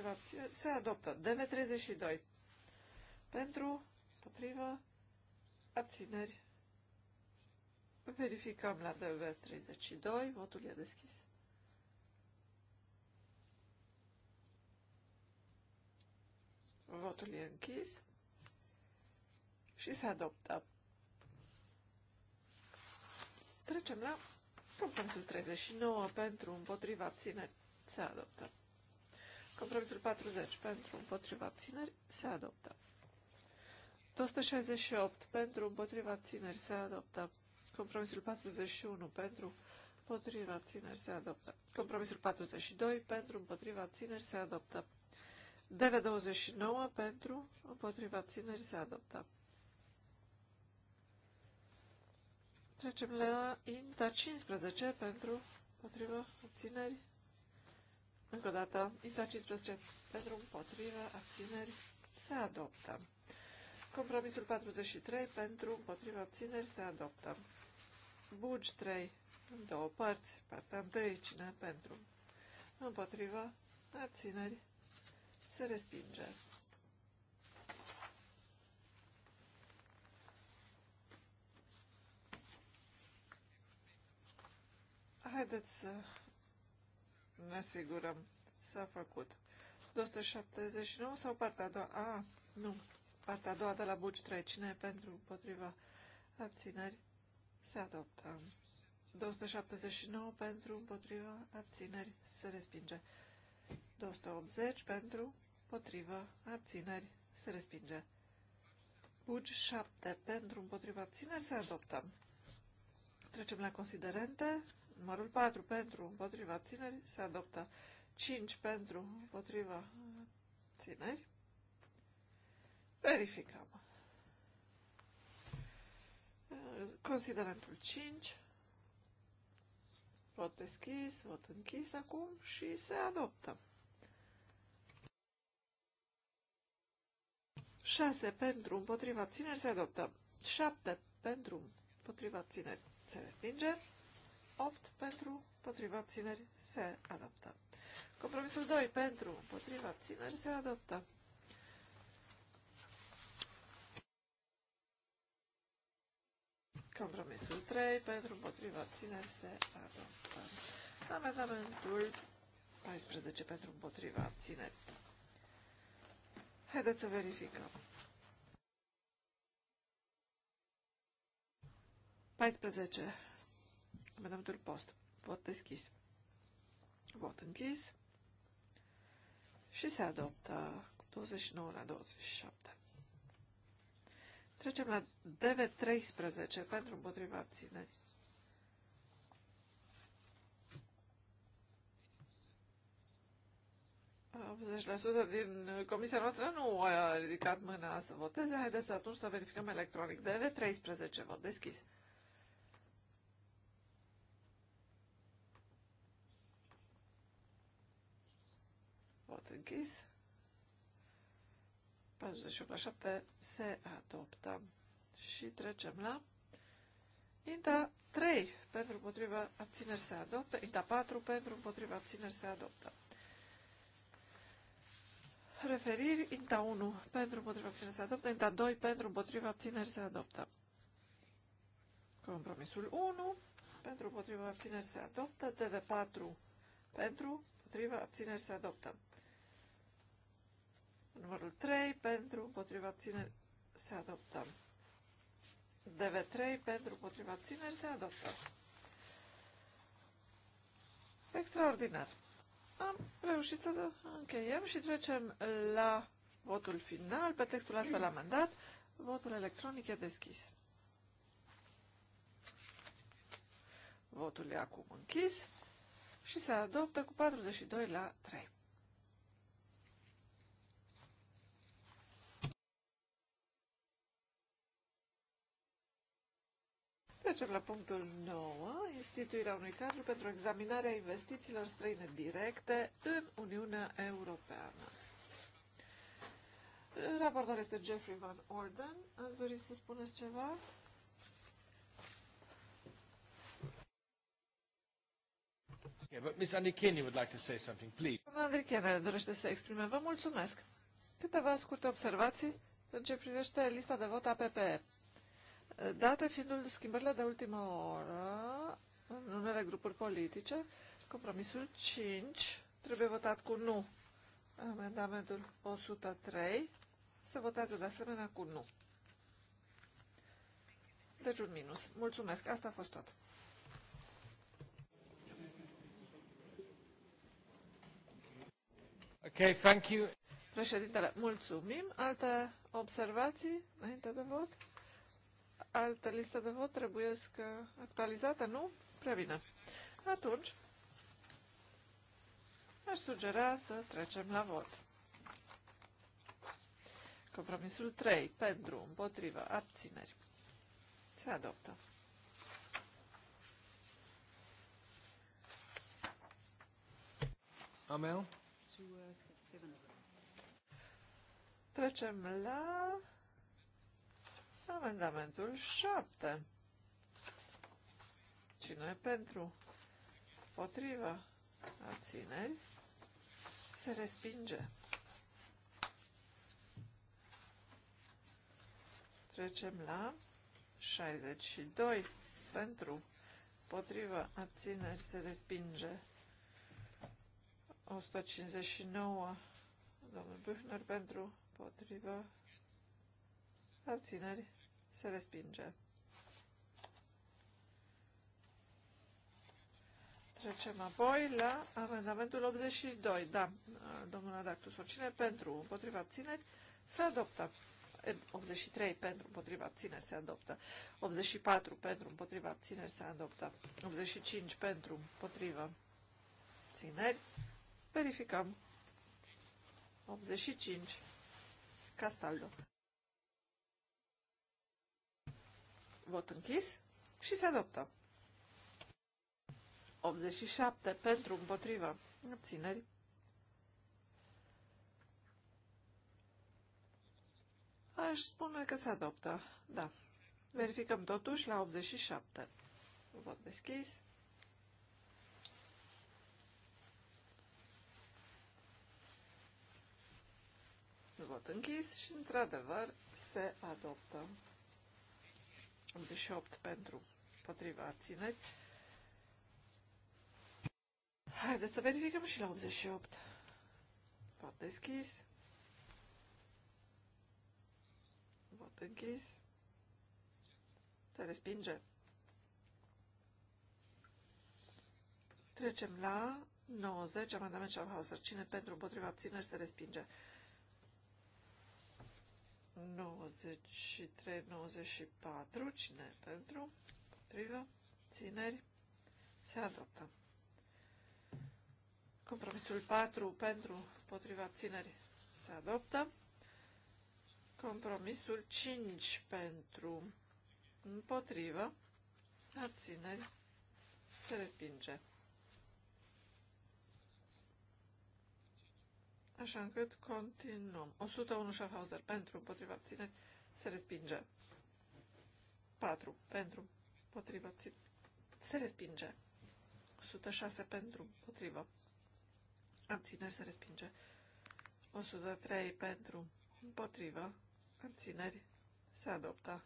împotriva se adoptă. dm 32 pentru, împotriva abțineri. Verificăm la DV32, votul e deschis. Votul e închis și se adoptă. Trecem la punctul 39 pentru împotriva abțineri. Se adoptă. Compromisul 40 pentru împotriva abțineri se adoptă. 268 pentru împotriva abțineri se adoptă. Compromisul 41 pentru împotriva abțineri se adoptă. Compromisul 42 pentru împotriva abțineri se adoptă. DV29 pentru împotriva abțineri se adoptă. Trecem la INTA 15 pentru împotriva abțineri încă o dată, INTA 15 pentru împotrivă, abțineri, se adoptă. Compromisul 43 pentru împotrivă, abțineri, se adoptă. Bugi 3 în două părți, partea 1 cine pentru împotrivă, abțineri, se respinge. Haideți să ne asigurăm. S-a făcut. 279 sau partea a doua? A, nu. Partea a doua de la Buci 3. Cine e pentru potriva abțineri? Se adoptă. 279 pentru împotriva abțineri. Se respinge. 280 pentru împotriva abțineri. Se respinge. Buci 7 pentru împotriva abțineri. Se adoptă. Trecem la considerente. Numărul 4 pentru împotriva țineri se adoptă. 5 pentru împotriva țineri Verificăm. Considerentul 5. Vot deschis, vot închis acum și se adoptă. 6 pentru împotriva țineri se adoptă. 7 pentru împotriva țineri se respinge. 8 pentru, împotriva abțineri se adoptă. Compromisul 2 pentru, împotriva abțineri se adoptă. Compromisul 3 pentru, împotriva abțineri se adoptă. Amendamentul 14 pentru, împotriva abțineri. Haideți să verificăm. 14. Amendamentul post. Vot deschis. Vot închis. Și se adoptă cu 29 la 27. Trecem la DV13 pentru împotriva abțineri. sută din comisia noastră nu a ridicat mâna să voteze. Haideți atunci să verificăm electronic. DV13, vot deschis. Vot închis. 48 la 7 se adoptă. Și trecem la INTA 3 pentru împotriva abțineri se adoptă, INTA 4 pentru împotriva abțineri se adoptă. Referiri, INTA 1 pentru împotriva abțineri se adoptă, INTA 2 pentru împotriva abțineri se adoptă. Compromisul 1 pentru împotriva abțineri se adoptă, TV4 pentru împotriva abțineri se adoptă. Numărul 3 pentru împotriva țineri se adoptă. DV3 pentru împotriva țineri se adoptă. Extraordinar. Am reușit să încheiem și trecem la votul final pe textul astfel amendat. Votul electronic e deschis. Votul e acum închis și se adoptă cu 42 la 3. Trecem la punctul 9, instituirea unui cadru pentru examinarea investițiilor străine directe în Uniunea Europeană. Raportor este Jeffrey Van Orden. Ați dori să spuneți ceva? Yeah, but Miss Andrikene would like to say something, please. Doamna Andrikene dorește să exprime. Vă mulțumesc. Câteva scurte observații în ce privește lista de vot a PPE. Date fiind schimbările de ultimă oră în unele grupuri politice, compromisul 5 trebuie votat cu nu. Amendamentul 103 se votează de asemenea cu nu. Deci un minus. Mulțumesc. Asta a fost tot. Okay, thank you. Președintele, mulțumim. Alte observații înainte de vot? altă listă de vot trebuie să uh, actualizată, nu? Prea bine. Atunci, aș sugera să trecem la vot. Compromisul 3. Pentru, împotrivă, abțineri. Se adoptă. Amel? Uh, trecem la Amendamentul 7. Cine pentru? Potriva. Abțineri. Se respinge. Trecem la 62. Pentru. Potriva. Abțineri. Se respinge. 159. Domnul Bühner pentru. Potriva. Abțineri se respinge. Trecem apoi la amendamentul 82. Da, domnul Adactus, oricine pentru împotriva țineri se adoptă. 83 pentru împotriva abțineri se adoptă. 84 pentru împotriva abțineri se adoptă. 85 pentru împotriva țineri, Verificăm. 85. Castaldo. Vot închis și se adoptă. 87 pentru împotriva abțineri. Aș spune că se adoptă, da. Verificăm totuși la 87. Vot deschis. Vot închis și, într-adevăr, se adoptă. 88 pentru potriva abțineri. Haideți să verificăm și la 88. Vot deschis. Vot închis. Se respinge. Trecem la 90, amendament Schaffhauser. Cine pentru împotriva abțineri se respinge. 93-94. Cine pentru? Potrivă. Țineri. Se adoptă. Compromisul 4 pentru potriva țineri, se adoptă. Compromisul 5 pentru împotrivă abțineri se respinge. așa încât continuăm. 101 Schaffhauser pentru, împotriva abțineri, se respinge. 4 pentru, împotriva abțineri, se respinge. 106 pentru, împotriva abțineri, se respinge. 103 pentru, împotriva abțineri, se adopta.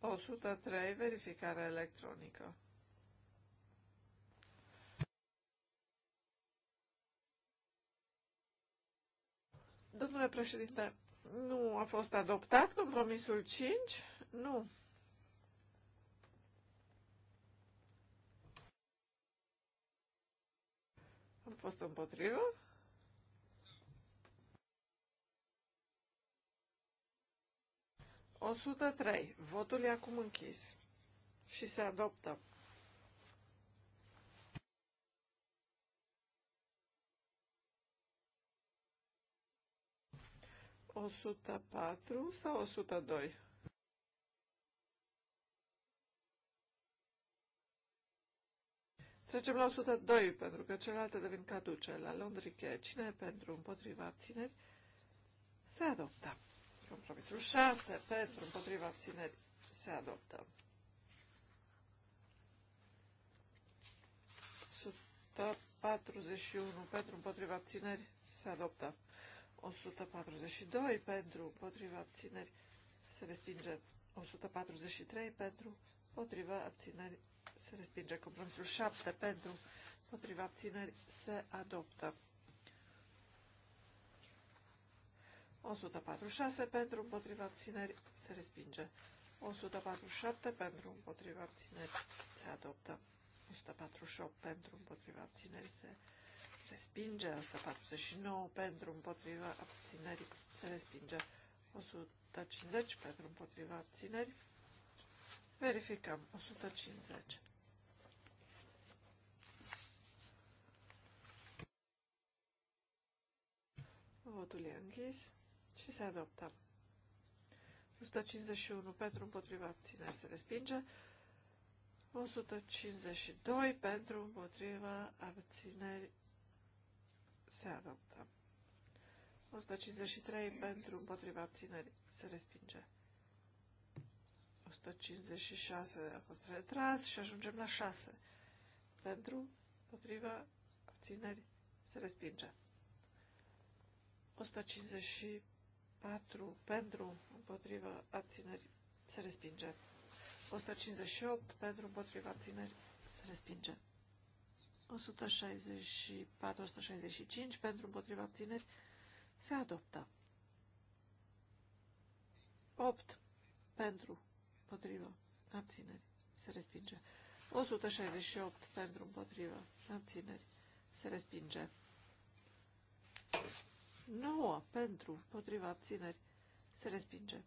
103 verificare electronică. Domnule președinte, nu a fost adoptat compromisul 5? Nu. Am fost împotrivă? O sută trei. Votul e acum închis și se adoptă. 104 sau 102? Trecem la 102, pentru că celelalte devin caduce. La Londrică, cine pentru împotriva abțineri? Se adoptă. Compromisul 6, pentru împotriva abțineri, se adoptă. 141, pentru împotriva abțineri, se adoptă. 142 pentru, potriva abțineri se respinge 143 pentru, potriva abțineri se respinge compromisul 7 pentru, potriva abțineri se adoptă. 146 pentru, împotriva abțineri se respinge. 147 pentru, împotriva abțineri se adoptă. 148 pentru, împotriva abțineri se adoptă respinge, 149 pentru împotriva abținerii se respinge, 150 pentru împotriva abținerii. Verificăm, 150. Votul e închis și se adoptă. 151 pentru împotriva abținerii se respinge. 152 pentru împotriva abținerii se adoptă. 153 pentru împotriva abținerii se respinge. 156 a fost retras și ajungem la 6. Pentru împotriva abținerii se respinge. 154 pentru împotriva abținerii se respinge. 158 pentru împotriva abținerii se respinge. 164-165 pentru împotriva abțineri se adoptă. 8 pentru împotriva abțineri se respinge. 168 pentru împotriva abțineri se respinge. 9 pentru împotriva abțineri se respinge.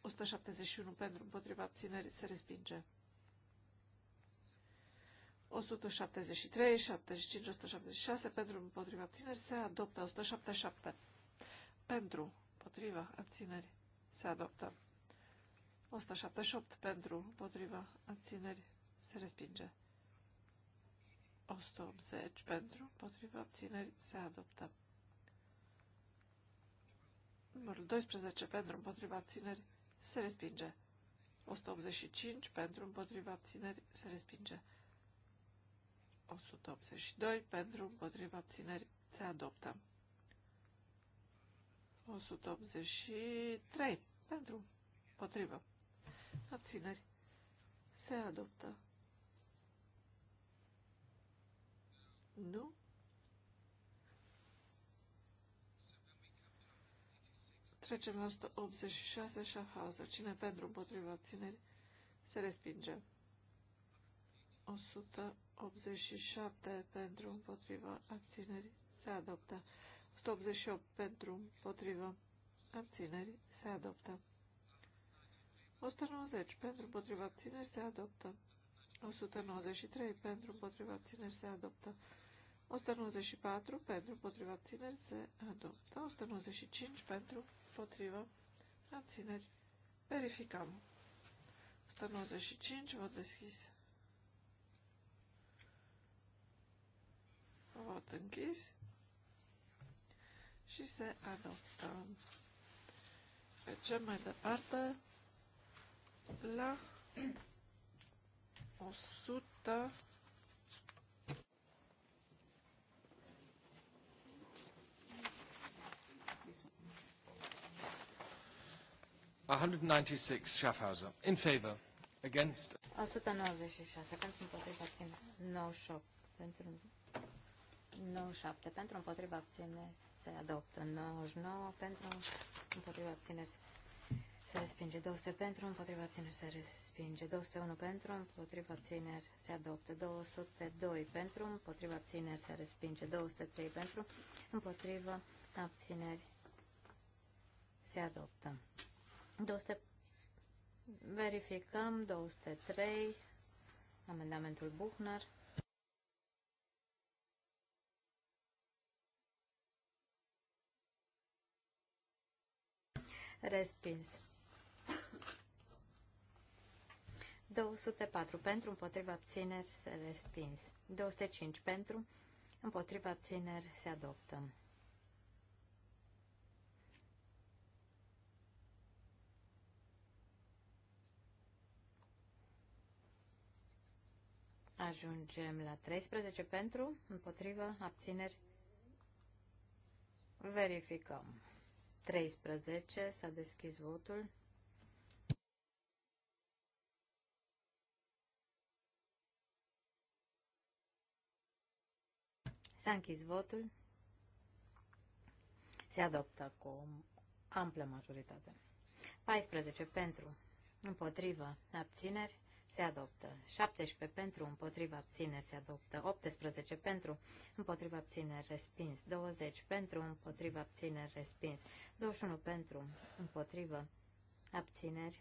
171 pentru împotriva abțineri se respinge. 173, 75, 176 pentru împotriva abțineri se adoptă. 177 pentru împotriva abțineri se adoptă. 178 pentru împotriva abțineri se respinge. 180 pentru împotriva abțineri se adoptă. Numărul 12 pentru împotriva abțineri se respinge. 185 pentru împotriva abțineri se respinge. 182 pentru împotriva abțineri se adoptă. 183 pentru împotriva abțineri se adoptă. Nu? Trecem la 186 Schaffhauser. Cine pentru împotriva abțineri se respinge. 100 187 pentru împotriva abțineri se adoptă. 188 pentru împotriva abțineri se adoptă. 190 pentru împotriva abțineri se adoptă. 193 pentru împotriva abțineri se adoptă. 194 pentru împotriva abțineri se adoptă. 195 pentru împotriva abțineri. Verificăm. 195 vot deschis. Vot închis. Și se adoptă. Trecem mai departe la 100 196 Schaffhauser in favor against 196 pentru împotriva 98 pentru 97 pentru, împotriva abțineri se adoptă. 99 pentru, împotriva abțineri se respinge. 200 pentru, împotriva abțineri se respinge. 201 pentru, împotriva abțineri se adoptă. 202 pentru, împotriva abțineri se respinge. 203 pentru, împotriva abțineri se adoptă. 200 Verificăm 203, amendamentul Buchner. Respins. 204 pentru, împotriva abțineri se respins. 205 pentru, împotriva abțineri se adoptă. Ajungem la 13 pentru, împotriva abțineri verificăm. 13. S-a deschis votul. S-a închis votul. Se adoptă cu amplă majoritate. 14 pentru, împotrivă, abțineri, se adoptă. 17 pentru, împotriva abțineri se adoptă. 18 pentru, împotriva abțineri respins. 20 pentru, împotriva abțineri respins. 21 pentru, împotriva abțineri.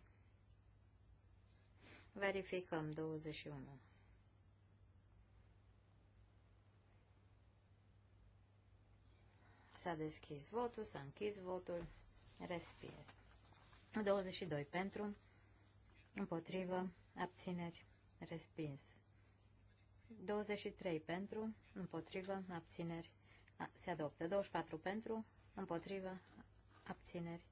Verificăm 21. S-a deschis votul, s-a închis votul, respins. 22 pentru, împotrivă, abțineri, respins. 23 pentru, împotrivă, abțineri, se adoptă. 24 pentru, împotrivă, abțineri.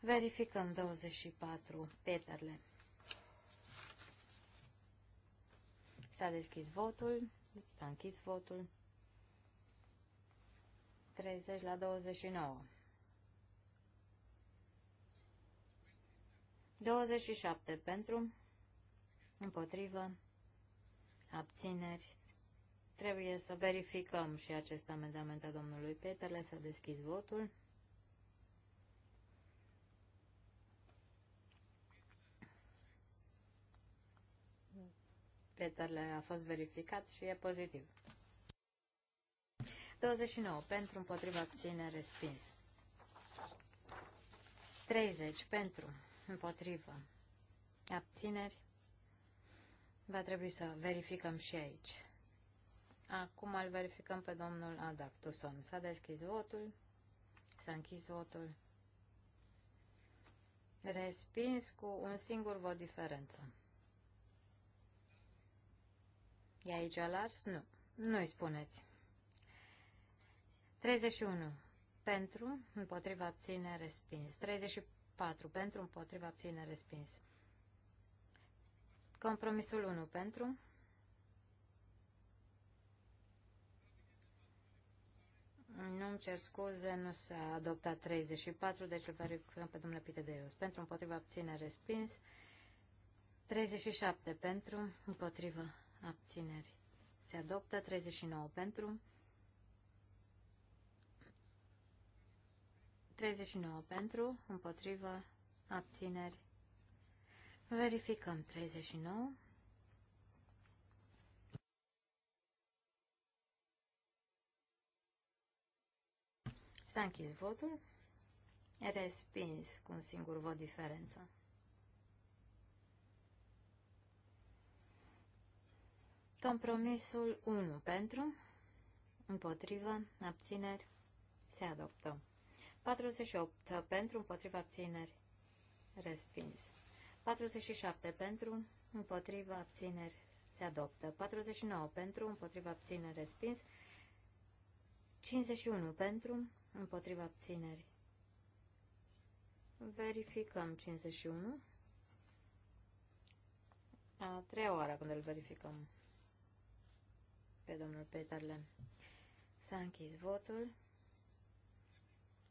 Verificăm 24, Peterle. S-a deschis votul, s-a închis votul. 30 la 29. 27 pentru, împotrivă, abțineri. Trebuie să verificăm și acest amendament a domnului Petele, să deschis votul. Petele a fost verificat și e pozitiv. 29. Pentru împotriva abține respins. 30. Pentru Împotrivă. Abțineri. Va trebui să verificăm și aici. Acum îl verificăm pe domnul Adaptuson. S-a deschis votul. S-a închis votul. Respins cu un singur vot diferență. E aici Alars? Nu. Nu-i spuneți. 31. Pentru, împotriva abține, respins. 34 4 pentru, împotriva abține respins. Compromisul 1 pentru. Nu-mi cer scuze, nu s-a adoptat 34, deci îl verificăm pe domnule Pitedeus. Pentru, împotriva, abține, respins. 37 pentru, împotriva, abțineri. Se adoptă 39 pentru, 39 pentru, împotrivă, abțineri. Verificăm 39. S-a închis votul. Respins cu un singur vot diferență. Compromisul 1 pentru, împotrivă, abțineri, se adoptă. 48 pentru, împotriva abțineri, respins. 47 pentru, împotriva abțineri, se adoptă. 49 pentru, împotriva abțineri, respins. 51 pentru, împotriva abțineri. Verificăm 51. A treia oară când îl verificăm pe domnul Peterle. S-a închis votul.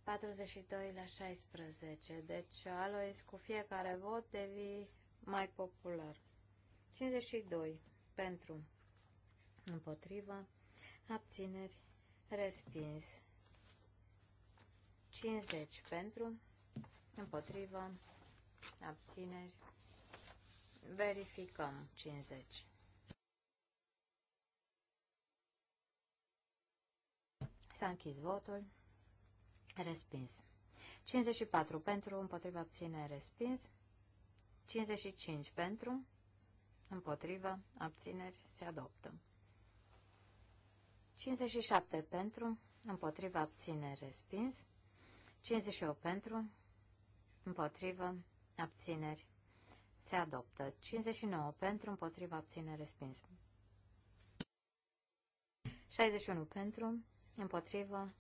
42 la 16. Deci, Alois, cu fiecare vot devii mai popular. 52 pentru, Împotrivă. abțineri, respins. 50 pentru, Împotrivă. abțineri, verificăm 50. S-a închis votul. Respins. 54 pentru, împotriva abține, respins. 55 pentru, împotriva, abțineri, se adoptă. 57 pentru, împotriva, abțineri, respins. 58 pentru, împotrivă, abțineri, se adoptă. 59 pentru, împotriva, abțineri, respins. 61 pentru, împotrivă,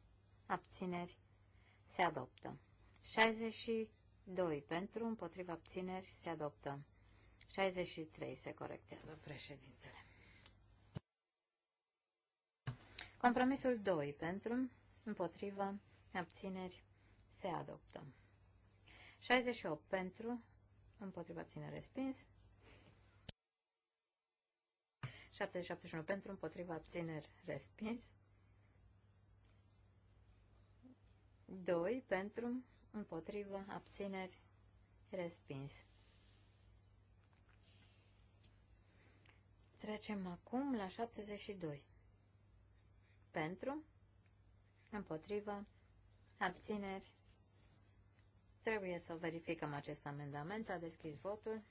abțineri, se adoptă. 62 pentru, împotriva abțineri, se adoptă. 63 se corectează președintele. Compromisul 2 pentru, împotriva abțineri, se adoptă. 68 pentru, împotriva abțineri, respins. 771 pentru, împotriva abțineri, respins. 2 pentru, împotrivă, abțineri, respins. Trecem acum la 72. Pentru, împotrivă, abțineri. Trebuie să verificăm acest amendament. S-a deschis votul.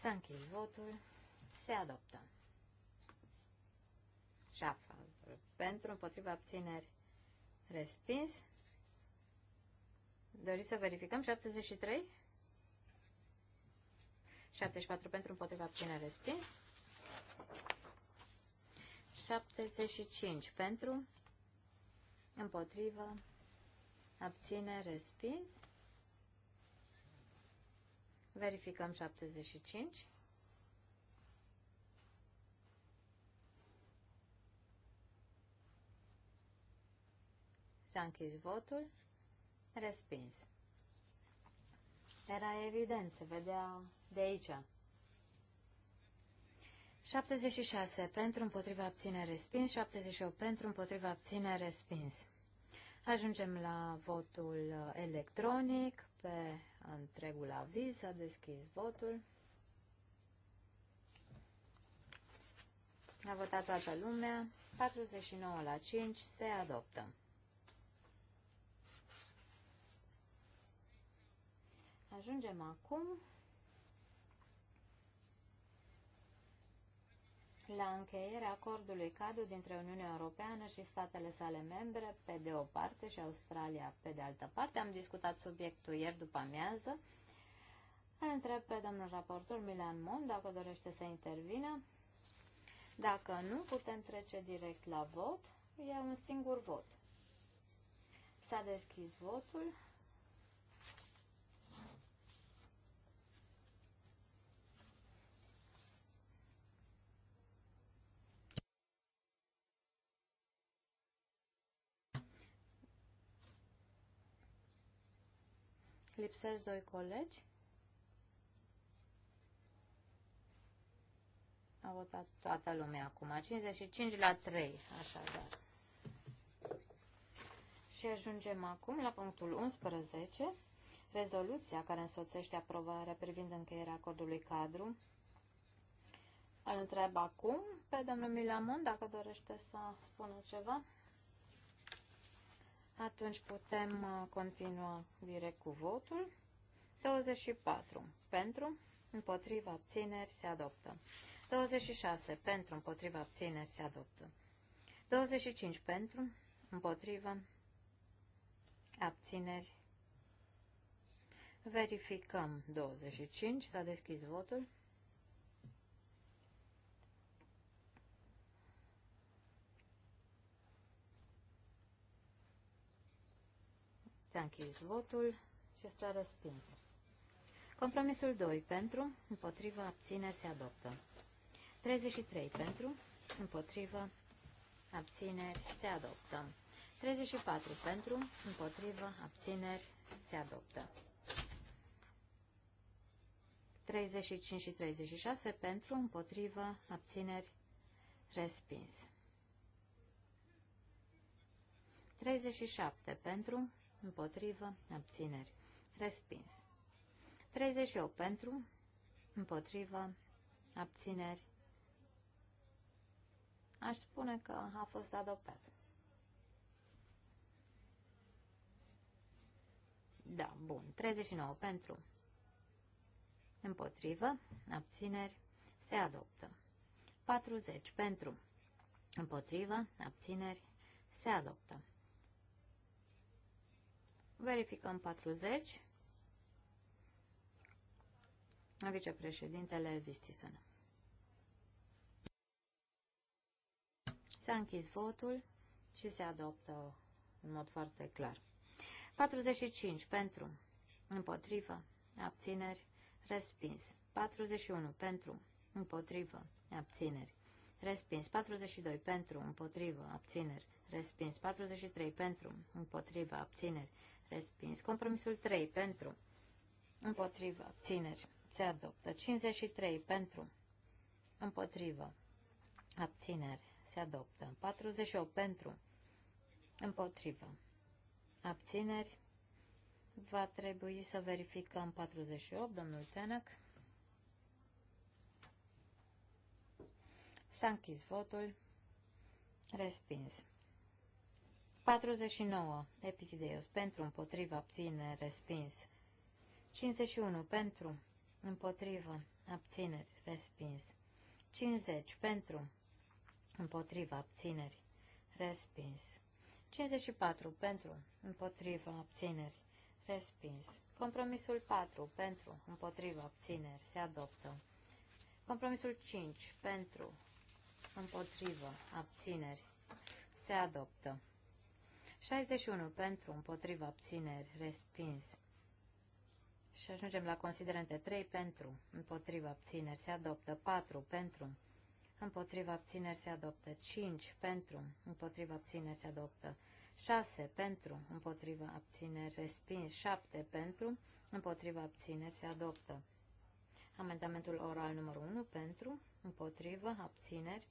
S-a închis votul. Se adoptă. pentru, împotriva abțineri respins. Doriți să verificăm 73? 74 pentru, împotriva abțineri respins. 75 pentru, împotriva abțineri respins. Verificăm 75. S-a închis votul. Respins. Era evident, se vedea de aici. 76 pentru împotriva abține respins, 78 pentru împotriva abține respins. Ajungem la votul electronic pe întregul aviz. a deschis votul. A votat toată lumea. 49 la 5 se adoptă. Ajungem acum la încheierea acordului cadru dintre Uniunea Europeană și statele sale membre, pe de o parte, și Australia pe de altă parte. Am discutat subiectul ieri după amiază. Îl întreb pe domnul raportor Milan Mon dacă dorește să intervină. Dacă nu, putem trece direct la vot. E un singur vot. S-a deschis votul. Lipsesc doi colegi. A votat toată lumea acum. 55 la 3, așadar. Și ajungem acum la punctul 11, rezoluția care însoțește aprobarea privind încheierea acordului cadru. Îl întreb acum pe domnul Milamon dacă dorește să spună ceva. Atunci putem uh, continua direct cu votul. 24. Pentru, împotriva, abțineri, se adoptă. 26. Pentru, împotriva, abțineri, se adoptă. 25. Pentru, împotriva, abțineri. Verificăm. 25. S-a deschis votul. S-a închis votul și s-a respins. Compromisul 2 pentru, împotriva, abțineri se adoptă. 33 pentru, împotriva, abțineri se adoptă. 34 pentru, împotrivă, abțineri, se adoptă. 35 și 36 pentru, împotrivă, abțineri, respins. 37 pentru, împotrivă, abțineri, respins. 38 pentru, împotrivă, abțineri. Aș spune că a fost adoptat. Da, bun. 39 pentru, împotrivă, abțineri, se adoptă. 40 pentru, împotrivă, abțineri, se adoptă. Verificăm 40. Vicepreședintele Vistisen. S-a închis votul și se adoptă în mod foarte clar. 45 pentru, împotrivă, abțineri, respins. 41 pentru, împotrivă, abțineri, respins 42 pentru, împotrivă, abțineri, respins 43 pentru, împotrivă, abțineri, respins compromisul 3 pentru, împotrivă, abțineri, se adoptă 53 pentru, împotrivă, abțineri, se adoptă 48 pentru, împotrivă, abțineri, va trebui să verificăm 48, domnul Tenac. S-a închis votul. Respins. 49. Epitideos. Pentru, împotrivă, abține, respins. 51. Pentru, împotrivă, abțineri, respins. 50. Pentru, împotrivă, abțineri, respins. 54. Pentru, împotrivă, abțineri, respins. Compromisul 4. Pentru, împotrivă, abțineri, se adoptă. Compromisul 5. Pentru, împotrivă, abțineri, se adoptă. 61 pentru, împotrivă, abțineri, respins. Și ajungem la considerente 3 pentru, împotrivă, abțineri, se adoptă. 4 pentru, împotrivă, abțineri, se adoptă. 5 pentru, împotrivă, abțineri, se adoptă. 6 pentru, împotrivă, abțineri, respins. 7 pentru, împotrivă, abțineri, se adoptă. Amendamentul oral numărul 1 pentru, împotrivă, abțineri,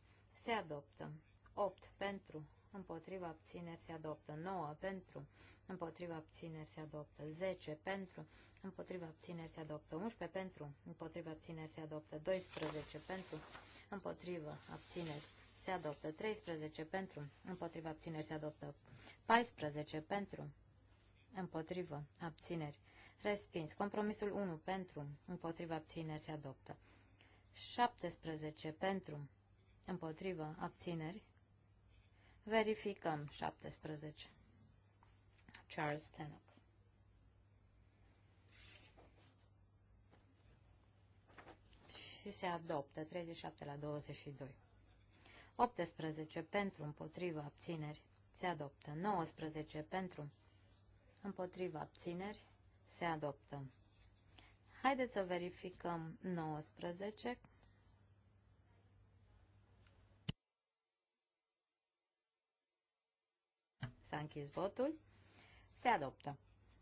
se adoptă. 8 pentru, împotriva abțineri se adoptă. 9 pentru, împotriva abțineri se adoptă. 10 pentru, împotriva abțineri se adoptă. 11 pentru, împotriva abțineri se adoptă. 12 pentru, împotriva abțineri se adoptă. 13 pentru, împotriva abțineri se adoptă. 14 pentru, împotriva abțineri. Respins. Compromisul 1 pentru, împotriva abțineri se adoptă. 17 pentru, împotrivă, abțineri. Verificăm 17. Charles Tannock. Și se adoptă 37 la 22. 18 pentru, împotrivă, abțineri. Se adoptă 19 pentru, împotrivă, abțineri. Se adoptă. Haideți să verificăm 19 S-a închis votul. Se adoptă.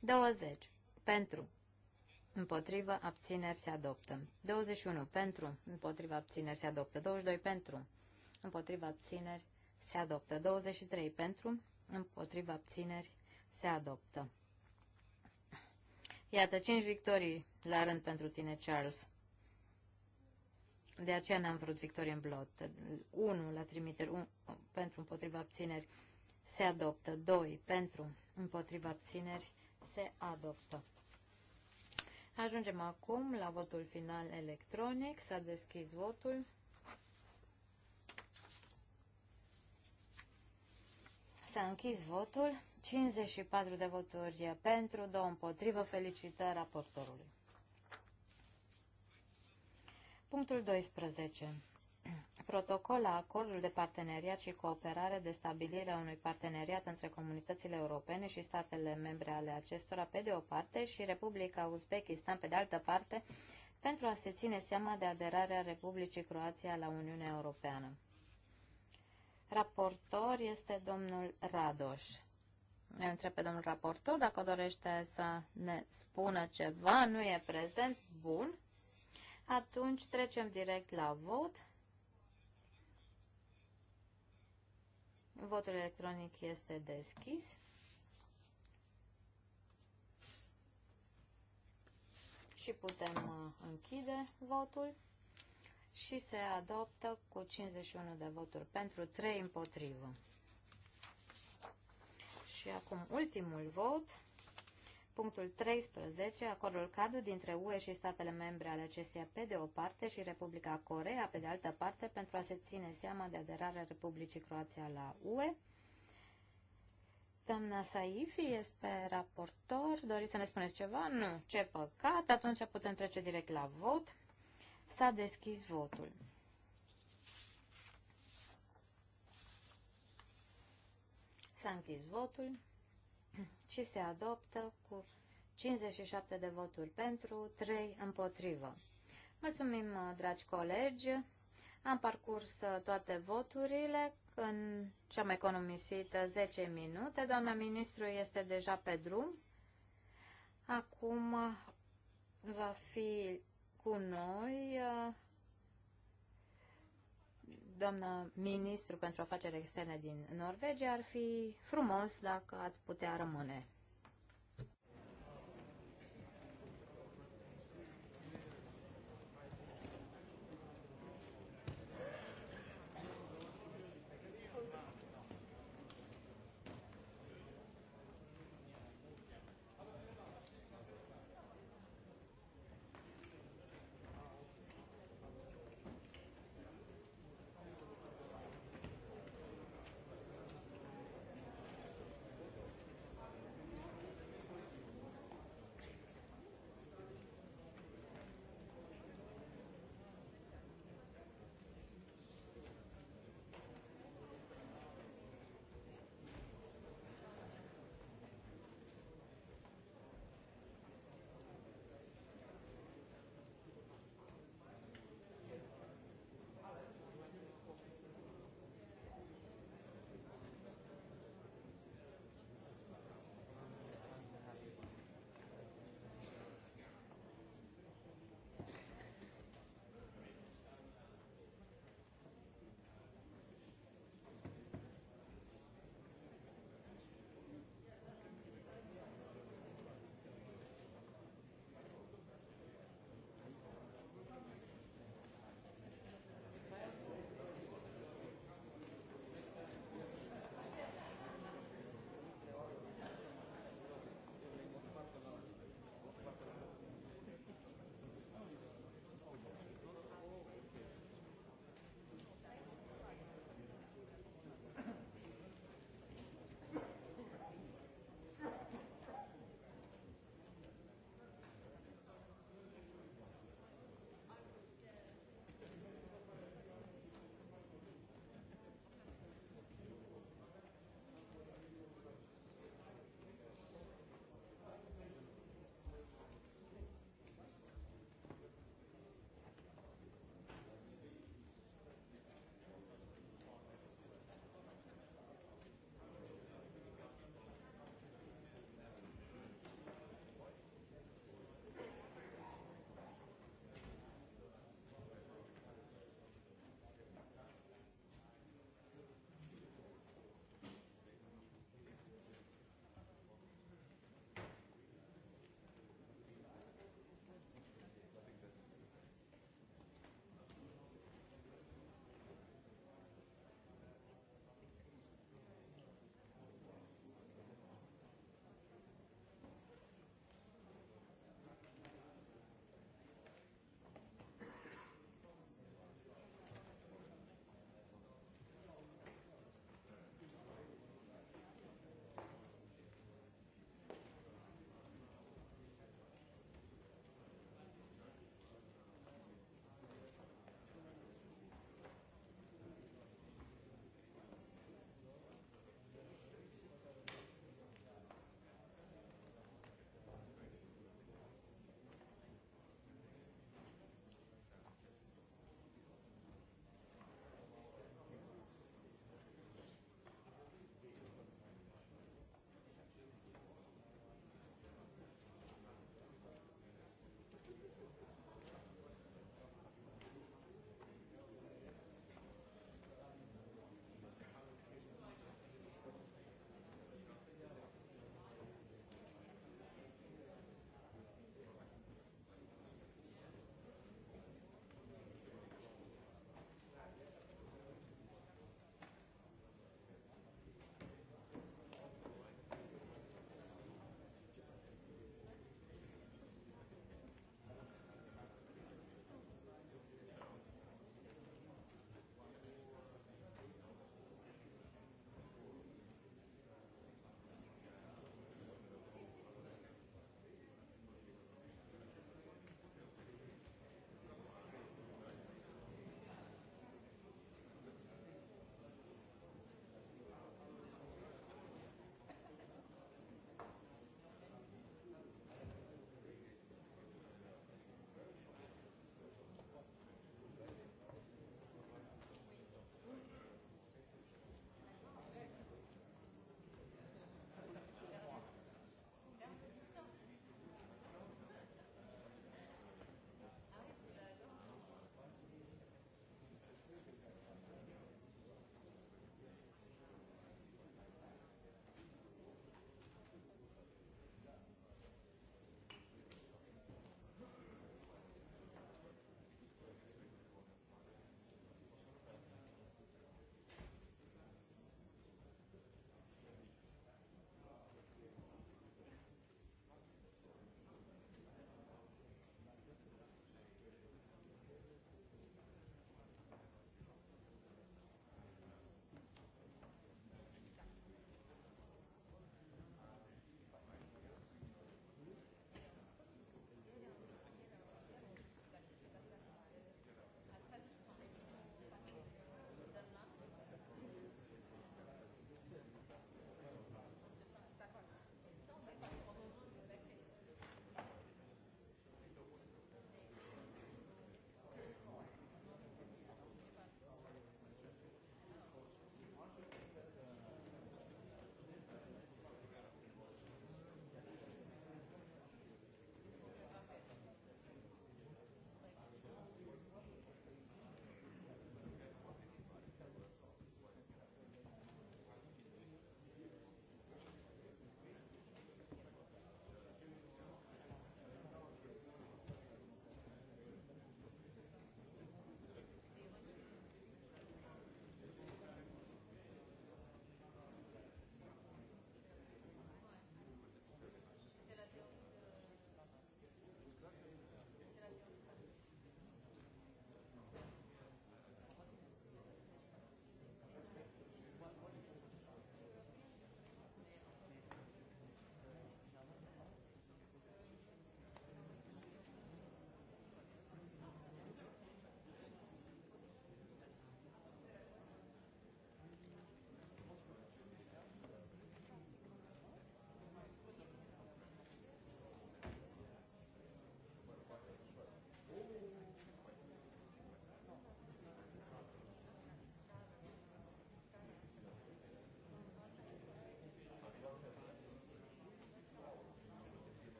20. Pentru. Împotrivă, abțineri, se adoptă. 21. Pentru. Împotrivă, abțineri, se adoptă. 22. Pentru. Împotrivă, abțineri, se adoptă. 23. Pentru. Împotrivă, abțineri, se adoptă. Iată, 5 victorii la rând pentru tine, Charles. De aceea n-am vrut victorie în blot. 1 la trimiteri, un, pentru împotriva abțineri se adoptă. 2. Pentru, împotriva abțineri, se adoptă. Ajungem acum la votul final electronic. S-a deschis votul. S-a închis votul. 54 de voturi pentru, 2 împotrivă. Felicitări raportorului. Punctul 12 protocol la acordul de parteneriat și cooperare de stabilire a unui parteneriat între comunitățile europene și statele membre ale acestora pe de o parte și Republica Uzbekistan pe de altă parte pentru a se ține seama de aderarea Republicii Croația la Uniunea Europeană. Raportor este domnul Radoș. Ne întreb pe domnul raportor dacă dorește să ne spună ceva, nu e prezent, bun. Atunci trecem direct la vot. Votul electronic este deschis. Și putem uh, închide votul și se adoptă cu 51 de voturi pentru 3 împotrivă. Și acum ultimul vot. Punctul 13. Acordul cadru dintre UE și statele membre ale acesteia pe de o parte și Republica Corea pe de altă parte pentru a se ține seama de aderarea Republicii Croația la UE. Doamna Saifi este raportor. Doriți să ne spuneți ceva? Nu. Ce păcat. Atunci putem trece direct la vot. S-a deschis votul. S-a închis votul. și se adoptă cu 57 de voturi pentru, 3 împotrivă. Mulțumim, uh, dragi colegi! Am parcurs uh, toate voturile, în cea am economisit 10 uh, minute. Doamna ministru este deja pe drum. Acum va fi cu noi doamnă ministru pentru afaceri externe din Norvegia, ar fi frumos dacă ați putea rămâne.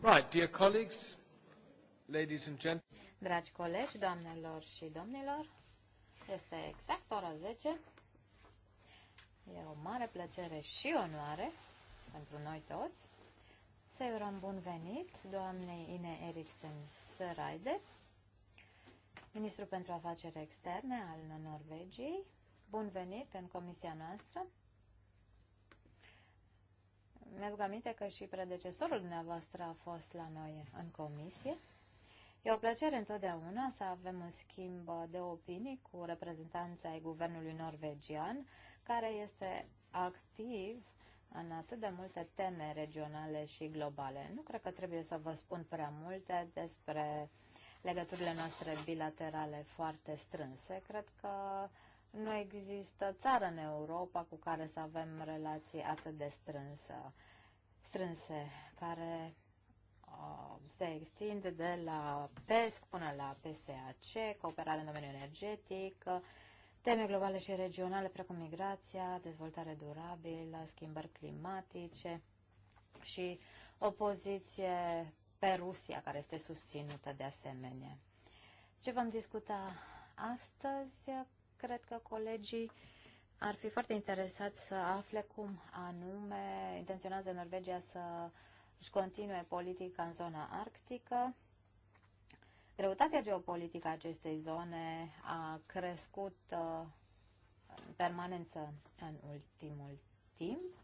Right, dear colleagues, ladies and gentlemen. Dragi colegi, doamnelor și domnilor, este exact ora 10. E o mare plăcere și onoare pentru noi toți să-i urăm bun venit doamnei Ine Eriksen Săraide, ministru pentru afaceri externe al Norvegiei. Bun venit în comisia noastră. Mi-aduc aminte că și predecesorul dumneavoastră a fost la noi în comisie. E o plăcere întotdeauna să avem un schimb de opinii cu reprezentanța ai guvernului norvegian, care este activ în atât de multe teme regionale și globale. Nu cred că trebuie să vă spun prea multe despre legăturile noastre bilaterale foarte strânse. Cred că nu există țară în Europa cu care să avem relații atât de strânsă, strânse, care uh, se extinde de la PESC până la PSAC, cooperare în domeniul energetic, teme globale și regionale precum migrația, dezvoltare durabilă, schimbări climatice și o poziție pe Rusia, care este susținută de asemenea. Ce vom discuta astăzi cred că colegii ar fi foarte interesați să afle cum anume intenționează Norvegia să își continue politica în zona arctică. Greutatea geopolitică a acestei zone a crescut uh, în permanență în ultimul timp.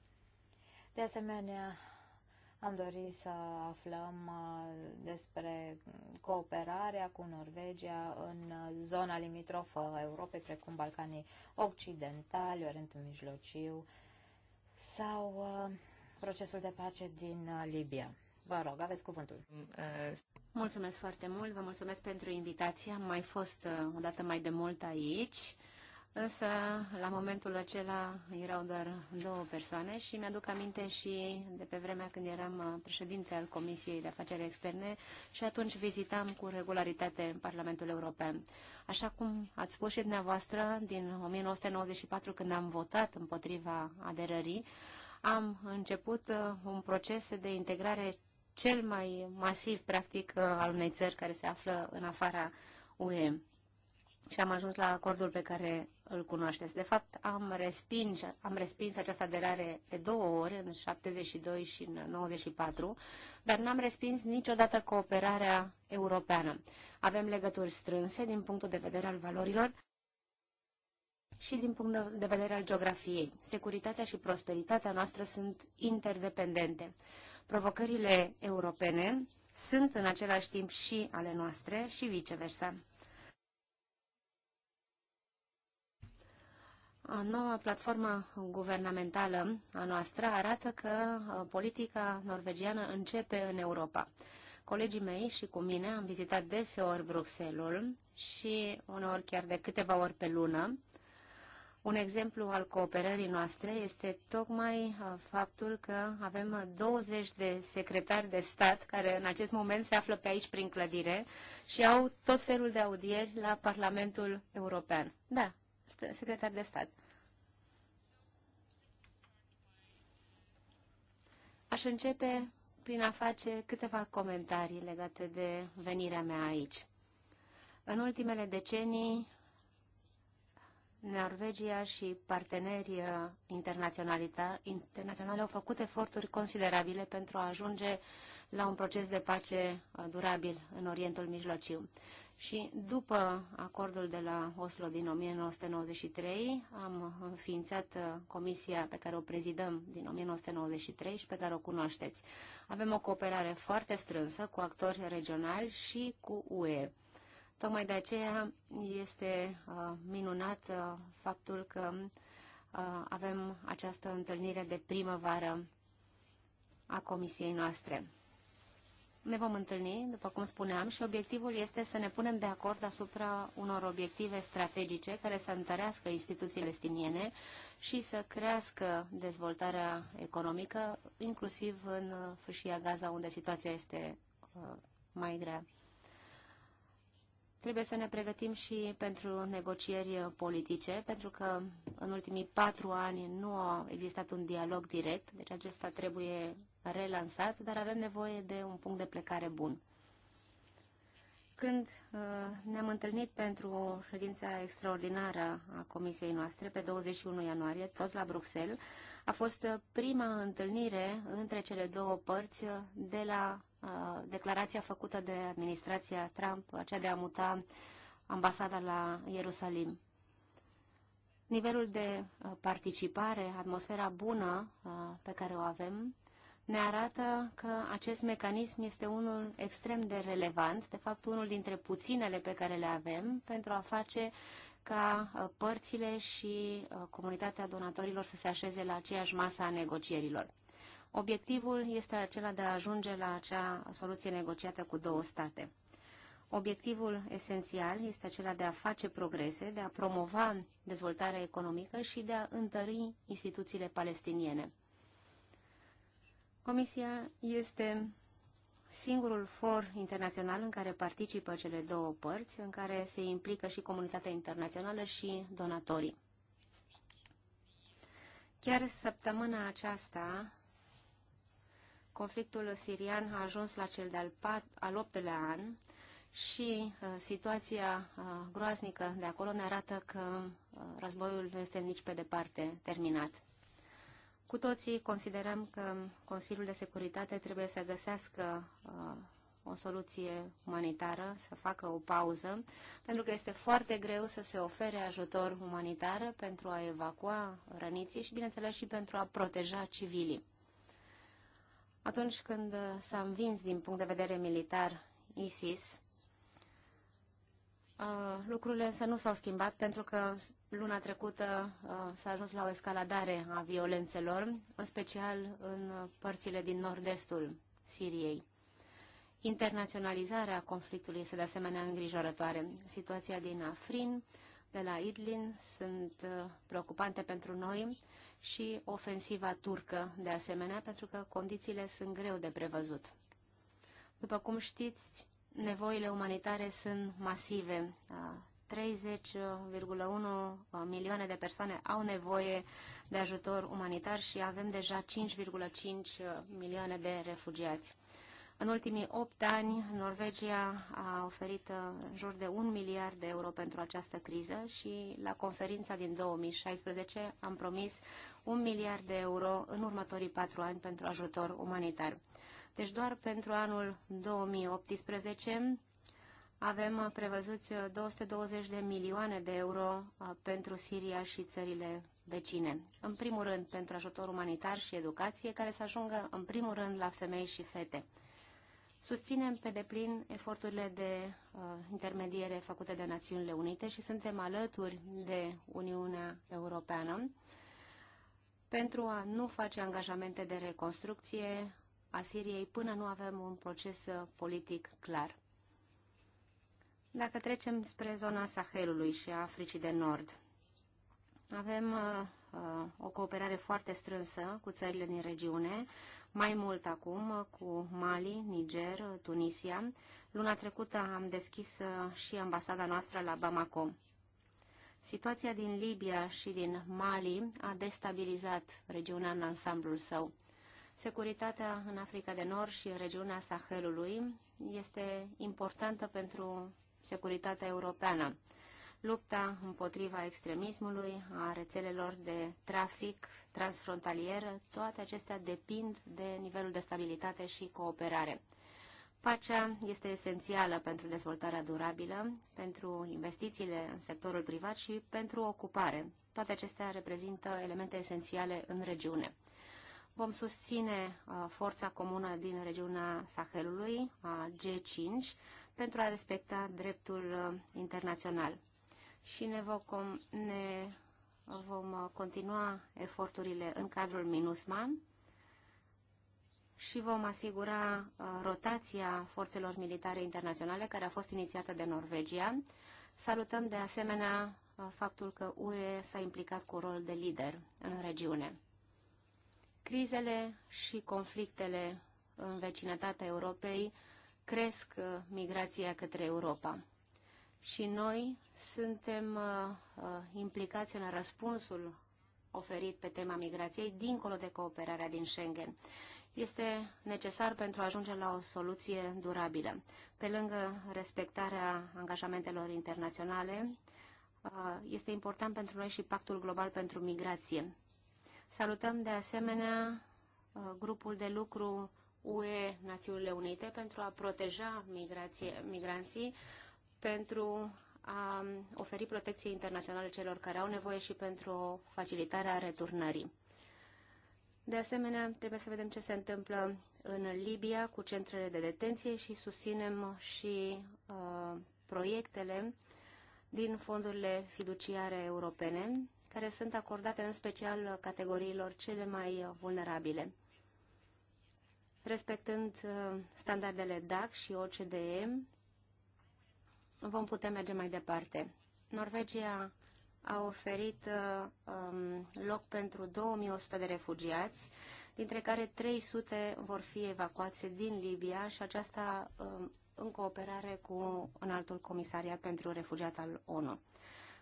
De asemenea, am dorit să aflăm uh, despre cooperarea cu Norvegia în uh, zona limitrofă a Europei, precum Balcanii Occidentali, Orientul Mijlociu sau uh, procesul de pace din Libia. Vă rog, aveți cuvântul. Mulțumesc foarte mult, vă mulțumesc pentru invitație. Am mai fost o dată mai de mult aici Însă, la momentul acela erau doar două persoane și mi-aduc aminte și de pe vremea când eram uh, președinte al Comisiei de Afaceri Externe și atunci vizitam cu regularitate Parlamentul European. Așa cum ați spus și dumneavoastră, din 1994, când am votat împotriva aderării, am început uh, un proces de integrare cel mai masiv, practic, uh, al unei țări care se află în afara UE și am ajuns la acordul pe care îl cunoașteți. De fapt, am respins, am respins această aderare de două ori, în 72 și în 94, dar n-am respins niciodată cooperarea europeană. Avem legături strânse din punctul de vedere al valorilor și din punct de vedere al geografiei. Securitatea și prosperitatea noastră sunt interdependente. Provocările europene sunt în același timp și ale noastre și viceversa. Noua platformă guvernamentală a noastră arată că uh, politica norvegiană începe în Europa. Colegii mei și cu mine am vizitat deseori Bruxelles și uneori chiar de câteva ori pe lună. Un exemplu al cooperării noastre este tocmai uh, faptul că avem 20 de secretari de stat care în acest moment se află pe aici prin clădire și au tot felul de audieri la Parlamentul European. Da, secretar de stat. Aș începe prin a face câteva comentarii legate de venirea mea aici. În ultimele decenii, Norvegia și partenerii internaționali au făcut eforturi considerabile pentru a ajunge uh, la un proces de pace uh, durabil în Orientul Mijlociu. Și după acordul de la Oslo din 1993, am înființat uh, comisia pe care o prezidăm din 1993 și pe care o cunoașteți. Avem o cooperare foarte strânsă cu actori regionali și cu UE. Tocmai de aceea este uh, minunat faptul că avem această întâlnire de primăvară a comisiei noastre ne vom întâlni, după cum spuneam, și obiectivul este să ne punem de acord asupra unor obiective strategice care să întărească instituțiile estiniene și să crească dezvoltarea economică, inclusiv în fâșia Gaza, unde situația este uh, mai grea. Trebuie să ne pregătim și pentru negocieri politice, pentru că în ultimii patru ani nu a existat un dialog direct, deci acesta trebuie relansat, dar avem nevoie de un punct de plecare bun. Când uh, ne-am întâlnit pentru o ședință extraordinară a comisiei noastre, pe 21 ianuarie, tot la Bruxelles, a fost uh, prima întâlnire între cele două părți uh, de la uh, declarația făcută de administrația Trump, aceea de a muta ambasada la Ierusalim. Nivelul de uh, participare, atmosfera bună uh, pe care o avem, ne arată că acest mecanism este unul extrem de relevant, de fapt unul dintre puținele pe care le avem pentru a face ca uh, părțile și uh, comunitatea donatorilor să se așeze la aceeași masă a negocierilor. Obiectivul este acela de a ajunge la acea soluție negociată cu două state. Obiectivul esențial este acela de a face progrese, de a promova dezvoltarea economică și de a întări instituțiile palestiniene. Comisia este singurul for internațional în care participă cele două părți, în care se implică și comunitatea internațională și donatorii. Chiar săptămâna aceasta, conflictul sirian a ajuns la cel de-al al optelea an și uh, situația uh, groaznică de acolo ne arată că uh, războiul nu este nici pe departe terminat. Cu toții considerăm că Consiliul de Securitate trebuie să găsească uh, o soluție umanitară, să facă o pauză, pentru că este foarte greu să se ofere ajutor umanitar pentru a evacua răniții și, bineînțeles, și pentru a proteja civilii. Atunci când s-a învins din punct de vedere militar ISIS, lucrurile însă nu s-au schimbat pentru că luna trecută s-a ajuns la o escaladare a violențelor, în special în părțile din nord-estul Siriei. Internaționalizarea conflictului este de asemenea îngrijorătoare. Situația din Afrin, de la Idlin, sunt preocupante pentru noi și ofensiva turcă, de asemenea, pentru că condițiile sunt greu de prevăzut. După cum știți, nevoile umanitare sunt masive. 30,1 uh, uh, milioane de persoane au nevoie de ajutor umanitar și avem deja 5,5 uh, milioane de refugiați. În ultimii 8 ani, Norvegia a oferit în jur de 1 miliard de euro pentru această criză și la conferința din 2016 am promis 1 miliard de euro în următorii 4 ani pentru ajutor umanitar. Deci doar pentru anul 2018 avem prevăzuți 220 de milioane de euro pentru Siria și țările vecine. În primul rând pentru ajutor umanitar și educație, care să ajungă în primul rând la femei și fete. Susținem pe deplin eforturile de uh, intermediere făcute de Națiunile Unite și suntem alături de Uniunea Europeană pentru a nu face angajamente de reconstrucție a Siriei până nu avem un proces uh, politic clar. Dacă trecem spre zona Sahelului și a Africii de Nord, avem uh, uh o cooperare foarte strânsă cu țările din regiune, mai mult acum uh, cu Mali, Niger, Tunisia. Luna trecută am deschis și ambasada noastră la Bamako. Situația din Libia și din Mali a destabilizat regiunea în ansamblul său. Securitatea în Africa de Nord și în regiunea Sahelului este importantă pentru securitatea europeană. Lupta împotriva extremismului, a rețelelor de trafic transfrontalier, toate acestea depind de nivelul de stabilitate și cooperare. Pacea este esențială pentru dezvoltarea durabilă, pentru investițiile în sectorul privat și pentru ocupare. Toate acestea reprezintă elemente esențiale în regiune. Vom susține uh, forța comună din regiunea Sahelului, a G5, pentru a respecta dreptul uh, internațional. Și ne vom, ne uh, vom continua eforturile în cadrul MINUSMA și vom asigura rotația forțelor militare internaționale care a fost inițiată de Norvegia. Salutăm de asemenea faptul că UE s-a implicat cu rol de lider în regiune. Crizele și conflictele în vecinătatea Europei cresc uh, migrația către Europa. Și noi suntem uh, uh, implicați în răspunsul oferit pe tema migrației, dincolo de cooperarea din Schengen. Este necesar pentru a ajunge la o soluție durabilă. Pe lângă respectarea angajamentelor internaționale, este important pentru noi și Pactul Global pentru Migrație. Salutăm de asemenea uh, grupul de lucru UE Națiunile Unite pentru a proteja migrație, migranții, pentru a um, oferi protecție internațională celor care au nevoie și pentru facilitarea returnării. De asemenea, trebuie să vedem ce se întâmplă în Libia cu centrele de detenție și susținem și uh, proiectele din fondurile fiduciare europene care sunt acordate în special categoriilor cele mai vulnerabile. Respectând uh, standardele DAC și OCDE, vom putea merge mai departe. Norvegia a oferit uh, um, loc pentru 2100 de refugiați, dintre care 300 vor fi evacuați din Libia și aceasta um, în cooperare cu un altul comisariat pentru refugiat al ONU.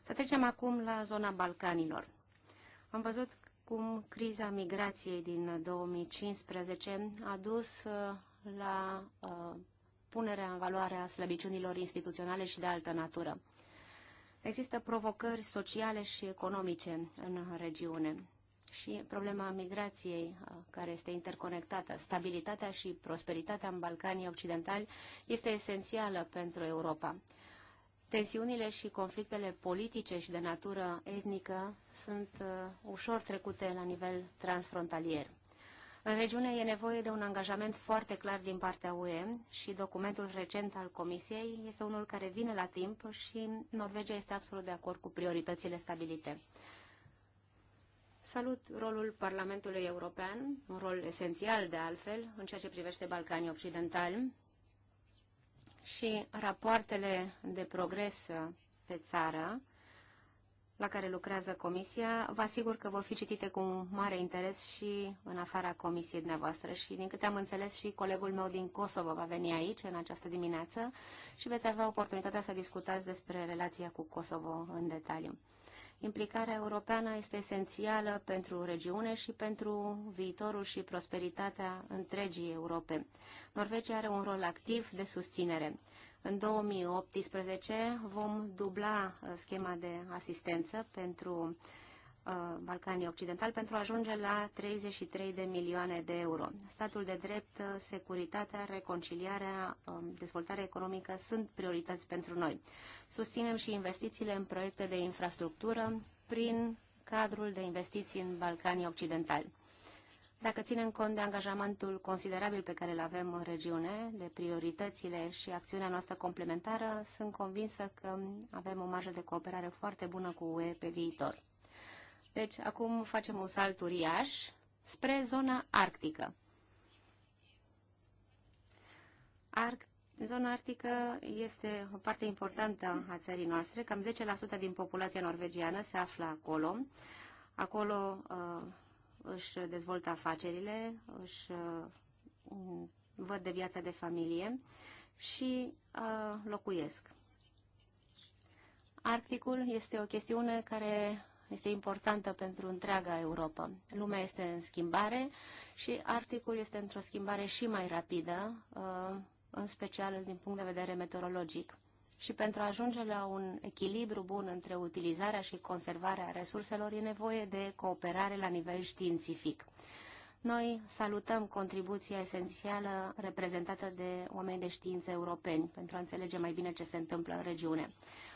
Să trecem acum la zona Balcanilor. Am văzut cum criza migrației din 2015 a dus uh, la uh, punerea în valoare a slăbiciunilor instituționale și de altă natură. Există provocări sociale și economice în regiune și problema migrației, uh, care este interconectată. Stabilitatea și prosperitatea în Balcanii Occidentali este esențială pentru Europa. Tensiunile și conflictele politice și de natură etnică sunt uh, ușor trecute la nivel transfrontalier. În regiune e nevoie de un angajament foarte clar din partea UE și documentul recent al Comisiei este unul care vine la timp și Norvegia este absolut de acord cu prioritățile stabilite. Salut rolul Parlamentului European, un rol esențial de altfel în ceea ce privește Balcanii Occidentali și rapoartele de progres pe țară la care lucrează Comisia, vă asigur că vor fi citite cu mare interes și în afara Comisiei dumneavoastră și din câte am înțeles și colegul meu din Kosovo va veni aici în această dimineață și veți avea oportunitatea să discutați despre relația cu Kosovo în detaliu. Implicarea europeană este esențială pentru regiune și pentru viitorul și prosperitatea întregii Europe. Norvegia are un rol activ de susținere. În 2018 vom dubla uh, schema de asistență pentru uh, Uh, Balcanii Occidentali pentru a ajunge la 33 de milioane de euro. Statul de drept, uh, securitatea, reconciliarea, um, dezvoltarea economică sunt priorități pentru noi. Susținem și investițiile în proiecte de infrastructură prin cadrul de investiții în Balcanii Occidentali. Dacă ținem cont de angajamentul considerabil pe care îl avem în regiune, de prioritățile și acțiunea noastră complementară, sunt convinsă că avem o marjă de cooperare foarte bună cu UE pe viitor. Deci acum facem un salt uriaș spre zona arctică. Arct Zona arctică este o parte importantă a țării noastre. Cam 10% din populația norvegiană se află acolo. Acolo uh, își dezvoltă afacerile, își uh, văd de viața de familie și uh, locuiesc. Arcticul este o chestiune care este importantă pentru întreaga Europa. Lumea este în schimbare și Arcticul este într-o schimbare și mai rapidă, uh, în special din punct de vedere meteorologic. Și pentru a ajunge la un echilibru bun între utilizarea și conservarea resurselor, e nevoie de cooperare la nivel științific. Noi salutăm contribuția esențială reprezentată de oameni de știință europeni pentru a înțelege mai bine ce se întâmplă în regiune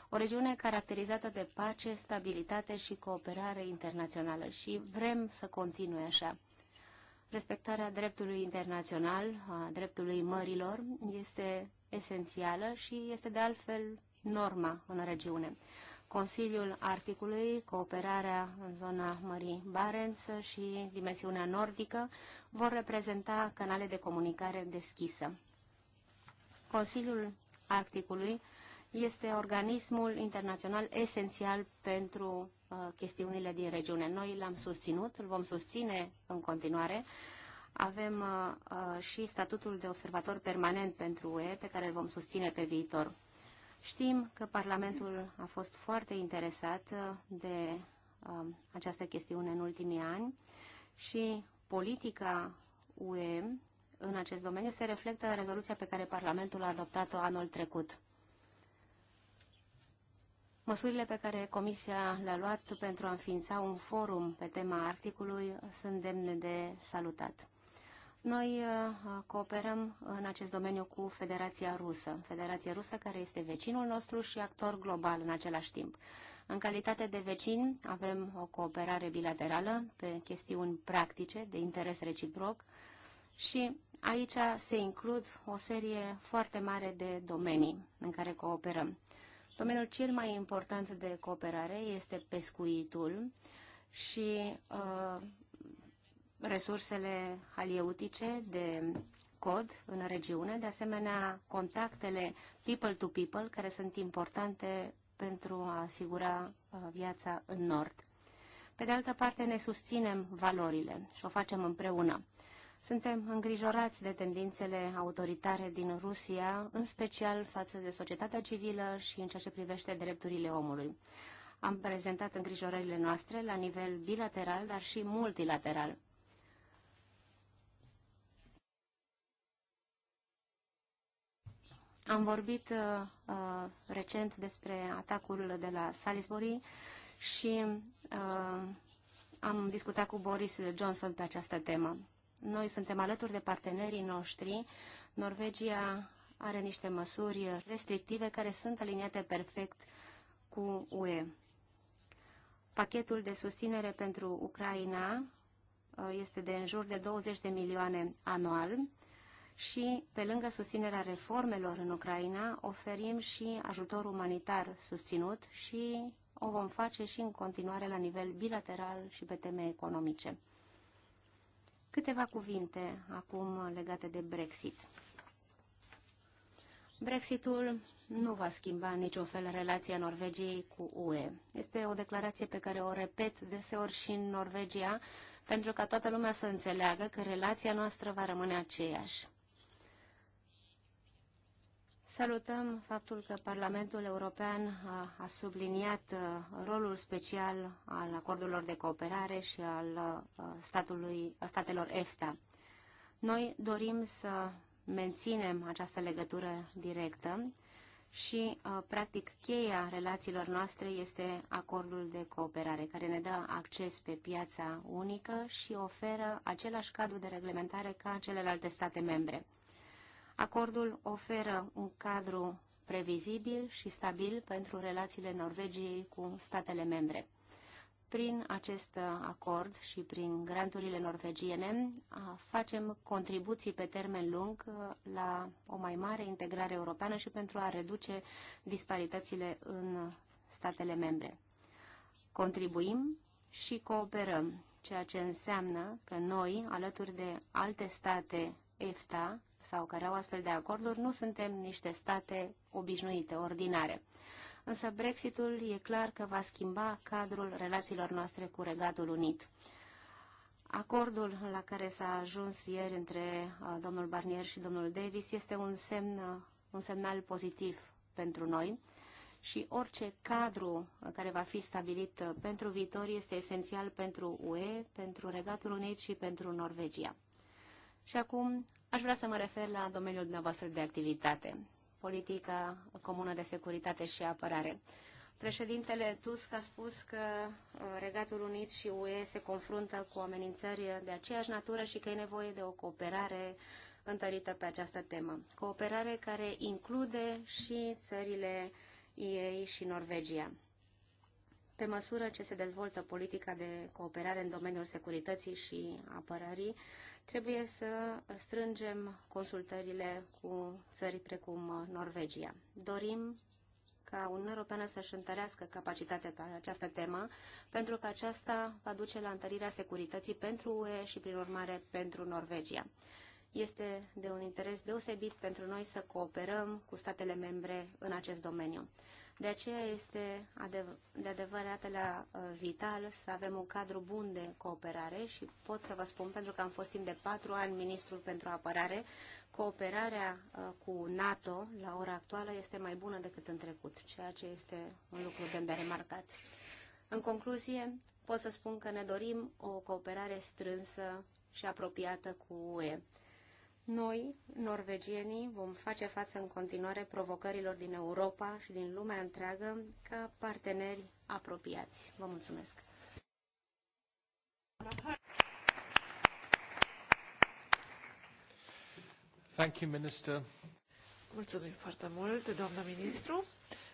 o regiune caracterizată de pace, stabilitate și cooperare internațională și vrem să continue așa. Respectarea dreptului internațional, a dreptului mărilor, este esențială și este de altfel norma în regiune. Consiliul Arcticului, cooperarea în zona Mării Barents și dimensiunea nordică vor reprezenta canale de comunicare deschisă. Consiliul Arcticului este organismul internațional esențial pentru uh, chestiunile din regiune. Noi l-am susținut, îl vom susține în continuare. Avem uh, uh, și statutul de observator permanent pentru UE, pe care îl vom susține pe viitor. Știm că Parlamentul a fost foarte interesat uh, de uh, această chestiune în ultimii ani și politica UE în acest domeniu se reflectă în rezoluția pe care Parlamentul a adoptat-o anul trecut. Măsurile pe care Comisia le-a luat pentru a înființa un forum pe tema Arcticului sunt demne de salutat. Noi uh, cooperăm în acest domeniu cu Federația Rusă, Federația Rusă care este vecinul nostru și actor global în același timp. În calitate de vecini avem o cooperare bilaterală pe chestiuni practice de interes reciproc și aici se includ o serie foarte mare de domenii în care cooperăm. Domeniul cel mai important de cooperare este pescuitul și uh, resursele halieutice de cod în regiune, de asemenea contactele people-to-people -people, care sunt importante pentru a asigura uh, viața în nord. Pe de altă parte, ne susținem valorile și o facem împreună. Suntem îngrijorați de tendințele autoritare din Rusia, în special față de societatea civilă și în ceea ce privește drepturile omului. Am prezentat îngrijorările noastre la nivel bilateral, dar și multilateral. Am vorbit uh, uh recent despre atacul de la Salisbury și uh, am discutat cu Boris Johnson pe această temă. Noi suntem alături de partenerii noștri. Norvegia are niște măsuri restrictive care sunt aliniate perfect cu UE. Pachetul de susținere pentru Ucraina uh, este de în jur de 20 de milioane anual și, pe lângă susținerea reformelor în Ucraina, oferim și ajutor umanitar susținut și o vom face și în continuare la nivel bilateral și pe teme economice. Câteva cuvinte acum legate de Brexit. Brexitul nu va schimba în niciun fel relația Norvegiei cu UE. Este o declarație pe care o repet deseori și în Norvegia, pentru ca toată lumea să înțeleagă că relația noastră va rămâne aceeași. Salutăm faptul că Parlamentul European a subliniat uh, rolul special al acordurilor de cooperare și al uh, statului, statelor EFTA. Noi dorim să menținem această legătură directă și, uh, practic, cheia relațiilor noastre este acordul de cooperare, care ne dă acces pe piața unică și oferă același cadru de reglementare ca celelalte state membre. Acordul oferă un cadru previzibil și stabil pentru relațiile Norvegiei cu statele membre. Prin acest acord și prin granturile norvegiene facem contribuții pe termen lung la o mai mare integrare europeană și pentru a reduce disparitățile în statele membre. Contribuim și cooperăm, ceea ce înseamnă că noi, alături de alte state EFTA, sau care au astfel de acorduri, nu suntem niște state obișnuite, ordinare. Însă Brexitul e clar că va schimba cadrul relațiilor noastre cu Regatul Unit. Acordul la care s-a ajuns ieri între uh, domnul Barnier și domnul Davis este un, semn, uh, un semnal pozitiv pentru noi și orice cadru uh, care va fi stabilit pentru viitor este esențial pentru UE, pentru Regatul Unit și pentru Norvegia. Și acum Aș vrea să mă refer la domeniul dumneavoastră de activitate, politica comună de securitate și apărare. Președintele Tusk a spus că uh, Regatul Unit și UE se confruntă cu amenințări de aceeași natură și că e nevoie de o cooperare întărită pe această temă. Cooperare care include și țările ei și Norvegia. Pe măsură ce se dezvoltă politica de cooperare în domeniul securității și apărării, Trebuie să strângem consultările cu țări precum uh, Norvegia. Dorim ca Uniunea Europeană să-și întărească capacitatea pe această temă, pentru că aceasta va duce la întărirea securității pentru UE și, prin urmare, pentru Norvegia. Este de un interes deosebit pentru noi să cooperăm cu statele membre în acest domeniu. De aceea este de adevăratele uh, vital să avem un cadru bun de cooperare și pot să vă spun, pentru că am fost timp de patru ani ministrul pentru apărare, cooperarea uh, cu NATO la ora actuală este mai bună decât în trecut, ceea ce este un lucru de remarcat. În concluzie, pot să spun că ne dorim o cooperare strânsă și apropiată cu UE. Noi, norvegienii, vom face față în continuare provocărilor din Europa și din lumea întreagă ca parteneri apropiați. Vă mulțumesc! Thank you, Minister. Mulțumim foarte mult, doamnă ministru.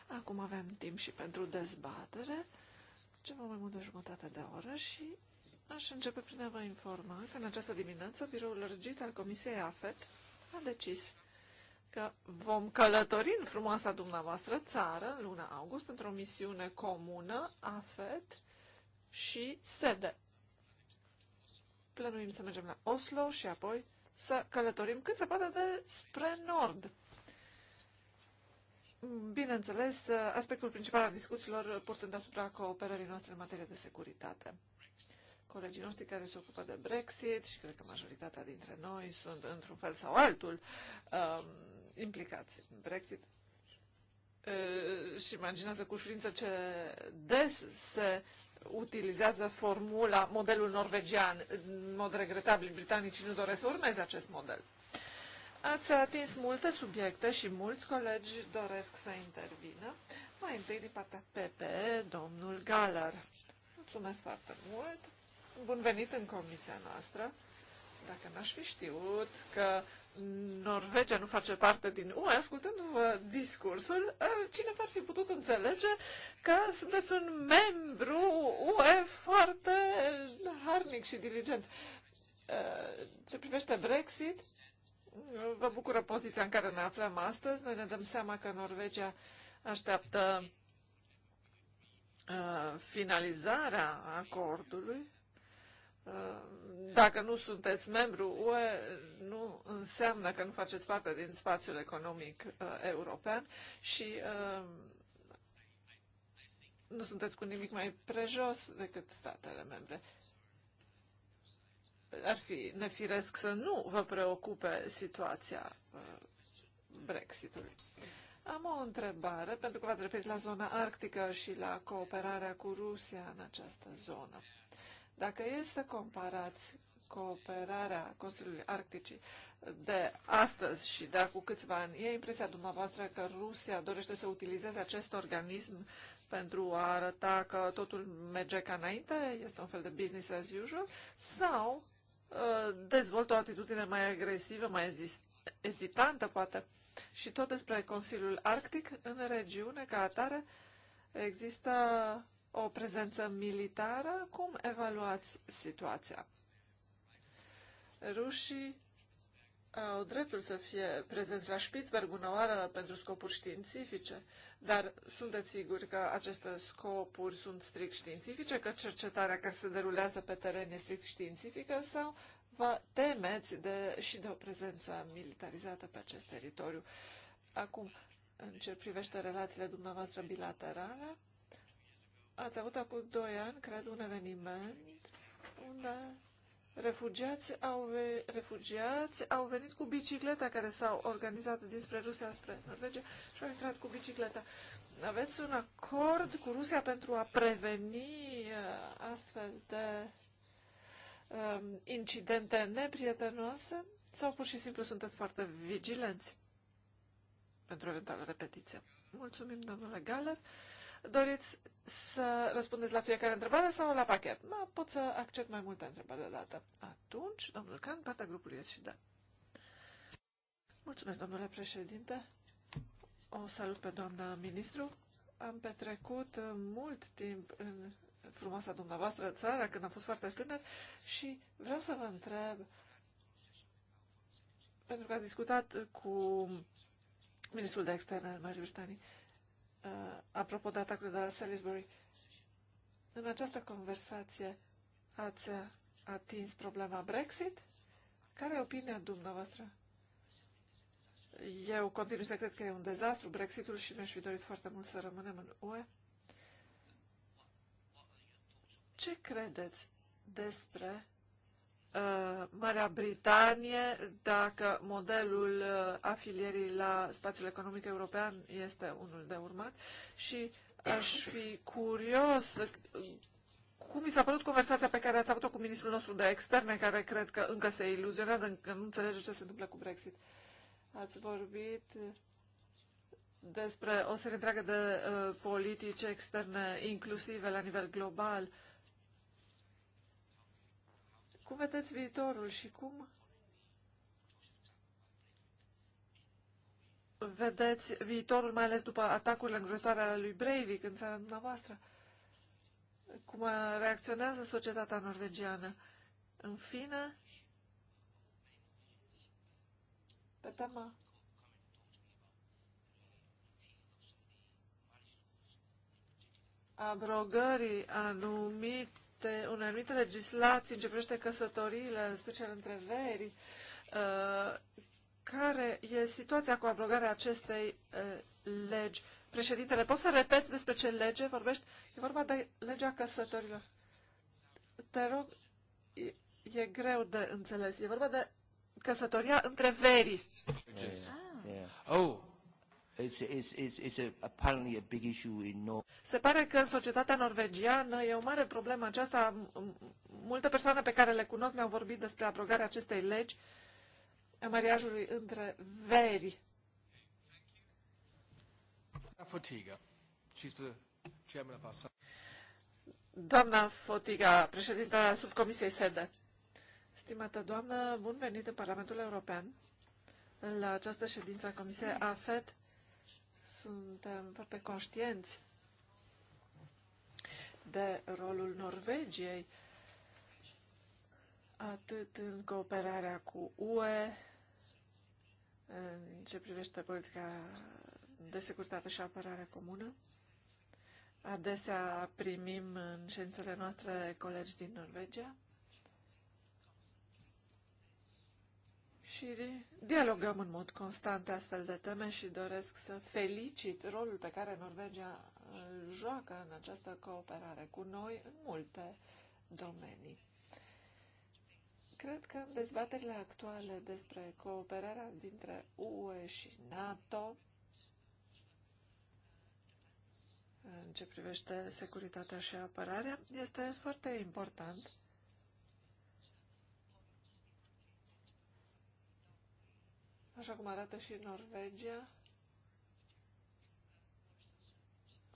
Acum avem timp și pentru dezbatere, ceva mai mult de jumătate de oră și Aș începe prin a vă informa că în această dimineață biroul lărgit al Comisiei AFET a decis că vom călători în frumoasa dumneavoastră țară în luna august într-o misiune comună AFET și SEDE. Plănuim să mergem la Oslo și apoi să călătorim cât se poate de spre nord. Bineînțeles, aspectul principal al discuțiilor purtând asupra cooperării noastre în materie de securitate colegii noștri care se ocupă de Brexit și cred că majoritatea dintre noi sunt într-un fel sau altul um, implicați în Brexit. și imaginează cu ușurință ce des se utilizează formula modelul norvegian. În mod regretabil, britanicii nu doresc să urmeze acest model. Ați atins multe subiecte și mulți colegi doresc să intervină. Mai întâi din partea PP, domnul Galar. Mulțumesc foarte mult bun venit în comisia noastră. Dacă n-aș fi știut că Norvegia nu face parte din UE, ascultându-vă discursul, ă, cine ar fi putut înțelege că sunteți un membru UE foarte harnic și diligent. Ă, ce privește Brexit, vă bucură poziția în care ne aflăm astăzi. Noi ne dăm seama că Norvegia așteaptă ă, finalizarea acordului dacă nu sunteți membru UE, nu înseamnă că nu faceți parte din spațiul economic uh, european și uh, nu sunteți cu nimic mai prejos decât statele membre. Ar fi nefiresc să nu vă preocupe situația uh, Brexitului. Am o întrebare, pentru că v-ați referit la zona arctică și la cooperarea cu Rusia în această zonă. Uh, dacă e să comparați cooperarea Consiliului Arcticii de astăzi și de acum câțiva ani, e impresia dumneavoastră că Rusia dorește să utilizeze acest organism pentru a arăta că totul merge ca înainte, este un fel de business as usual, sau uh, dezvoltă o atitudine mai agresivă, mai ezitantă, poate. Și tot despre Consiliul Arctic, în regiune, ca atare, există o prezență militară? Cum evaluați situația? Rușii au dreptul să fie prezenți la Spitsberg oară pentru scopuri științifice, dar sunteți siguri că aceste scopuri sunt strict științifice, că cercetarea care se derulează pe teren e strict științifică sau vă temeți de, și de o prezență militarizată pe acest teritoriu? Acum, în ce privește relațiile dumneavoastră bilaterale, ați avut acum doi ani, cred, un eveniment unde refugiați au, ve- refugiați au venit cu bicicleta care s-au organizat dinspre Rusia spre Norvegia și au intrat cu bicicleta. Aveți un acord cu Rusia pentru a preveni uh, astfel de um, incidente neprietenoase sau pur și simplu sunteți foarte vigilenți pentru eventuală repetiție? Mulțumim, domnule Galer. Doriți să răspundeți la fiecare întrebare sau la pachet? Ma, pot să accept mai multe întrebări deodată. Atunci, domnul Can, partea grupului este și da. Mulțumesc, domnule președinte. O salut pe doamna ministru. Am petrecut uh, mult timp în frumoasa dumneavoastră țară, când am fost foarte tânăr și vreau să vă întreb, pentru că ați discutat cu ministrul de externe al Marii Britanii, Uh, apropo de atacul de la Salisbury. În această conversație ați atins problema Brexit? Care e opinia dumneavoastră? Eu continui să cred că e un dezastru Brexitul și mi-aș fi dorit foarte mult să rămânem în UE. Ce credeți despre Uh, Marea Britanie dacă modelul uh, afilierii la spațiul economic european este unul de urmat și aș fi curios cum mi s-a părut conversația pe care ați avut-o cu ministrul nostru de externe, care cred că încă se iluzionează, încă nu înțelege ce se întâmplă cu Brexit. Ați vorbit despre o serie întreagă de uh, politici externe inclusive la nivel global cum vedeți viitorul și cum vedeți viitorul, mai ales după atacurile îngrozitoare ale lui Breivik în țara dumneavoastră? Cum reacționează societatea norvegiană? În fine, pe tema abrogării anumit anumite, în anumite legislații privește căsătoriile, în special între veri, uh, care e situația cu abrogarea acestei uh, legi? Președintele, poți să repeți despre ce lege vorbești? E vorba de legea căsătorilor. Te rog, e, e greu de înțeles. E vorba de căsătoria între verii. Ah. Yeah. Oh, se pare că în societatea norvegiană e o mare problemă aceasta. Multe persoane pe care le cunosc mi-au vorbit despre abrogarea acestei legi a mariajului între veri. Doamna Fotiga, președinta subcomisiei SEDE. Stimată doamnă, bun venit în Parlamentul European la această ședință a Comisiei AFET suntem foarte conștienți de rolul Norvegiei, atât în cooperarea cu UE, în ce privește politica de securitate și apărare comună. Adesea primim în ședințele noastre colegi din Norvegia și dialogăm în mod constant astfel de teme și doresc să felicit rolul pe care Norvegia îl joacă în această cooperare cu noi în multe domenii. Cred că dezbaterile actuale despre cooperarea dintre UE și NATO în ce privește securitatea și apărarea este foarte important așa cum arată și Norvegia,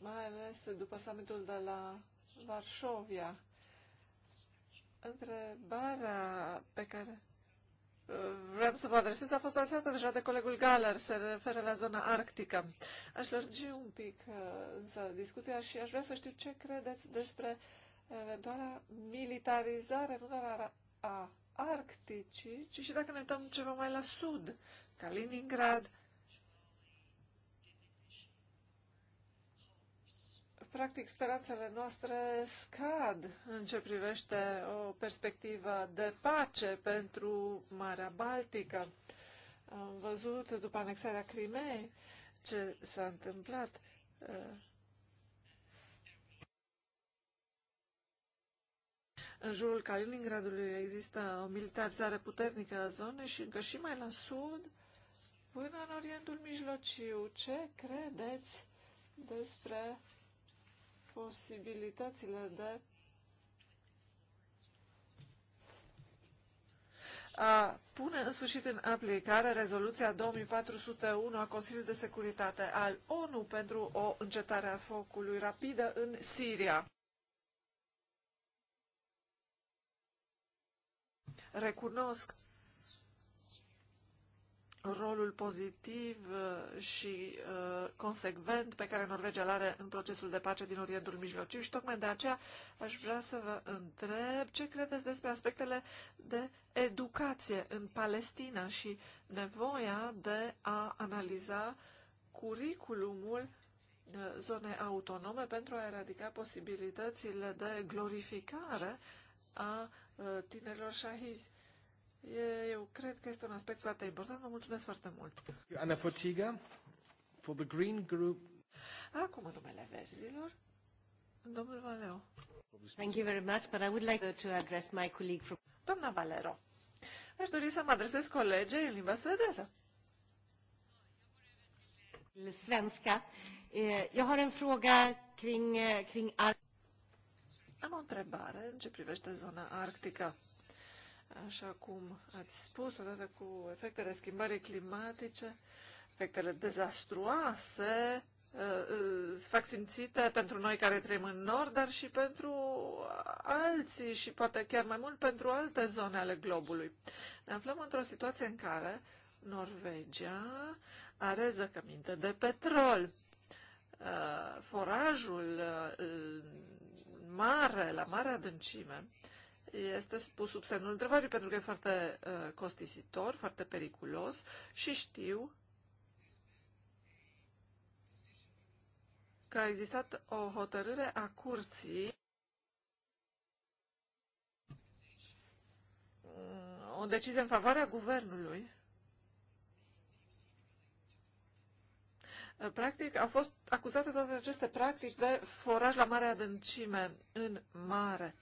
mai ales după summitul de la Varșovia. Întrebarea pe care uh, vreau să vă adresez a fost lansată deja de colegul Galer, se referă la zona arctică. Aș lărgi un pic uh, însă discuția și aș vrea să știu ce credeți despre eventuala militarizare, nu doar a arcticii, ci și dacă ne uităm ceva mai la sud, Kaliningrad, practic speranțele noastre scad în ce privește o perspectivă de pace pentru Marea Baltică. Am văzut după anexarea crimei ce s-a întâmplat. În jurul Kaliningradului există o militarizare puternică a zonei și încă și mai la sud, până în Orientul Mijlociu. Ce credeți despre posibilitățile de a pune în sfârșit în aplicare rezoluția 2401 a Consiliului de Securitate al ONU pentru o încetare a focului rapidă în Siria. recunosc rolul pozitiv uh, și uh, consecvent pe care Norvegia îl are în procesul de pace din Orientul Mijlociu și tocmai de aceea aș vrea să vă întreb ce credeți despre aspectele de educație în Palestina și nevoia de a analiza curiculumul uh, zonei autonome pentru a eradica posibilitățile de glorificare a Uh, tinerilor șahizi. Eu cred că este un aspect foarte important. Vă mulțumesc foarte mult. Ana Fotiga, for the Green Group. Acum în numele verzilor, domnul Valero. Thank you very much, but I would like to address my colleague from... Doamna Valero, aș dori să mă adresez colegei în limba suedeză. Svenska. Eu eh, har en fråga kring, eh, kring am o întrebare în ce privește zona arctică. Așa cum ați spus, odată cu efectele schimbării climatice, efectele dezastruoase uh, uh, se fac simțite pentru noi care trăim în nord, dar și pentru alții și poate chiar mai mult pentru alte zone ale globului. Ne aflăm într-o situație în care Norvegia are zăcăminte de petrol. Uh, forajul mare, la mare adâncime, este pus sub semnul întrebării pentru că e foarte uh, costisitor, foarte periculos și știu că a existat o hotărâre a curții o decizie în favoarea guvernului Uh, practic, au fost acuzate toate aceste practici de foraj la mare adâncime în mare.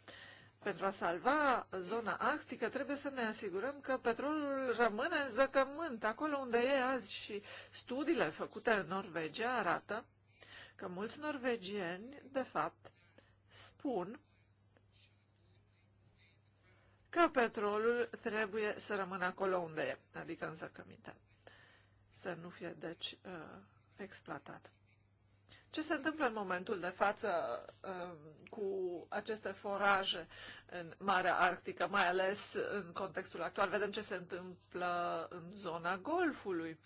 Pentru a salva zona arctică, trebuie să ne asigurăm că petrolul rămâne în zăcământ, acolo unde e azi și studiile făcute în Norvegia arată că mulți norvegieni, de fapt, spun că petrolul trebuie să rămână acolo unde e, adică în zăcăminte. Să nu fie, deci, uh, exploatat. Ce se întâmplă în momentul de față um, cu aceste foraje în Marea Arctică, mai ales în contextul actual? Vedem ce se întâmplă în zona Golfului,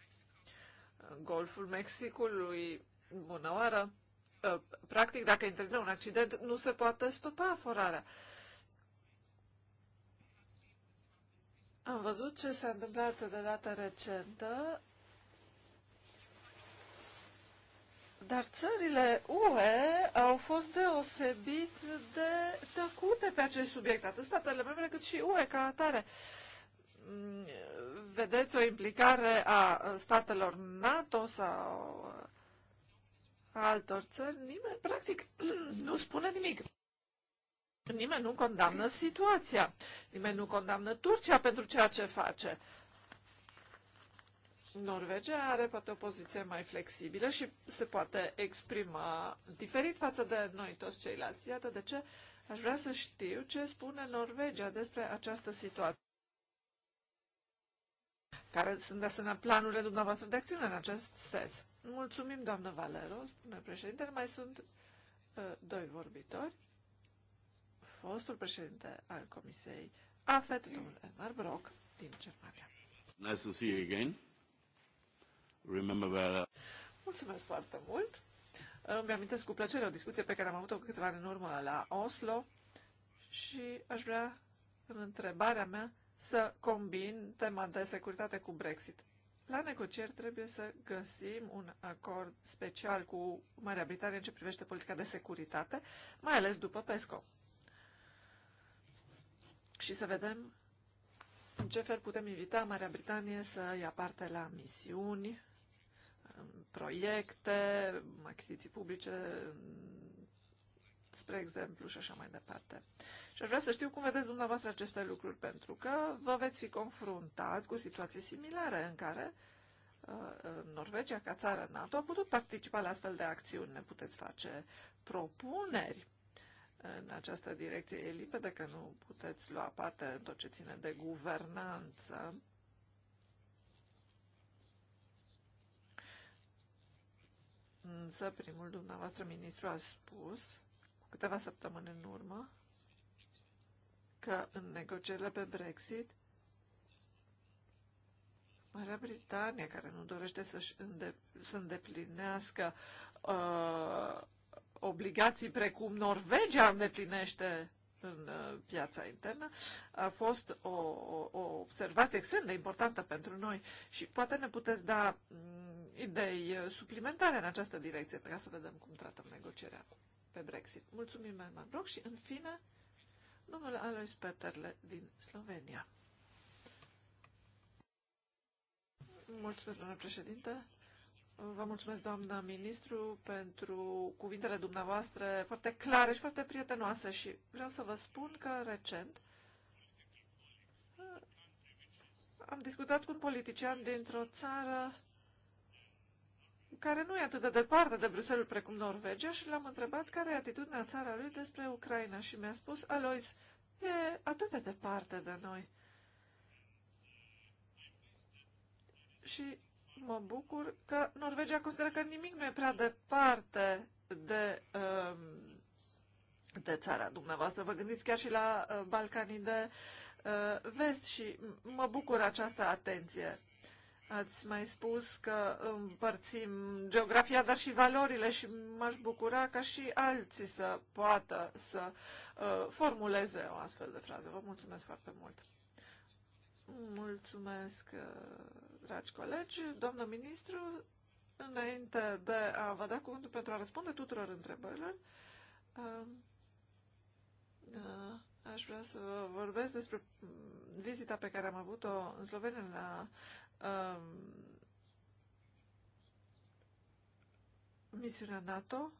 Golful Mexicului, bună oară. Uh, practic, dacă intervine un accident, nu se poate stopa forarea. Am văzut ce s-a întâmplat de data recentă Dar țările UE au fost deosebit de tăcute pe acest subiect, atât statele membre cât și UE ca atare. Mm, vedeți o implicare a statelor NATO sau a altor țări? Nimeni, practic, nu spune nimic. Nimeni nu condamnă situația. Nimeni nu condamnă Turcia pentru ceea ce face. Norvegia are poate o poziție mai flexibilă și se poate exprima diferit față de noi toți ceilalți. Iată de ce aș vrea să știu ce spune Norvegia despre această situație. Care sunt de asemenea planurile dumneavoastră de acțiune în acest sens? Mulțumim, doamnă Valero, spune președintele. Mai sunt uh, doi vorbitori. Fostul președinte al Comisiei AFET, domnul Elmar Brock, din Germania. Nice to see you again remember well. Mulțumesc foarte mult! Îmi amintesc cu plăcere o discuție pe care am avut-o câteva ani în urmă la Oslo și aș vrea în întrebarea mea să combin tema de securitate cu Brexit. La negocieri trebuie să găsim un acord special cu Marea Britanie în ce privește politica de securitate, mai ales după PESCO. Și să vedem în ce fel putem invita Marea Britanie să ia parte la misiuni proiecte, achiziții publice, spre exemplu, și așa mai departe. Și aș vrea să știu cum vedeți dumneavoastră aceste lucruri, pentru că vă veți fi confruntat cu situații similare în care uh, Norvegia, ca țară NATO, a putut participa la astfel de acțiuni. Ne puteți face propuneri în această direcție. E limpede că nu puteți lua parte în tot ce ține de guvernanță Însă primul dumneavoastră ministru a spus cu câteva săptămâni în urmă că în negocierile pe Brexit Marea Britanie, care nu dorește să-și să îndeplinească uh, obligații precum Norvegia îndeplinește în uh, piața internă a fost o, o, o observație extrem de importantă pentru noi și poate ne puteți da mm, idei uh, suplimentare în această direcție ca să vedem cum tratăm negocierea pe Brexit. Mulțumim, Merman Brock și în fine domnul Alois Peterle din Slovenia. Mulțumesc, domnule președinte. Vă mulțumesc, doamna ministru, pentru cuvintele dumneavoastră foarte clare și foarte prietenoase și vreau să vă spun că recent am discutat cu un politician dintr-o țară care nu e atât de departe de Bruxelles precum Norvegia și l-am întrebat care e atitudinea țara lui despre Ucraina și mi-a spus, Alois, e atât de departe de noi. Și mă bucur că Norvegia consideră că nimic nu e prea departe de, um, de țara dumneavoastră. Vă gândiți chiar și la uh, Balcanii de uh, vest și mă bucur această atenție. Ați mai spus că împărțim geografia, dar și valorile și m-aș bucura ca și alții să poată să uh, formuleze o astfel de frază. Vă mulțumesc foarte mult! Mulțumesc, Dragi colegi, doamnă ministru, înainte de a vă da cuvântul pentru a răspunde tuturor întrebărilor, um, uh, aș vrea să vă vorbesc despre vizita pe care am avut-o în Slovenia la um, misiunea NATO.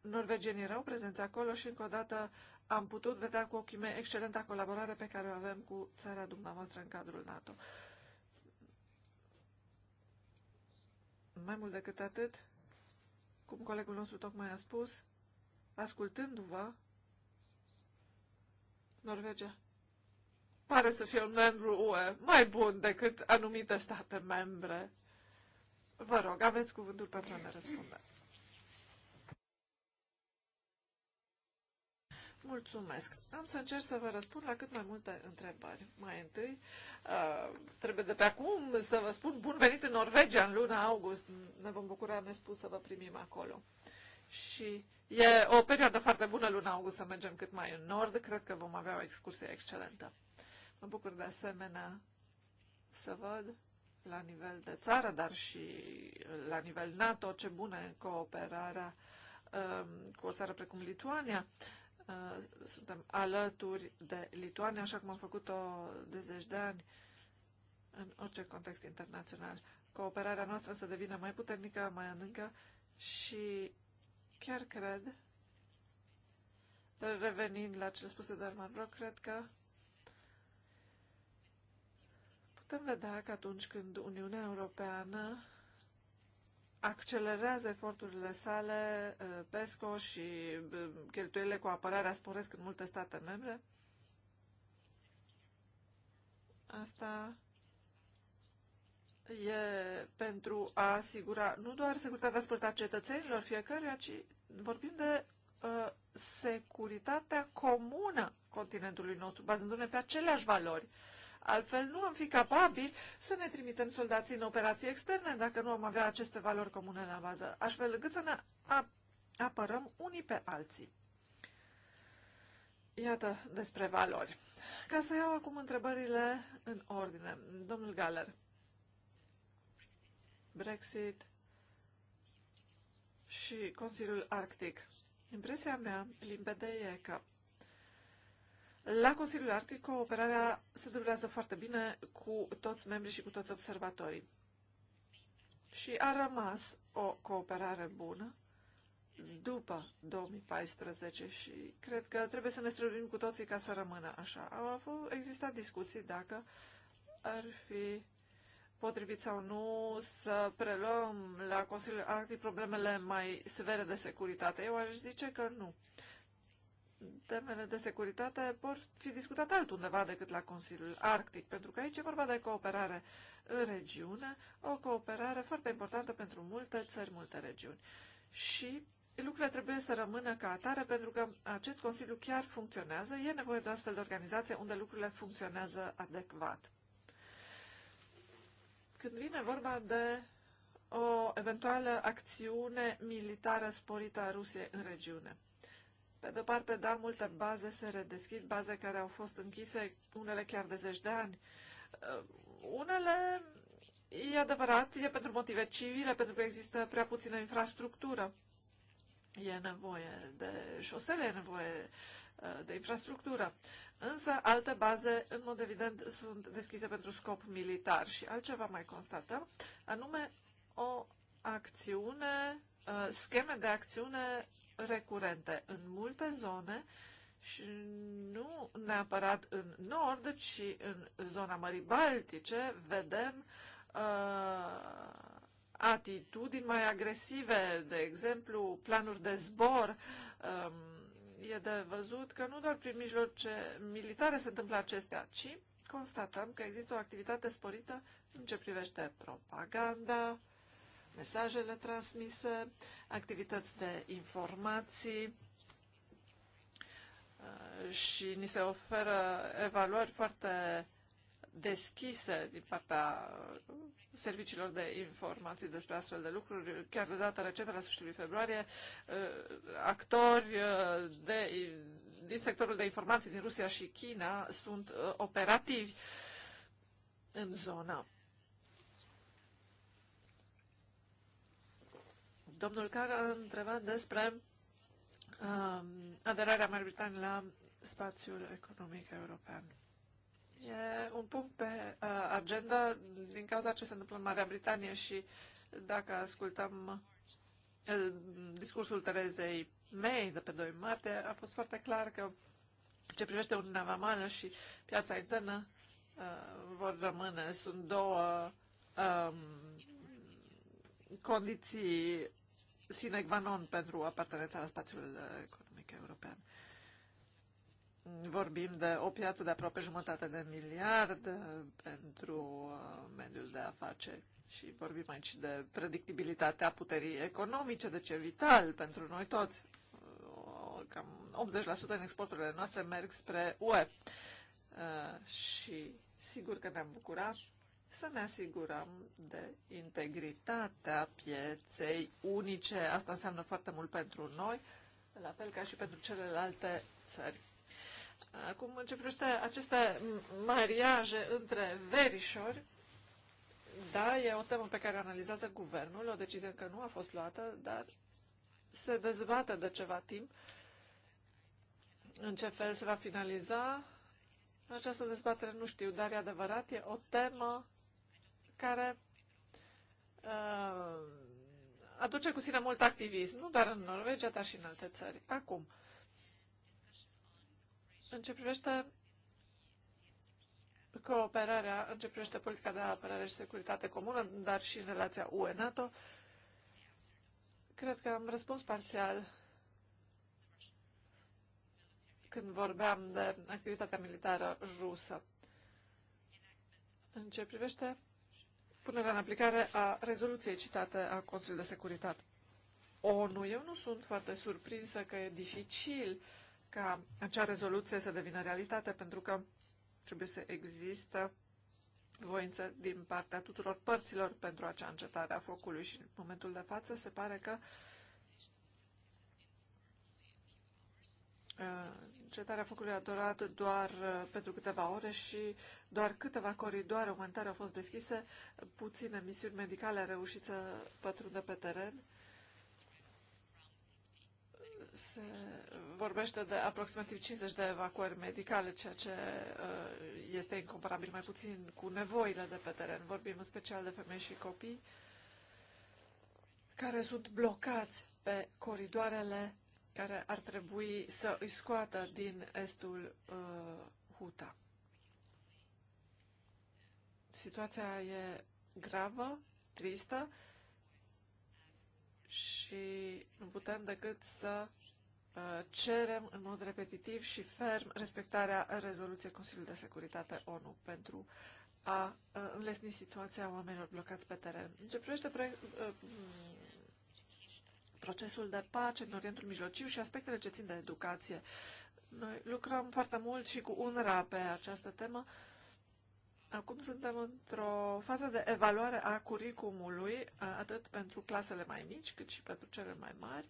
Norvegienii erau prezenți acolo și încă o dată am putut vedea cu ochii mei excelenta colaborare pe care o avem cu țara dumneavoastră în cadrul NATO. Uh, Mai mult decât atât, cum colegul nostru tocmai a spus, ascultându-vă, Norvegia pare să fie un membru UE mai bun decât anumite state membre. Vă rog, aveți cuvântul pentru a ne răspunde. Mulțumesc. Am să încerc să vă răspund la cât mai multe întrebări. Mai întâi, uh, trebuie de pe acum să vă spun bun venit în Norvegia în luna august. Ne vom bucura nespus să vă primim acolo. Și e o perioadă foarte bună luna august să mergem cât mai în nord. Cred că vom avea o excursie excelentă. Mă bucur de asemenea să văd la nivel de țară, dar și la nivel NATO, ce bună cooperarea um, cu o țară precum Lituania. Uh, Uh, suntem alături de Lituania, așa cum am făcut-o de zeci de ani în orice context internațional. Cooperarea noastră să devină mai puternică, mai adâncă și chiar cred, revenind la ce spuse de Armand Brock, cred că putem vedea că atunci când Uniunea Europeană accelerează eforturile sale, uh, PESCO și uh, cheltuielile cu apărarea sporesc în multe state membre. Asta e pentru a asigura nu doar securitatea spălta cetățenilor fiecare, ci vorbim de uh, securitatea comună continentului nostru, bazându-ne pe aceleași valori. Uh, Altfel nu am fi capabili să ne trimitem soldații în operații externe dacă nu am avea aceste valori comune la bază, astfel încât să ne apărăm unii pe alții. Iată despre valori. Ca să iau acum întrebările în ordine. Domnul Galer. Brexit și Consiliul Arctic. Impresia mea limpede e că la Consiliul Arctic, cooperarea se derulează foarte bine cu toți membrii și cu toți observatorii. Și a rămas o cooperare bună după 2014 și cred că trebuie să ne străduim cu toții ca să rămână așa. Au avut, existat discuții dacă ar fi potrivit sau nu să preluăm la Consiliul Arctic problemele mai severe de securitate. Eu aș zice că nu temele de securitate vor fi discutate altundeva decât la Consiliul Arctic, pentru că aici e vorba de cooperare în regiune, o cooperare foarte importantă pentru multe țări, multe regiuni. Și lucrurile trebuie să rămână ca atare, pentru că acest Consiliu chiar funcționează, e nevoie de astfel de organizație unde lucrurile funcționează adecvat. Când vine vorba de o eventuală acțiune militară sporită a Rusiei în regiune. Pe de parte, da, multe baze se redeschid, baze care au fost închise, unele chiar de zeci de ani. Uh, unele, e adevărat, e pentru motive civile, pentru că există prea puțină infrastructură. E nevoie de șosele, e nevoie uh, de infrastructură. Însă alte baze, în mod evident, sunt deschise pentru scop militar. Și altceva mai constatăm, anume o acțiune, uh, scheme de acțiune recurente în multe zone și nu neapărat în nord, ci în zona Mării Baltice vedem uh, atitudini mai agresive, de exemplu planuri de zbor. Um, e de văzut că nu doar prin mijloace militare se întâmplă acestea, ci constatăm că există o activitate sporită în ce privește propaganda, mesajele transmise, activități de informații uh, și ni se oferă evaluări foarte deschise din partea serviciilor de informații despre astfel de lucruri. Chiar de data recentă, la sfârșitul februarie, uh, actori uh, de, din sectorul de informații din Rusia și China sunt operativi în zona. Domnul Cara întrebat despre um, aderarea Marii Britanii la spațiul economic european. E un punct pe uh, agenda din cauza ce se întâmplă în Marea Britanie și dacă ascultăm uh, discursul Terezei May de pe 2 martie, a fost foarte clar că ce privește Uniunea Vamală și piața internă uh, vor rămâne. Sunt două um, condiții sine qua non pentru apartenența la spațiul economic european. Vorbim de o piață de aproape jumătate de miliard uh, pentru uh, mediul de afaceri și vorbim aici de predictibilitatea puterii economice, deci e vital pentru noi toți. Uh, cam 80% din exporturile noastre merg spre UE și sigur că ne-am bucurat să ne asigurăm de integritatea pieței unice. Asta înseamnă foarte mult pentru noi, la fel ca și pentru celelalte țări. Acum, în ce aceste mariaje între verișori, da, e o temă pe care o analizează guvernul, o decizie încă nu a fost luată, dar se dezbate de ceva timp în ce fel se va finaliza această dezbatere, nu știu, dar e adevărat, e o temă care uh, aduce cu sine mult activism, nu doar în Norvegia, dar și în alte țări. Acum, în ce privește cooperarea, în ce privește politica de apărare și securitate comună, dar și în relația UE-NATO, cred că am răspuns parțial când vorbeam de activitatea militară rusă. În ce privește punerea în aplicare a rezoluției citate a Consiliului de Securitate. ONU, eu nu sunt foarte surprinsă că e dificil ca acea rezoluție să devină realitate, pentru că trebuie să există voință din partea tuturor părților pentru acea încetare a focului și în momentul de față se pare că uh, Cetarea focului a durat doar uh, pentru câteva ore și doar câteva coridoare umanitare au fost deschise, puține misiuni medicale au reușit să pătrundă pe teren. Se vorbește de aproximativ 50 de evacuări medicale, ceea ce uh, este incomparabil mai puțin cu nevoile de pe teren. Vorbim în special de femei și copii care sunt blocați pe coridoarele care ar trebui să îi scoată din estul uh, Huta. Situația e gravă, tristă și nu putem decât să uh, cerem în mod repetitiv și ferm respectarea rezoluției Consiliului de Securitate ONU pentru a uh, înlesni situația oamenilor blocați pe teren. În ce privește uh, procesul de pace în Orientul Mijlociu și aspectele ce țin de educație. Noi lucrăm foarte mult și cu UNRWA pe această temă. Acum suntem într-o fază de evaluare a curicumului, atât pentru clasele mai mici, cât și pentru cele mai mari.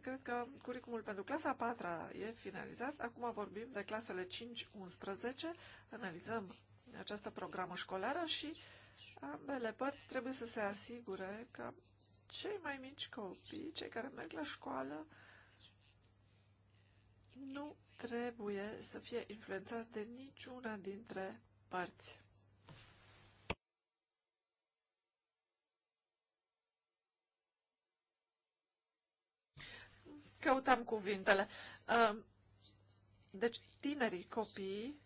Cred că curicumul pentru clasa a patra e finalizat. Acum vorbim de clasele 5-11, analizăm această programă școlară și ambele părți trebuie să se asigure că cei mai mici copii, cei care merg la școală, nu trebuie să fie influențați de niciuna dintre părți. Căutam cuvintele. Um, deci, tinerii copii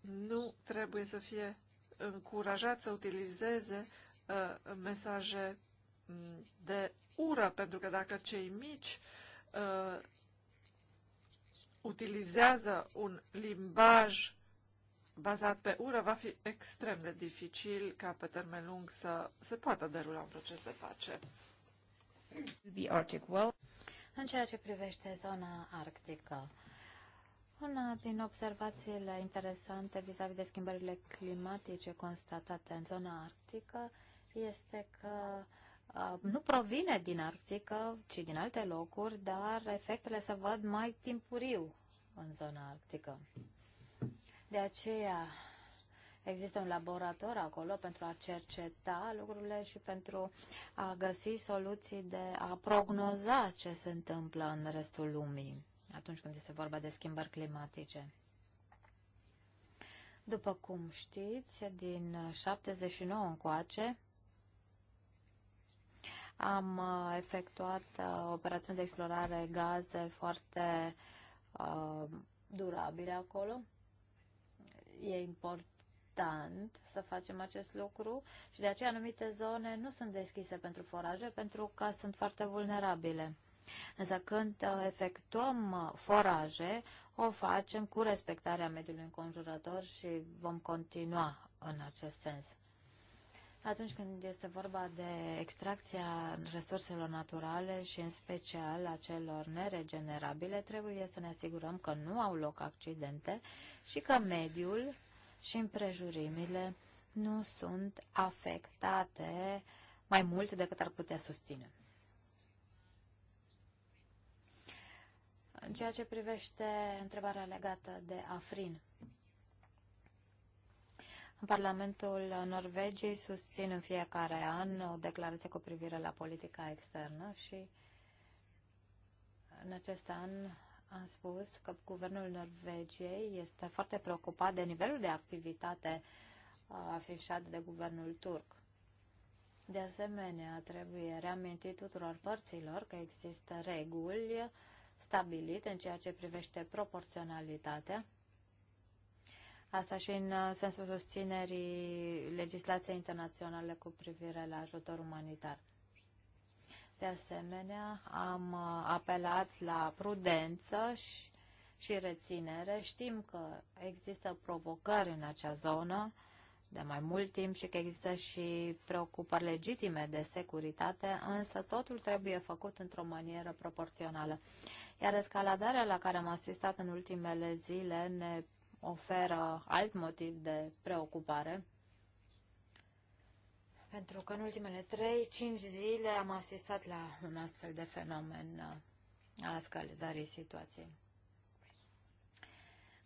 nu trebuie să fie încurajați să utilizeze uh, mesaje de ură, pentru că dacă cei mici uh, utilizează un limbaj bazat pe ură, va fi extrem de dificil ca pe termen lung să se poată derula un proces de pace. The Arctic World. În ceea ce privește zona arctică, una din observațiile interesante vis-a-vis -vis de schimbările climatice constatate în zona arctică este că Uh, nu provine din Arctică, ci din alte locuri, dar efectele se văd mai timpuriu în zona arctică. De aceea există un laborator acolo pentru a cerceta lucrurile și pentru a găsi soluții de a prognoza ce se întâmplă în restul lumii atunci când este vorba de schimbări climatice. După cum știți, din 79 încoace, am uh, efectuat uh, operațiuni de explorare gaze foarte uh, durabile acolo. E important să facem acest lucru și de aceea anumite zone nu sunt deschise pentru foraje pentru că sunt foarte vulnerabile. Însă când efectuăm foraje, o facem cu respectarea mediului înconjurător și vom continua în acest sens atunci când este vorba de extracția resurselor naturale și în special a celor neregenerabile, trebuie să ne asigurăm că nu au loc accidente și că mediul și împrejurimile nu sunt afectate mai mult decât ar putea susține. În ceea ce privește întrebarea legată de Afrin, în Parlamentul Norvegiei susțin în fiecare an o declarație cu privire la politica externă și în acest an am spus că guvernul Norvegiei este foarte preocupat de nivelul de activitate afișat de guvernul turc. De asemenea, trebuie reamintit tuturor părților că există reguli stabilite în ceea ce privește proporționalitatea Asta și în uh, sensul susținerii legislației internaționale cu privire la ajutor umanitar. De asemenea, am uh, apelat la prudență și, și reținere. Știm că există provocări în acea zonă de mai mult timp și că există și preocupări legitime de securitate, însă totul trebuie făcut într-o manieră proporțională. Iar escaladarea la care am asistat în ultimele zile ne oferă alt motiv de preocupare, pentru că în ultimele 3-5 zile am asistat la un astfel de fenomen uh, al escaladării situației.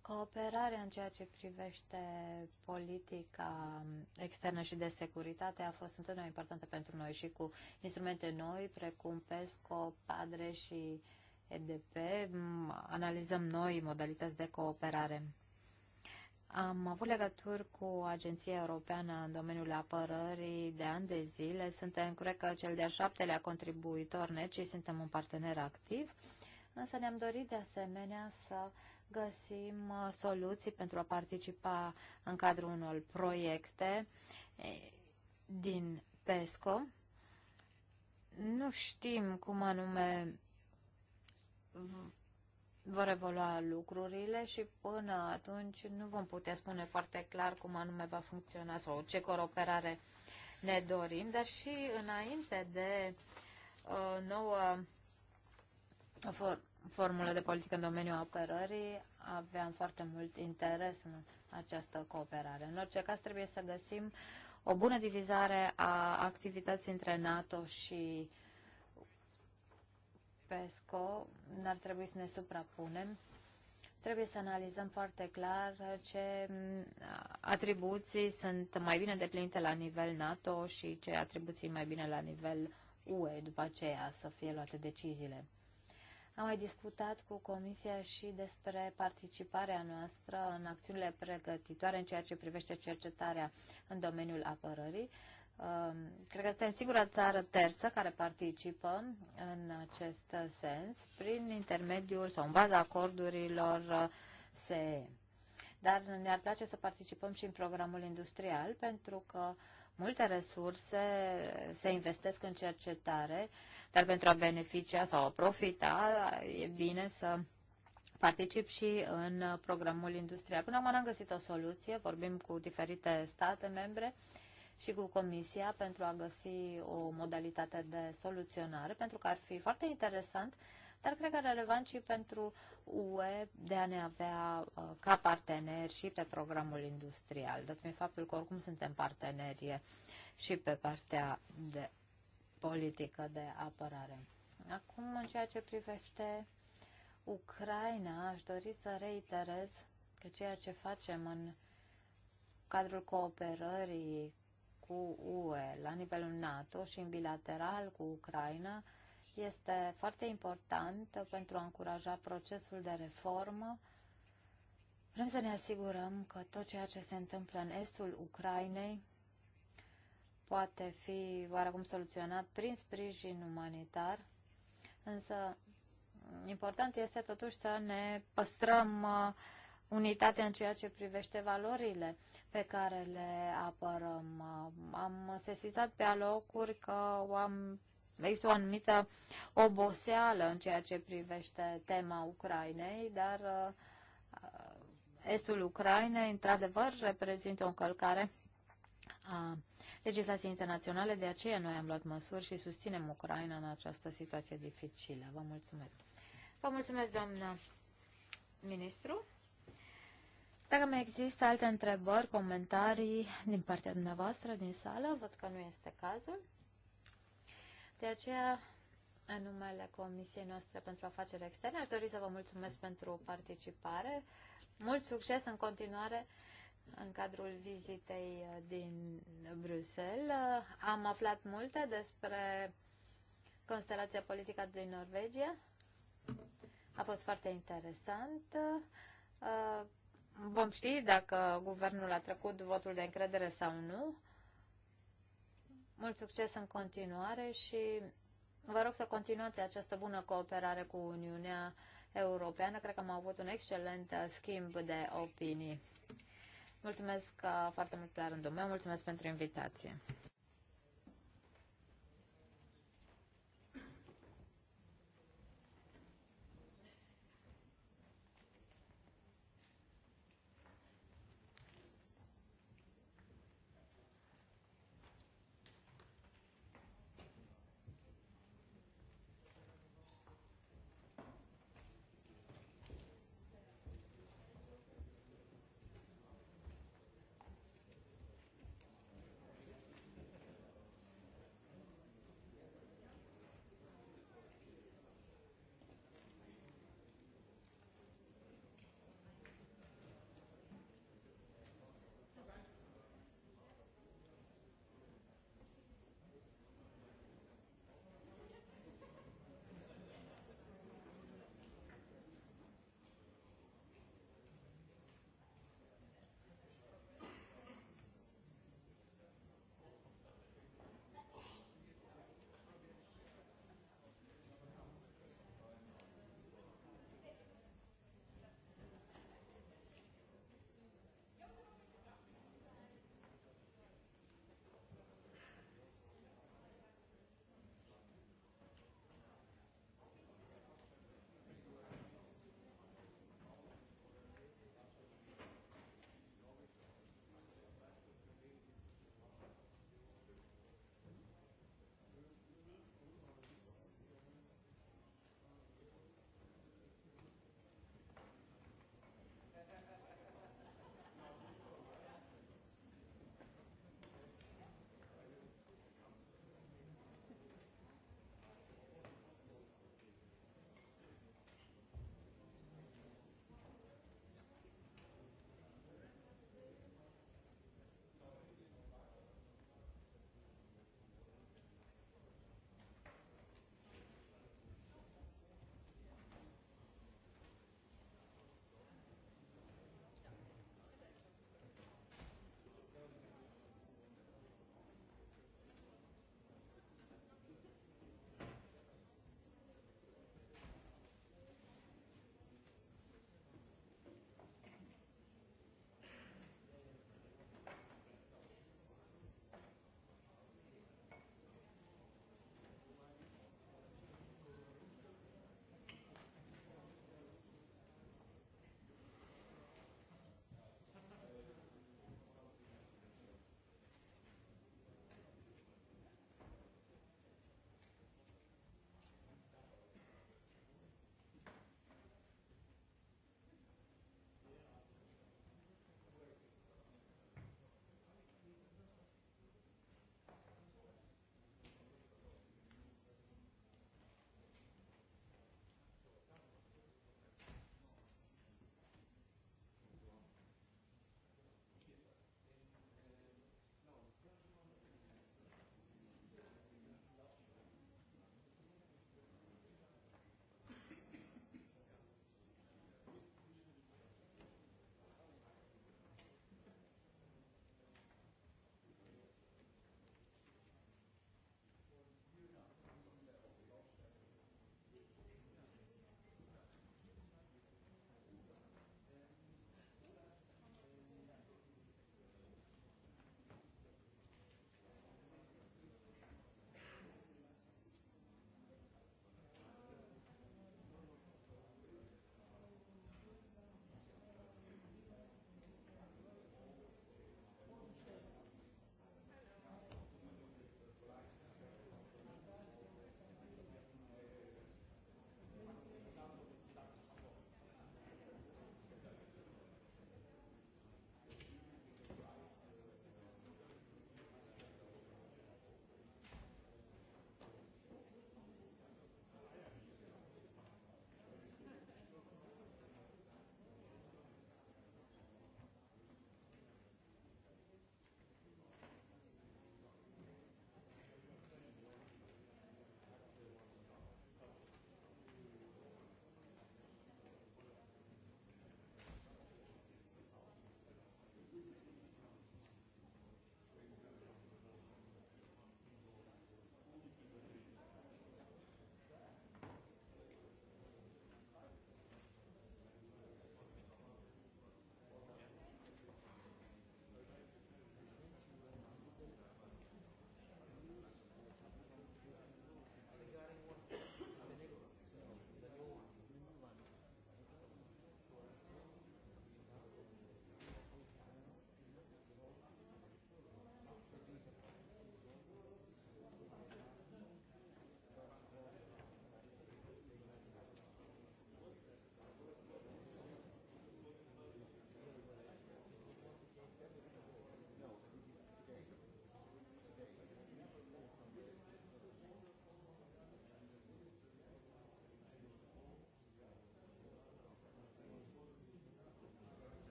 Cooperarea în ceea ce privește politica externă și de securitate a fost întotdeauna importantă pentru noi și cu instrumente noi, precum PESCO, PADRE și EDP, analizăm noi modalități de cooperare. Am avut legături cu Agenția Europeană în domeniul apărării de ani de zile. Suntem, cred că, cel de-al șaptelea contribuitor net și suntem un partener activ. Însă ne-am dorit de asemenea să găsim uh, soluții pentru a participa în cadrul unor proiecte din PESCO. Nu știm cum anume vor evolua lucrurile și până atunci nu vom putea spune foarte clar cum anume va funcționa sau ce cooperare ne dorim, dar și înainte de uh, noua for- formulă de politică în domeniul apărării, aveam foarte mult interes în această cooperare. În orice caz, trebuie să găsim o bună divizare a activității între NATO și uh, PESCO n-ar trebui să ne suprapunem. Trebuie să analizăm foarte clar ce mm, atribuții sunt mai bine deplinite la nivel NATO și ce atribuții mai bine la nivel UE, după aceea să fie luate deciziile. Am mai discutat cu Comisia și despre participarea noastră în acțiunile pregătitoare în ceea ce privește cercetarea în domeniul apărării Um, cred că suntem singura țară terță care participă în acest sens prin intermediul sau în baza acordurilor uh, SE. Dar ne-ar place să participăm și în programul industrial pentru că multe resurse se investesc în cercetare, dar pentru a beneficia sau a profita e bine să particip și în programul industrial. Până acum n-am găsit o soluție, vorbim cu diferite state membre, uh, și cu Comisia pentru a găsi o modalitate de soluționare, pentru că ar fi foarte interesant, dar cred că relevant și pentru UE de a ne avea uh, ca parteneri și pe programul industrial, dat fiind faptul că oricum suntem parteneri și pe partea de politică de apărare. Acum, în ceea ce privește Ucraina, aș dori să reiterez că ceea ce facem în cadrul cooperării cu UE la nivelul NATO și în bilateral cu Ucraina este foarte important pentru a încuraja procesul de reformă. Vrem să ne asigurăm că tot ceea ce se întâmplă în estul Ucrainei poate fi oarecum soluționat prin sprijin umanitar, însă important este totuși să ne păstrăm uh, unitate în ceea ce privește valorile pe care le apărăm. Am sesizat pe alocuri că am, există o anumită oboseală în ceea ce privește tema Ucrainei, dar uh, estul Ucrainei, într-adevăr, reprezintă o încălcare a legislației internaționale, de aceea noi am luat măsuri și susținem Ucraina în această situație dificilă. Vă mulțumesc. Vă mulțumesc, doamnă ministru. Dacă mai există alte întrebări, comentarii din partea dumneavoastră, din sală, văd că nu este cazul. De aceea, în numele Comisiei noastre pentru afaceri externe, aș dori să vă mulțumesc pentru participare. Mult succes în continuare în cadrul vizitei uh, din Bruxelles. Uh, am aflat multe despre constelația politică din Norvegia. A fost foarte interesant. Uh, vom ști dacă guvernul a trecut votul de încredere sau nu. Mult succes în continuare și vă rog să continuați această bună cooperare cu Uniunea Europeană. Cred că am avut un excelent schimb de opinii. Mulțumesc uh, foarte mult la rândul meu, mulțumesc pentru invitație.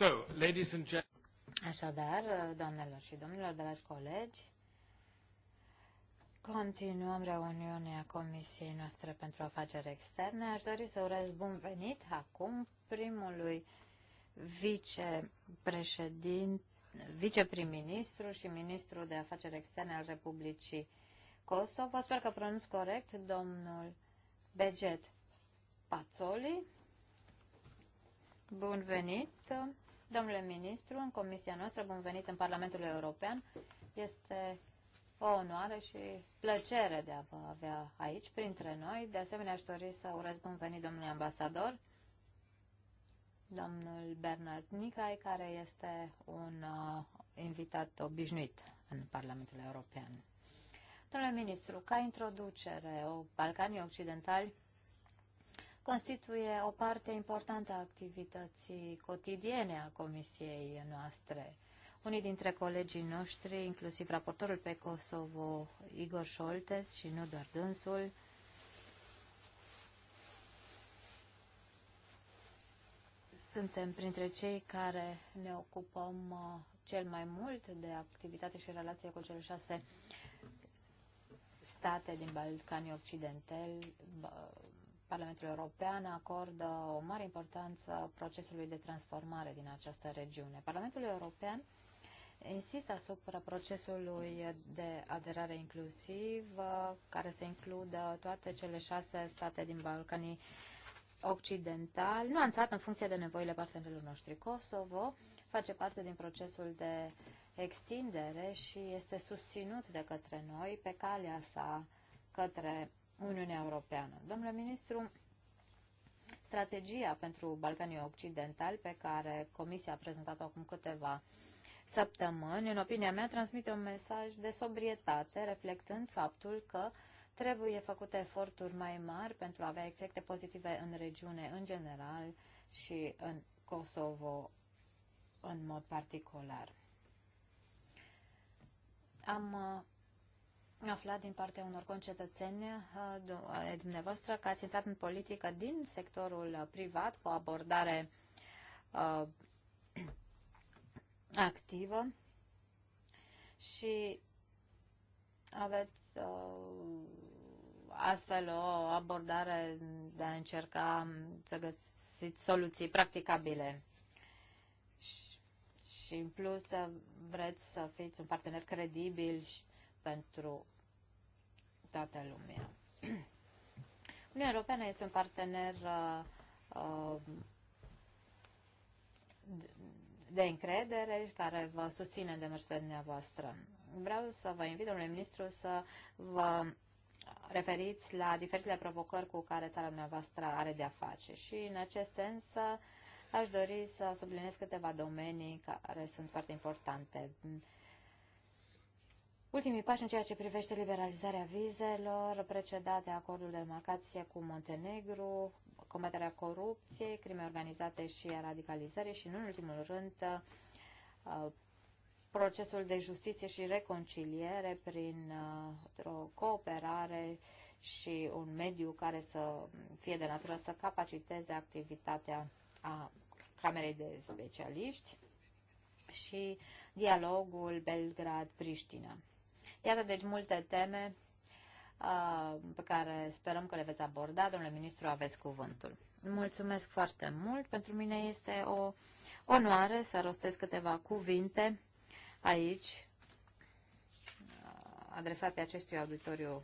So, ladies and gentlemen. Așadar, doamnelor și domnilor, dragi colegi, continuăm reuniunea Comisiei noastre pentru afaceri externe. Aș dori să urez bun venit acum primului vicepreședinte, vice și ministru de afaceri externe al Republicii Kosovo. Sper că pronunț corect domnul Beget Pazzoli. Bun venit! Domnule ministru, în comisia noastră, bun venit în Parlamentul European. Este o onoare și plăcere de a vă avea aici, printre noi. De asemenea, aș dori să urez bun venit domnului ambasador, domnul Bernard Nicai, care este un uh, invitat obișnuit în Parlamentul European. Domnule ministru, ca introducere, o Balcanii Occidentali constituie o parte importantă a activității cotidiene a comisiei noastre. Unii dintre colegii noștri, inclusiv raportorul pe Kosovo, Igor Șoltes și nu doar dânsul, suntem printre cei care ne ocupăm uh, cel mai mult de activitate și relație cu cele șase state din Balcanii Occidentali, Parlamentul European acordă o mare importanță procesului de transformare din această regiune. Parlamentul European insistă asupra procesului de aderare inclusiv, care să includă toate cele șase state din Balcanii occidental, nuanțat în funcție de nevoile partenerilor noștri. Kosovo face parte din procesul de extindere și este susținut de către noi pe calea sa către Uniunea Europeană. Domnule ministru, strategia pentru Balcanii Occidentali pe care Comisia a prezentat-o acum câteva săptămâni, în opinia mea, transmite un mesaj de sobrietate, reflectând faptul că trebuie făcute eforturi mai mari pentru a avea efecte pozitive în regiune în general și în Kosovo în mod particular. Am uh, aflat din partea unor concetățeni uh, dumneavoastră că ați intrat în politică din sectorul privat cu o abordare uh, activă și aveți uh, astfel o abordare de a încerca să găsiți soluții practicabile. Și, și în plus uh, vreți să fiți un partener credibil și pentru toată lumea. Uniunea Europeană este un partener uh, de încredere și care vă susține demersurile dumneavoastră. Vreau să vă invit, domnule ministru, să vă referiți la diferitele provocări cu care țara dumneavoastră are de-a face și, în acest sens, aș dori să subliniez câteva domenii care sunt foarte importante. Ultimii pași în ceea ce privește liberalizarea vizelor, precedat de acordul de demarcație cu Montenegru, combaterea corupției, crime organizate și a radicalizării și, în ultimul rând, uh, procesul de justiție și reconciliere prin uh, o cooperare și un mediu care să fie de natură să capaciteze activitatea a Camerei de Specialiști și dialogul Belgrad-Priștina. Iată deci multe teme uh, pe care sperăm că le veți aborda. Domnule ministru, aveți cuvântul. Mulțumesc foarte mult. Pentru mine este o onoare să rostesc câteva cuvinte aici uh, adresate acestui auditoriu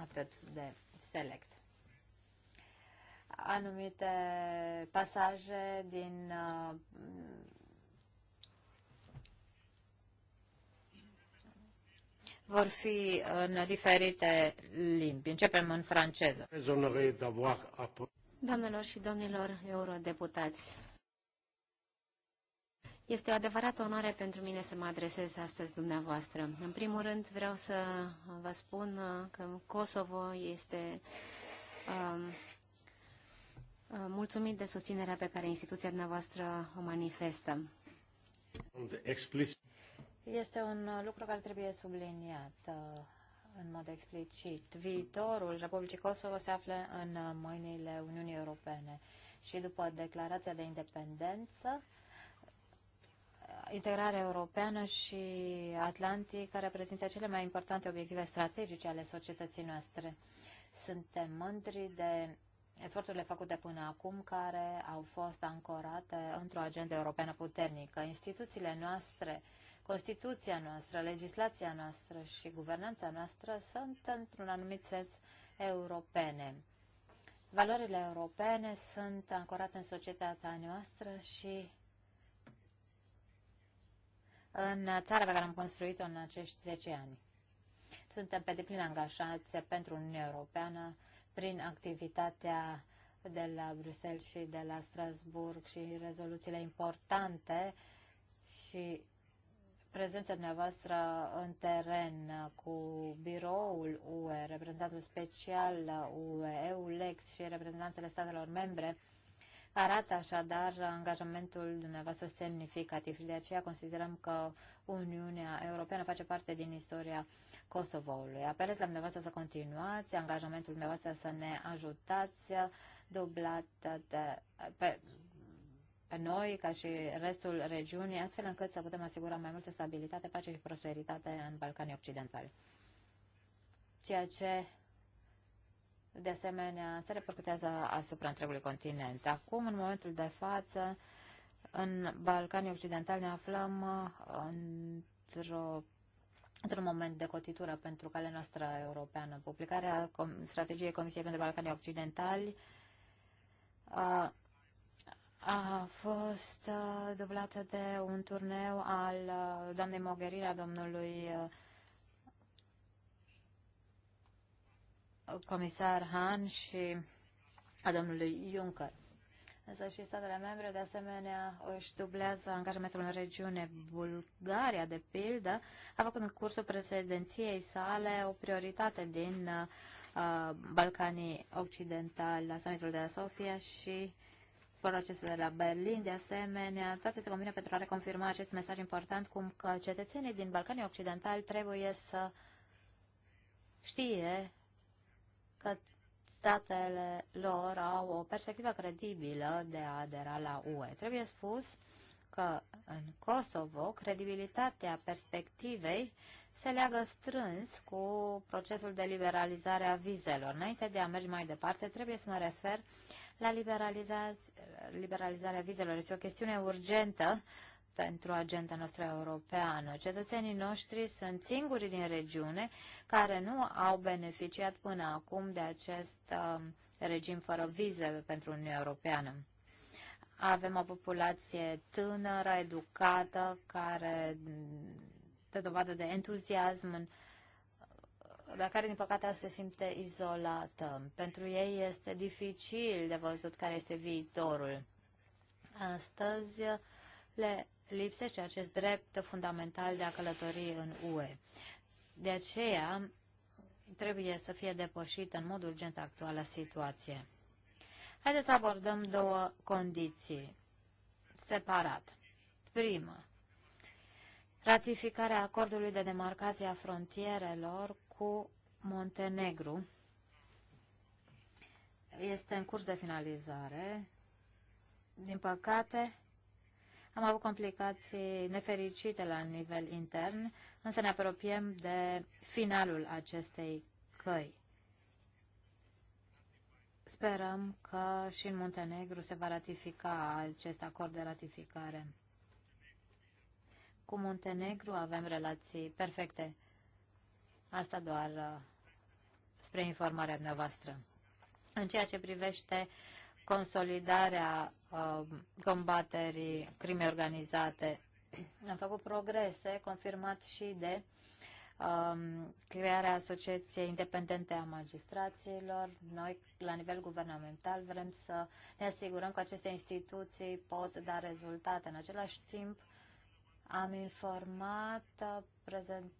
atât de select. Anumite pasaje din uh, vor fi în diferite limbi. Începem în franceză. Doamnelor și domnilor eurodeputați, este o adevărată onoare pentru mine să mă adresez astăzi dumneavoastră. În primul rând vreau să vă spun că Kosovo este um, mulțumit de susținerea pe care instituția dumneavoastră o manifestă. Explicit. Este un lucru care trebuie subliniat uh, în mod explicit. Viitorul Republicii Kosovo se află în uh, mâinile Uniunii Europene și după declarația de independență, uh, integrarea europeană și atlantică reprezintă cele mai importante obiective strategice ale societății noastre. Suntem mândri de eforturile făcute până acum, care au fost ancorate într-o agendă europeană puternică. Instituțiile noastre Constituția noastră, legislația noastră și guvernanța noastră sunt, într-un anumit sens, europene. Valorile europene sunt ancorate în societatea noastră și în țara pe care am construit-o în acești 10 ani. Suntem pe deplin angajați pentru Uniunea Europeană prin activitatea de la Bruxelles și de la Strasburg și rezoluțiile importante și prezența dumneavoastră în teren cu biroul UE, reprezentantul special UE, EULEX și reprezentantele statelor membre, arată așadar angajamentul dumneavoastră semnificativ și de aceea considerăm că Uniunea Europeană face parte din istoria Kosovoului. Apelez la dumneavoastră să continuați angajamentul dumneavoastră să ne ajutați dublat de, pe, noi, ca și restul regiunii, astfel încât să putem asigura mai multă stabilitate, pace și prosperitate în Balcanii Occidentali. Ceea ce de asemenea, se repercutează asupra întregului continent. Acum, în momentul de față, în Balcanii Occidentali ne aflăm uh, într-o într-un moment de cotitură pentru calea noastră europeană. Publicarea strategiei Comisiei pentru Balcanii Occidentali a, uh, a fost uh, dublată de un turneu al uh, doamnei Mogherini, a domnului uh, comisar Han și a domnului Juncker. Însă și statele membre, de asemenea, își dublează angajamentul în regiune. Bulgaria, de pildă, a făcut în cursul președinției sale o prioritate din uh, Balcanii Occidentali la summitul de la Sofia și uh, procesul de la Berlin, de asemenea, toate se combină pentru a reconfirma acest mesaj important, cum că cetățenii din Balcanii Occidentali trebuie să știe că statele lor au o perspectivă credibilă de a adera la UE. Trebuie spus că în Kosovo credibilitatea perspectivei se leagă strâns cu procesul de liberalizare a vizelor. Înainte de a merge mai departe, trebuie să mă refer la liberalizarea vizelor. Este o chestiune urgentă pentru agenda noastră europeană. Cetățenii noștri sunt singurii din regiune care nu au beneficiat până acum de acest uh, regim fără vize pentru Uniunea Europeană. Avem o populație tânără, educată, care dă dovadă de entuziasm în uh, dar care din păcate se simte izolată. Pentru ei este dificil de văzut care este viitorul. Astăzi le lipsește acest drept fundamental de a călători în UE. De aceea trebuie să fie depășită în mod urgent actuala situație. Haideți să abordăm două condiții separat. Prima, ratificarea acordului de demarcație a frontierelor cu Montenegru. Este în curs de finalizare. Din păcate, am avut complicații nefericite la nivel intern, însă ne apropiem de finalul acestei căi. Sperăm că și în Muntenegru se va ratifica acest acord de ratificare. Cu Muntenegru avem relații perfecte Asta doar uh, spre informarea noastră. În ceea ce privește consolidarea uh, combaterii crimei organizate, am făcut progrese, confirmat și de um, crearea Asociației Independente a Magistraților. Noi, la nivel guvernamental, vrem să ne asigurăm că aceste instituții pot da rezultate. În același timp, am informat uh, prezent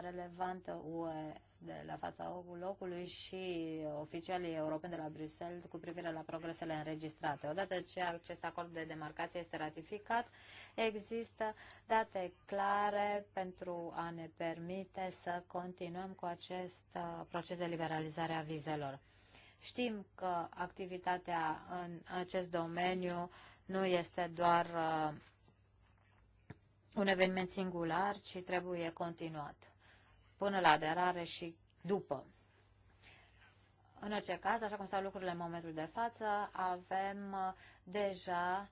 relevantă UE de la fața locului și oficialii europeni de la Bruxelles cu privire la progresele înregistrate. Odată ce acest acord de demarcație este ratificat, există date clare pentru a ne permite să continuăm cu acest uh, proces de liberalizare a vizelor. Știm că activitatea în acest domeniu nu este doar uh, un eveniment singular, ci trebuie continuat până la aderare și după. În orice caz, așa cum stau lucrurile în momentul de față, avem uh, deja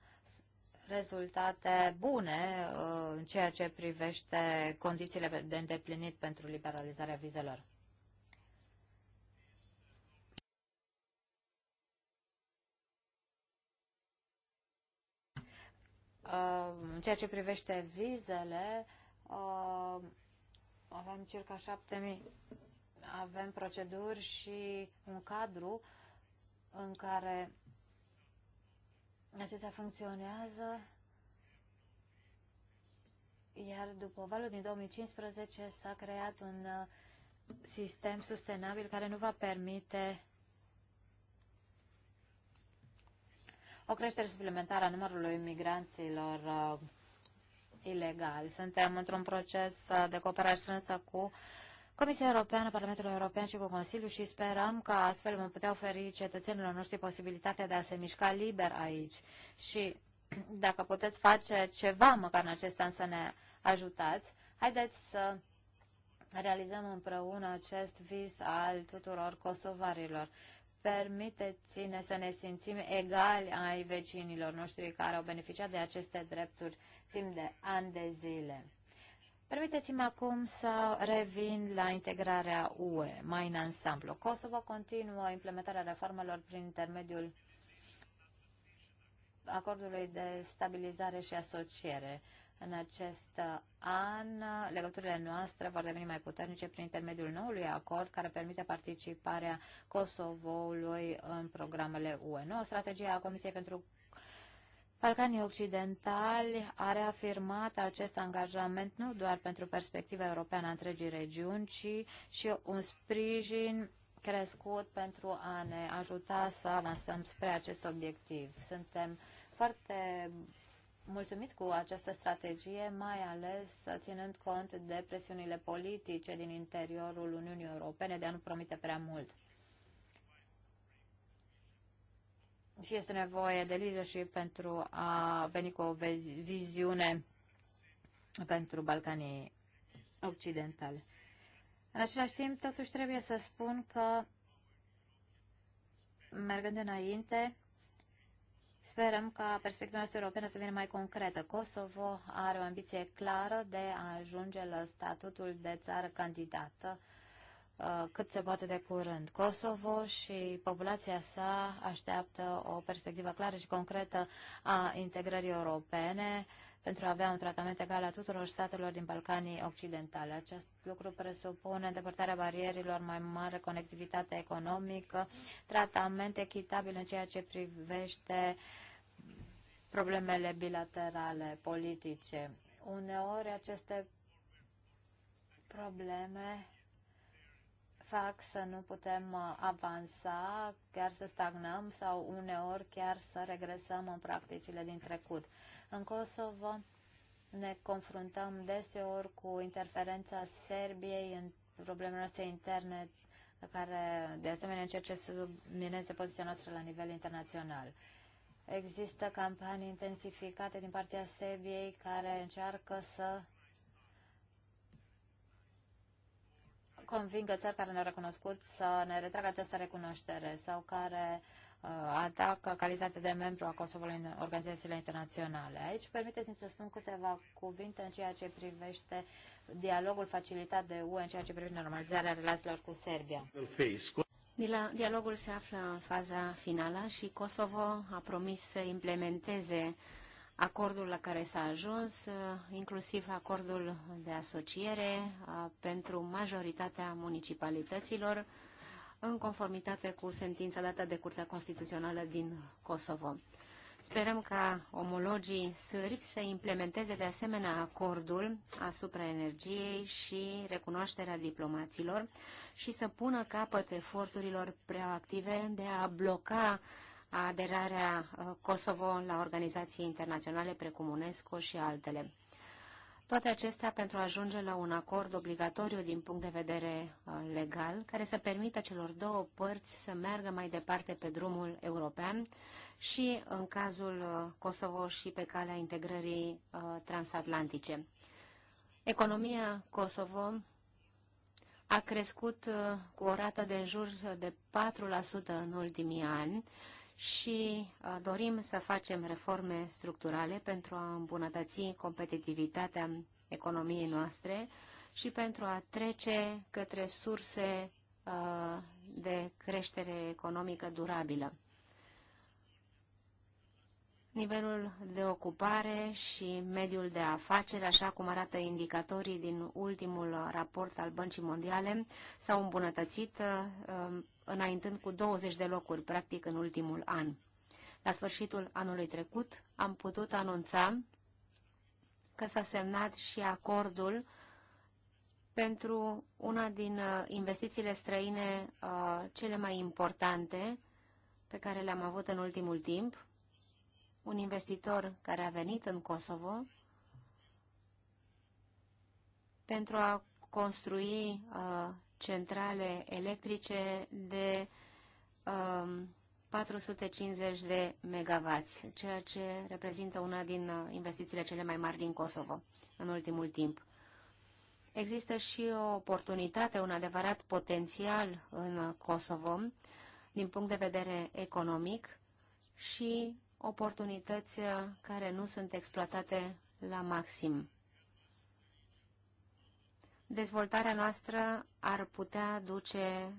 rezultate bune uh, în ceea ce privește condițiile de îndeplinit pentru liberalizarea vizelor. În ceea ce privește vizele, uh, avem circa 7000. Avem proceduri și un cadru în care acestea funcționează iar după valul din 2015 s-a creat un uh, sistem sustenabil care nu va permite o creștere suplimentară a numărului migranților uh, ilegali. Suntem într-un proces uh, de cooperare strânsă cu Comisia Europeană, Parlamentul European și cu Consiliul și sperăm că astfel vom putea oferi cetățenilor noștri posibilitatea de a se mișca liber aici. Și dacă puteți face ceva măcar în acest an să ne ajutați, haideți să realizăm împreună acest vis al tuturor kosovarilor. Permiteți-ne să ne simțim egali ai vecinilor noștri care au beneficiat de aceste drepturi timp de ani de zile. Permiteți-mi acum să revin la integrarea UE, mai în ansamblu. Kosovo continuă implementarea reformelor prin intermediul acordului de stabilizare și asociere în acest an, legăturile noastre vor deveni mai puternice prin intermediul noului acord care permite participarea Kosovoului în programele UE. Nouă strategia a Comisiei pentru Balcanii Occidentali a reafirmat acest angajament nu doar pentru perspectiva europeană a întregii regiuni, ci și un sprijin crescut pentru a ne ajuta să avansăm spre acest obiectiv. Suntem foarte mulțumiți cu această strategie, mai ales ținând cont de presiunile politice din interiorul Uniunii Europene de a nu promite prea mult. Și este nevoie de leadership pentru a veni cu o viziune pentru Balcanii Occidentale. În același timp, totuși trebuie să spun că, mergând înainte, Sperăm ca perspectiva noastră europeană să vină mai concretă. Kosovo are o ambiție clară de a ajunge la statutul de țară candidată uh, cât se poate de curând. Kosovo și populația sa așteaptă o perspectivă clară și concretă a integrării europene pentru a avea un tratament egal a tuturor statelor din Balcanii Occidentale. Acest lucru presupune îndepărtarea barierilor, mai mare conectivitate economică, tratament echitabil în ceea ce privește problemele bilaterale, politice. Uneori aceste probleme fac să nu putem uh, avansa, chiar să stagnăm sau uneori chiar să regresăm în practicile din trecut. În Kosovo ne confruntăm deseori cu interferența Serbiei în problemele noastre interne, care de asemenea încerce să mineze poziția noastră la nivel internațional. Există campanii intensificate din partea Serbiei care încearcă să convingă țări care ne-au recunoscut să ne retragă această recunoaștere sau care uh, atacă calitatea de membru a Kosovului în organizațiile internaționale. Aici permiteți-mi să spun câteva cuvinte în ceea ce privește dialogul facilitat de UE în ceea ce privește normalizarea relațiilor cu Serbia. Dialogul se află în faza finală și Kosovo a promis să implementeze uh, acordul la care s-a ajuns, uh, inclusiv acordul de asociere uh, pentru majoritatea municipalităților, în conformitate cu sentința dată de Curtea Constituțională din Kosovo. Sperăm ca omologii sârbi să implementeze de asemenea acordul asupra energiei și recunoașterea diplomaților și să pună capăt eforturilor proactive de a bloca aderarea uh, Kosovo la organizații internaționale precum UNESCO și altele. Toate acestea pentru a ajunge la un acord obligatoriu din punct de vedere uh, legal, care să permită celor două părți să meargă mai departe pe drumul european și în cazul uh, Kosovo și pe calea integrării transatlantice. Economia Kosovo a crescut cu o rată de în jur de 4% în ultimii ani și uh, dorim să facem reforme structurale pentru a îmbunătăți competitivitatea economiei noastre și pentru a trece către surse uh, de creștere economică durabilă nivelul de ocupare și mediul de afaceri, așa cum arată indicatorii din ultimul raport al Băncii Mondiale, s-au îmbunătățit uh, um, înaintând cu 20 de locuri, practic, în ultimul an. La sfârșitul anului trecut am putut anunța că s-a semnat și acordul pentru una din uh, investițiile străine uh, cele mai importante pe care le-am avut în ultimul timp, un investitor care a venit în Kosovo pentru a construi uh, centrale electrice de uh, um, 450 de megavați, ceea ce reprezintă una din uh, investițiile cele mai mari din Kosovo în ultimul timp. Există și o oportunitate, un adevărat potențial în Kosovo din punct de vedere economic și oportunități uh, care nu sunt exploatate la maxim. Dezvoltarea noastră ar putea duce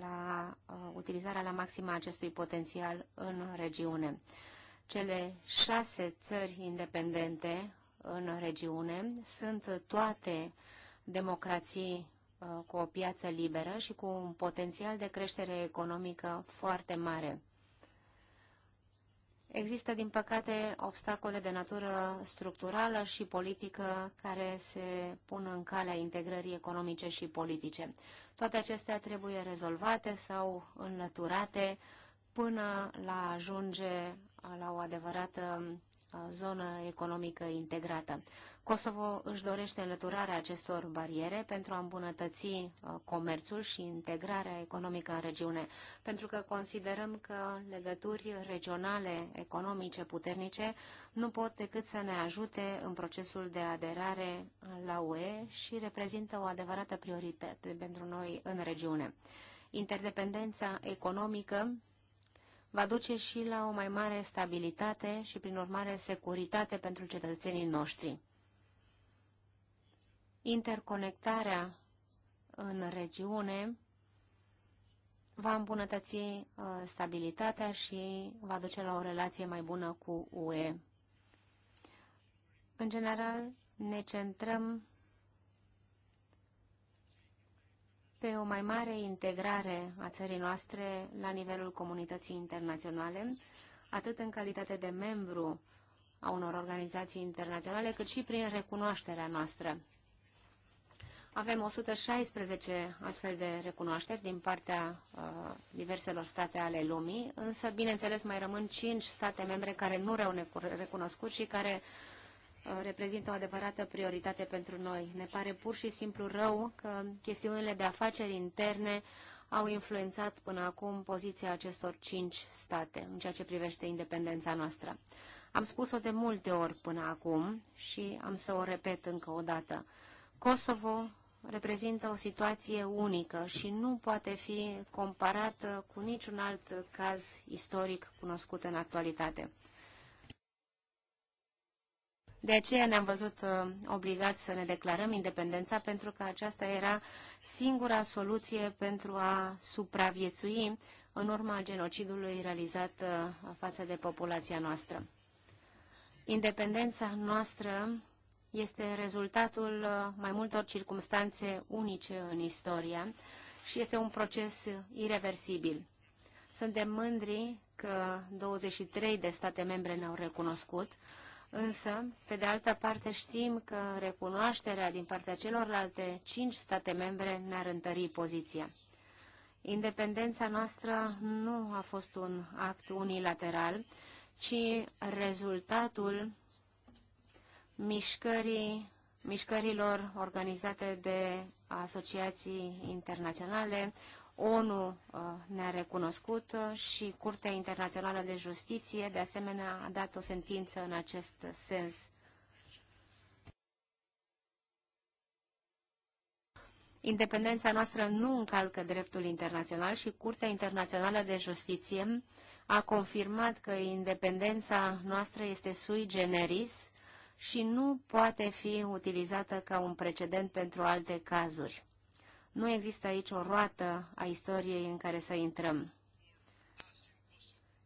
la uh, utilizarea la maximă a acestui potențial în regiune. Cele șase țări independente în regiune sunt toate democrații uh, cu o piață liberă și cu un potențial de creștere economică foarte mare. Există, din păcate, obstacole de natură structurală și politică care se pun în calea integrării economice și politice. Toate acestea trebuie rezolvate sau înlăturate până la ajunge la o adevărată zonă economică integrată. Kosovo își dorește înlăturarea acestor bariere pentru a îmbunătăți uh, comerțul și integrarea economică în regiune, pentru că considerăm că legături regionale economice puternice nu pot decât să ne ajute în procesul de aderare la UE și reprezintă o adevărată prioritate pentru noi în regiune. Interdependența economică va duce și la o mai mare stabilitate și, prin urmare, securitate pentru cetățenii noștri. Interconectarea în regiune va îmbunătăți uh, stabilitatea și va duce la o relație mai bună cu UE. În general, ne centrăm pe o mai mare integrare a țării noastre la nivelul comunității internaționale, atât în calitate de membru a unor organizații internaționale, cât și prin recunoașterea noastră. Avem 116 astfel de recunoașteri din partea uh, diverselor state ale lumii, însă, bineînțeles, mai rămân 5 state membre care nu au recunoscut și care uh, Uh, reprezintă o adevărată prioritate pentru noi. Ne pare pur și simplu rău că chestiunile de afaceri interne au influențat până acum poziția acestor cinci state în ceea ce privește independența noastră. Am spus-o de multe ori până acum și am să o repet încă o dată. Kosovo reprezintă o situație unică și nu poate fi comparată cu niciun alt caz istoric cunoscut în actualitate. De aceea ne-am văzut uh, obligați să ne declarăm independența pentru că aceasta era singura soluție pentru a supraviețui în urma genocidului realizat uh, față de populația noastră. Independența noastră este rezultatul uh, mai multor circumstanțe unice în istoria și este un proces irreversibil. Suntem mândri că 23 de state membre ne-au recunoscut, Însă, pe de altă parte, știm că recunoașterea din partea celorlalte cinci state membre ne-ar întări poziția. Independența noastră nu a fost un act unilateral, ci rezultatul mișcării, mișcărilor organizate de asociații internaționale, ONU uh, ne-a recunoscut uh, și Curtea Internațională de Justiție, de asemenea, a dat o sentință în acest sens. Independența noastră nu încalcă dreptul internațional și Curtea Internațională de Justiție a confirmat că independența noastră este sui generis și nu poate fi utilizată ca un precedent pentru alte cazuri. Nu există aici o roată a istoriei în care să intrăm.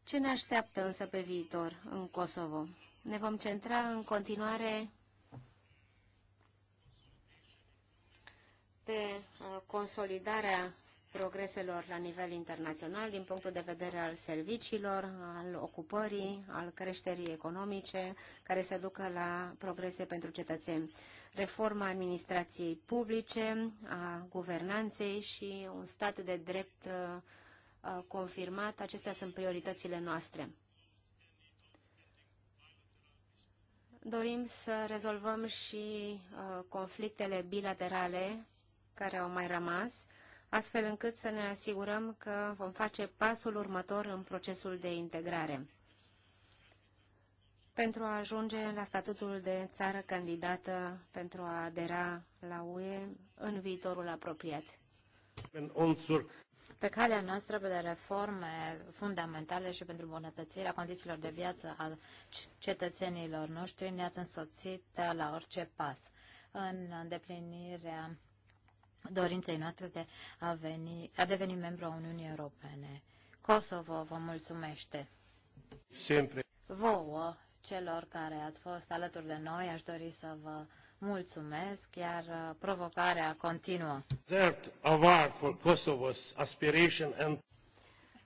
Ce ne așteaptă însă pe viitor în Kosovo? Ne vom centra în continuare pe uh, consolidarea progreselor la nivel internațional din punctul de vedere al serviciilor, al ocupării, al creșterii economice, care se ducă la progrese pentru cetățeni reforma administrației publice, a guvernanței și un stat de drept uh, uh, confirmat. Acestea sunt prioritățile noastre. Dorim să rezolvăm și uh, conflictele bilaterale care au mai rămas, astfel încât să ne asigurăm că vom face pasul următor în procesul de integrare pentru a ajunge la statutul de țară candidată pentru a adera la UE în viitorul apropiat. Pe calea noastră de reforme fundamentale și pentru bunătățirea condițiilor de viață a cetățenilor noștri ne-ați însoțit la orice pas în îndeplinirea dorinței noastre de a, veni, a deveni membru a Uniunii Europene. Kosovo vă mulțumește. Sempre. Vouă celor care ați fost alături de noi. Aș dori să vă mulțumesc, iar uh, provocarea continuă.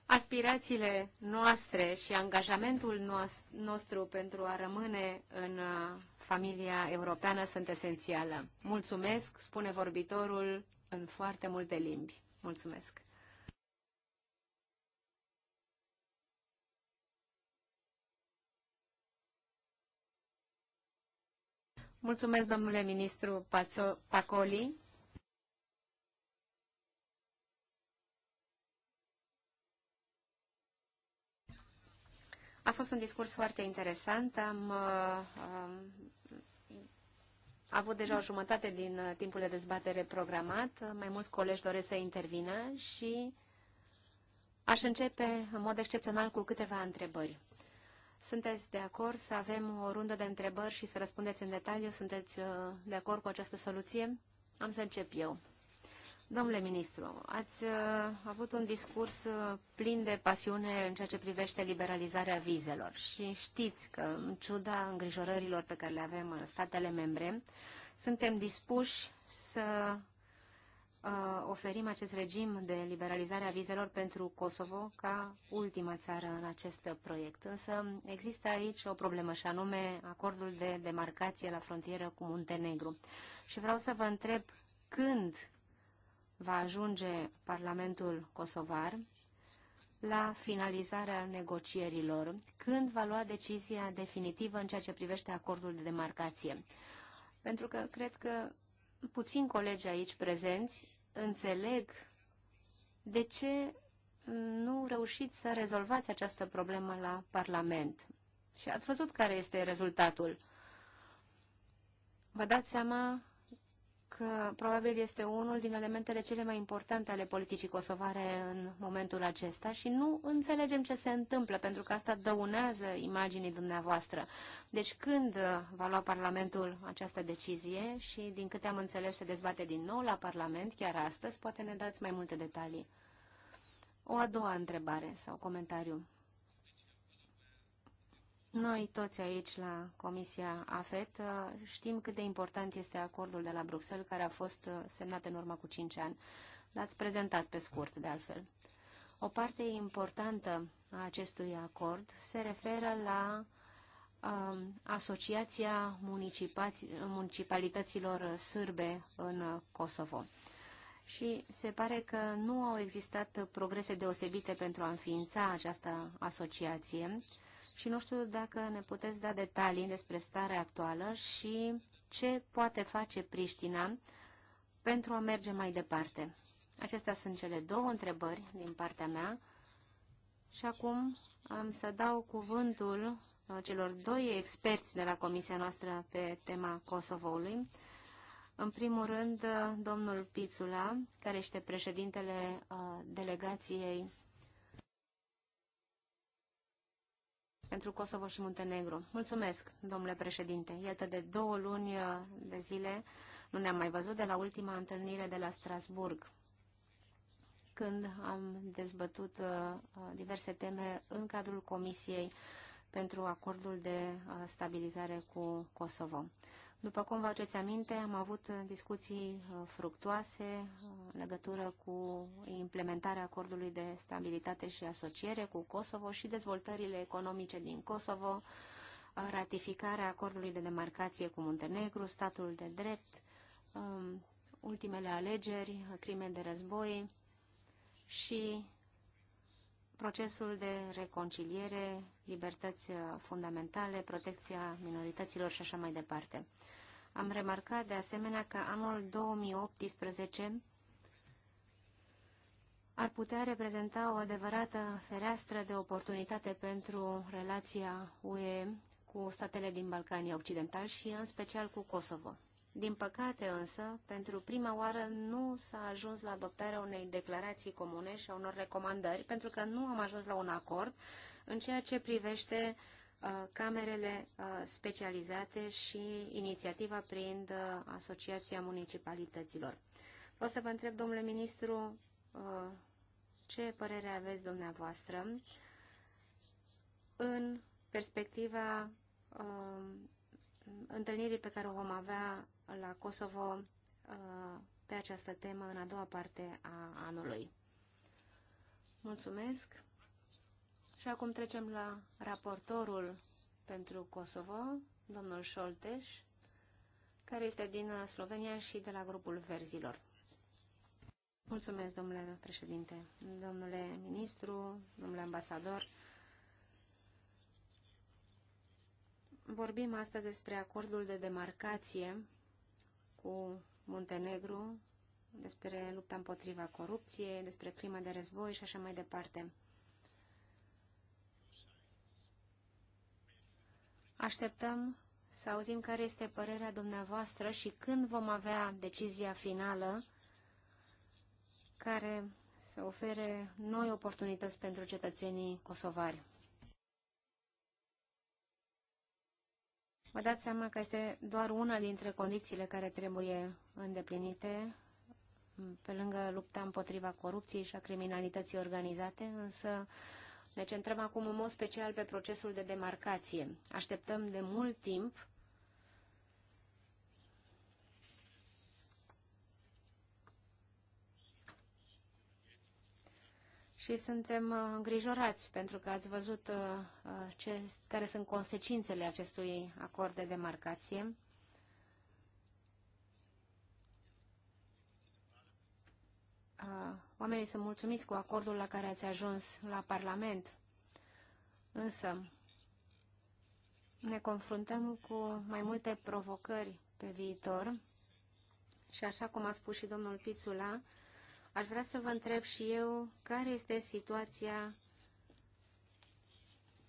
Aspirațiile noastre și angajamentul nostru pentru a rămâne în uh, familia europeană sunt esențiale. Mulțumesc, spune vorbitorul în foarte multe limbi. Mulțumesc! Mulțumesc, domnule ministru Pacoli. A fost un discurs foarte interesant. Am uh, avut deja o jumătate din uh, timpul de dezbatere programat. Mai mulți colegi doresc să intervină și aș începe în mod excepțional cu câteva întrebări. Sunteți de acord să avem o rundă de întrebări și să răspundeți în detaliu? Sunteți uh, de acord cu această soluție? Am să încep eu. Domnule ministru, ați uh, avut un discurs uh, plin de pasiune în ceea ce privește liberalizarea vizelor și știți că, în ciuda îngrijorărilor pe care le avem în statele membre, suntem dispuși să Uh, oferim acest regim de liberalizare a vizelor pentru Kosovo ca ultima țară în acest proiect. Însă există aici o problemă și anume acordul de demarcație la frontieră cu Muntenegru. Și vreau să vă întreb când va ajunge Parlamentul Kosovar la finalizarea negocierilor, când va lua decizia definitivă în ceea ce privește acordul de demarcație. Pentru că cred că puțini colegi aici prezenți înțeleg de ce nu reușiți să rezolvați această problemă la Parlament. Și ați văzut care este rezultatul. Vă dați seama că probabil este unul din elementele cele mai importante ale politicii kosovare în momentul acesta și nu înțelegem ce se întâmplă, pentru că asta dăunează imaginii dumneavoastră. Deci când va lua Parlamentul această decizie și din câte am înțeles se dezbate din nou la Parlament, chiar astăzi, poate ne dați mai multe detalii. O a doua întrebare sau comentariu. Noi toți aici la Comisia AFET uh, știm cât de important este acordul de la Bruxelles care a fost uh, semnat în urmă cu 5 ani. L-ați prezentat pe scurt, de altfel. O parte importantă a acestui acord se referă la uh, Asociația Municipalităților Sârbe în Kosovo. Și se pare că nu au existat progrese deosebite pentru a înființa această asociație și nu știu dacă ne puteți da detalii despre starea actuală și ce poate face Priștina pentru a merge mai departe. Acestea sunt cele două întrebări din partea mea și acum am să dau cuvântul uh, celor doi experți de la comisia noastră pe tema Kosovo-ului. În primul rând, uh, domnul Pițula, care este președintele uh, delegației pentru Kosovo și Muntenegru. Mulțumesc, domnule președinte. Iată, de două luni de zile nu ne-am mai văzut de la ultima întâlnire de la Strasburg, când am dezbătut uh, diverse teme în cadrul Comisiei pentru acordul de uh, stabilizare cu Kosovo. După cum vă aduceți aminte, am avut discuții uh, fructuoase uh, în legătură cu implementarea acordului de stabilitate și asociere cu Kosovo și dezvoltările economice din Kosovo, uh, ratificarea acordului de demarcație cu Muntenegru, statul de drept, um, ultimele alegeri, crime de război și procesul de reconciliere libertăți uh, fundamentale, protecția minorităților și așa mai departe. Am remarcat de asemenea că anul 2018 ar putea reprezenta o adevărată fereastră de oportunitate pentru relația UE cu statele din Balcanii Occidentali și în special cu Kosovo. Din păcate însă, pentru prima oară nu s-a ajuns la adoptarea unei declarații comune și a unor recomandări, pentru că nu am ajuns la un acord în ceea ce privește uh, camerele uh, specializate și inițiativa priind uh, Asociația Municipalităților. Vreau să vă întreb, domnule ministru, ce părere aveți dumneavoastră în perspectiva întâlnirii pe care o vom avea la Kosovo pe această temă în a doua parte a anului. Mulțumesc. Și acum trecem la raportorul pentru Kosovo, domnul Șolteș, care este din Slovenia și de la grupul Verzilor. Mulțumesc, domnule președinte, domnule ministru, domnule ambasador. Vorbim astăzi despre acordul de demarcație cu Muntenegru, despre lupta împotriva corupției, despre crima de război și așa mai departe. Așteptăm să auzim care este părerea dumneavoastră și când vom avea decizia finală care să ofere noi oportunități pentru cetățenii kosovari. Vă dați seama că este doar una dintre condițiile care trebuie îndeplinite pe lângă lupta împotriva corupției și a criminalității organizate, însă ne deci centrăm acum în mod special pe procesul de demarcație. Așteptăm de mult timp și suntem uh, îngrijorați pentru că ați văzut uh, uh, ce, care sunt consecințele acestui acord de demarcație. Uh, Oamenii sunt mulțumiți cu acordul la care ați ajuns la Parlament, însă ne confruntăm cu mai multe provocări pe viitor și așa cum a spus și domnul Pițula, aș vrea să vă întreb și eu care este situația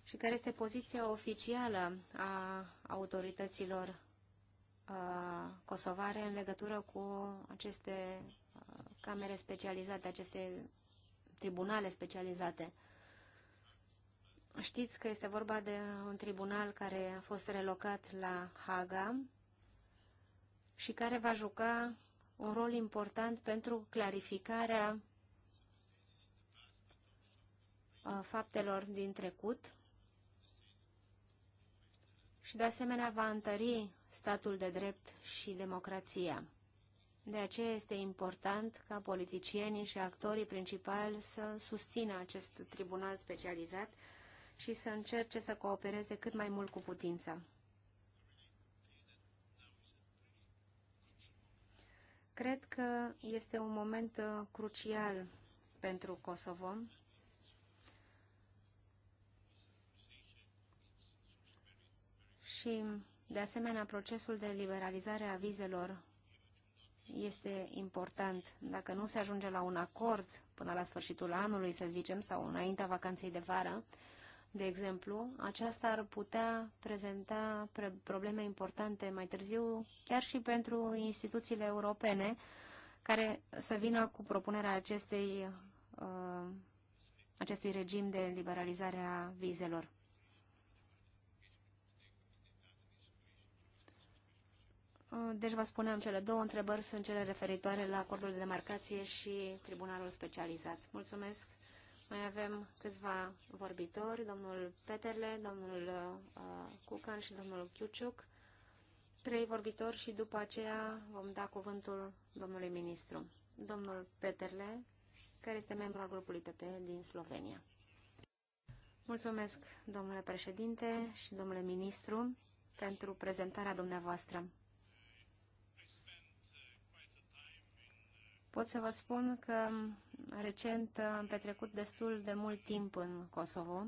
și care este poziția oficială a autorităților uh, kosovare în legătură cu aceste camere specializate, aceste tribunale specializate. Știți că este vorba de un tribunal care a fost relocat la Haga și care va juca un rol important pentru clarificarea uh, faptelor din trecut și de asemenea va întări statul de drept și democrația. De aceea este important ca politicienii și actorii principali să susțină acest tribunal specializat și să încerce să coopereze cât mai mult cu putința. Cred că este un moment uh, crucial pentru Kosovo. Și, de asemenea, procesul de liberalizare a vizelor este important. Dacă nu se ajunge la un acord până la sfârșitul anului, să zicem, sau înaintea vacanței de vară, de exemplu, aceasta ar putea prezenta probleme importante mai târziu, chiar și pentru instituțiile europene, care să vină cu propunerea acestei, uh, acestui regim de liberalizare a vizelor. Uh, deci vă spuneam, cele două întrebări sunt cele referitoare la acordul de demarcație și tribunalul specializat. Mulțumesc! Mai avem câțiva vorbitori, domnul Peterle, domnul uh, Cucan și domnul Chiuciuc. Trei vorbitori și după aceea vom da cuvântul domnului ministru. Domnul Peterle, care este membru al grupului PP din Slovenia. Mulțumesc, domnule președinte și domnule ministru, pentru prezentarea dumneavoastră. Pot să vă spun că recent am petrecut destul de mult timp în Kosovo.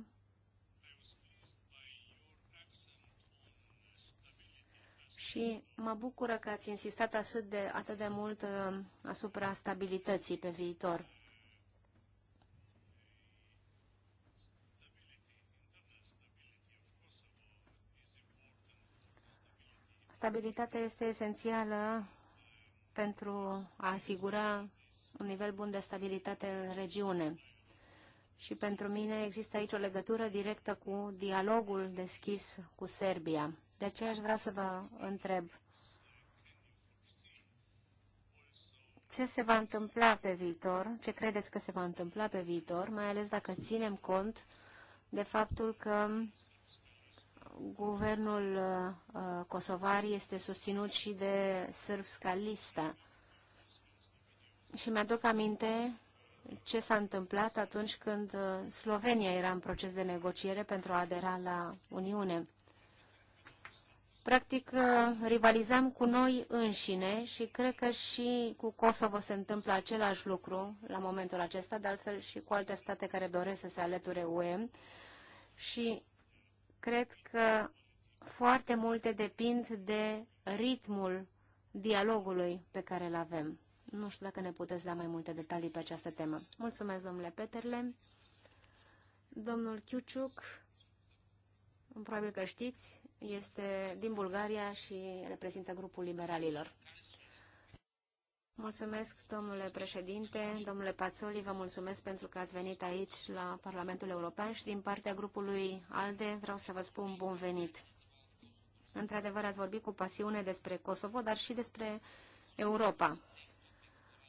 Și mă bucură că ați insistat atât de, atât de mult uh, asupra stabilității pe viitor. Stabilitatea este esențială pentru a asigura un nivel bun de stabilitate în regiune. Și pentru mine există aici o legătură directă cu dialogul deschis cu Serbia. De aceea aș vrea să vă întreb ce se va întâmpla pe viitor, ce credeți că se va întâmpla pe viitor, mai ales dacă ținem cont de faptul că guvernul uh, uh, kosovar este susținut și de sârbska lista. Și mi-aduc aminte ce s-a întâmplat atunci când uh, Slovenia era în proces de negociere pentru a adera la Uniune. Practic, uh, rivalizam cu noi înșine și cred că și cu Kosovo se întâmplă același lucru la momentul acesta, de altfel și cu alte state care doresc să se alăture UE. Și Cred că foarte multe depind de ritmul dialogului pe care îl avem. Nu știu dacă ne puteți da mai multe detalii pe această temă. Mulțumesc, domnule Peterle. Domnul Chiuciuc, probabil că știți, este din Bulgaria și reprezintă grupul liberalilor. Mulțumesc, domnule președinte, domnule Pațoli, vă mulțumesc pentru că ați venit aici la Parlamentul European și din partea grupului ALDE vreau să vă spun bun venit. Într-adevăr, ați vorbit cu pasiune despre Kosovo, dar și despre Europa.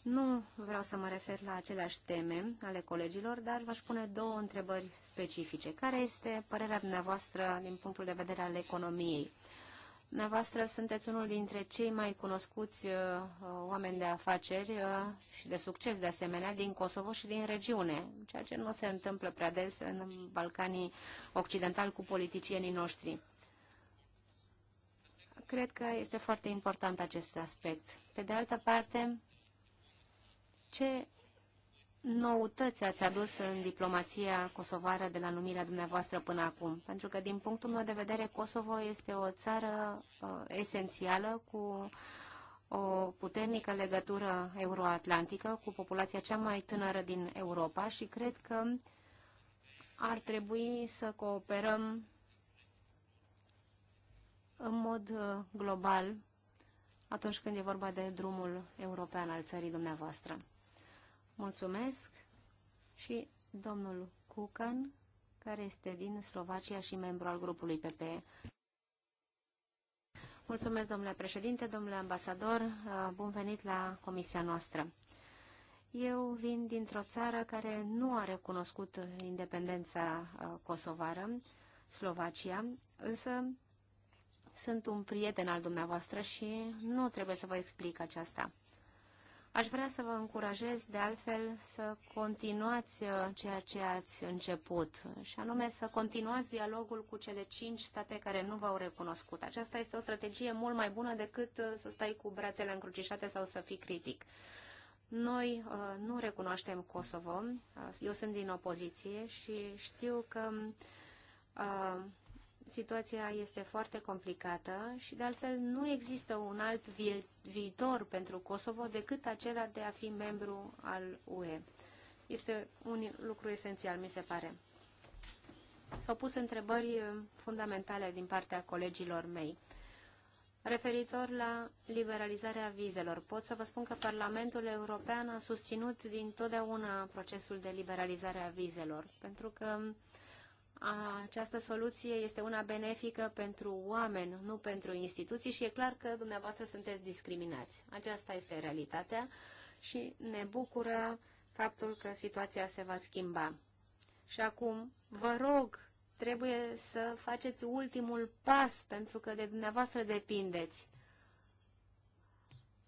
Nu vreau să mă refer la aceleași teme ale colegilor, dar v-aș pune două întrebări specifice. Care este părerea dumneavoastră din punctul de vedere al economiei? Dumneavoastră sunteți unul dintre cei mai cunoscuți uh, oameni de afaceri uh, și de succes, de asemenea, din Kosovo și din regiune, ceea ce nu se întâmplă prea des în Balcanii Occidentali cu politicienii noștri. Cred că este foarte important acest aspect. Pe de altă parte, ce noutăți ați adus în diplomația kosovară de la numirea dumneavoastră până acum? Pentru că, din punctul meu de vedere, Kosovo este o țară uh, esențială cu o puternică legătură euroatlantică cu populația cea mai tânără din Europa și cred că ar trebui să cooperăm în mod uh, global atunci când e vorba de drumul european al țării dumneavoastră. Mulțumesc și domnul Cucan, care este din Slovacia și membru al grupului PPE. Mulțumesc, domnule președinte, domnule ambasador, uh, bun venit la comisia noastră. Eu vin dintr-o țară care nu a recunoscut independența uh, kosovară, Slovacia, însă sunt un prieten al dumneavoastră și nu trebuie să vă explic aceasta. Aș vrea să vă încurajez, de altfel, să continuați uh, ceea ce ați început, și anume să continuați dialogul cu cele cinci state care nu v-au recunoscut. Aceasta este o strategie mult mai bună decât uh, să stai cu brațele încrucișate sau să fii critic. Noi uh, nu recunoaștem Kosovo, uh, eu sunt din opoziție și știu că uh, situația este foarte complicată și, de altfel, nu există un alt vi viitor pentru Kosovo decât acela de a fi membru al UE. Este un lucru esențial, mi se pare. S-au pus întrebări eh, fundamentale din partea colegilor mei. Referitor la liberalizarea vizelor, pot să vă spun că Parlamentul European a susținut din totdeauna procesul de liberalizare a vizelor, pentru că uh, această soluție este una benefică pentru oameni, nu pentru instituții și e clar că dumneavoastră sunteți discriminați. Aceasta este realitatea și ne bucură faptul că situația se va schimba. Și acum, vă rog, trebuie să faceți ultimul pas, pentru că de dumneavoastră depindeți.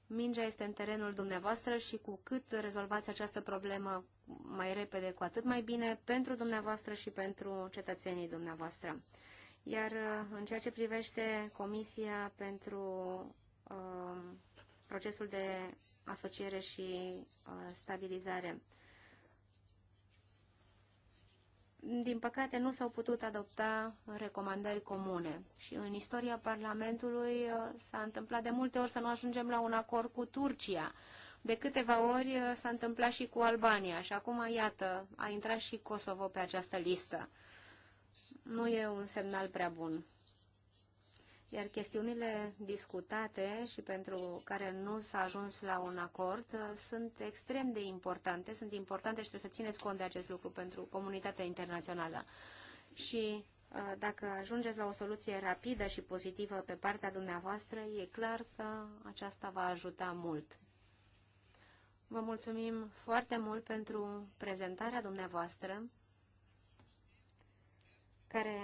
Mingea este în terenul dumneavoastră și cu cât rezolvați această problemă mai repede, cu atât mai bine pentru dumneavoastră și pentru cetățenii dumneavoastră. Iar uh, în ceea ce privește Comisia pentru uh, procesul de asociere și uh, stabilizare, din păcate nu s-au putut adopta recomandări comune și în istoria Parlamentului uh, s-a întâmplat de multe ori să nu ajungem la un acord cu Turcia de câteva ori uh, s-a întâmplat și cu Albania și acum, iată, a intrat și Kosovo pe această listă. Nu e un semnal prea bun. Iar chestiunile discutate și pentru care nu s-a ajuns la un acord uh, sunt extrem de importante, sunt importante și trebuie să țineți cont de acest lucru pentru comunitatea internațională. Și uh, dacă ajungeți la o soluție rapidă și pozitivă pe partea dumneavoastră, e clar că aceasta va ajuta mult. Vă mulțumim foarte mult pentru prezentarea dumneavoastră, care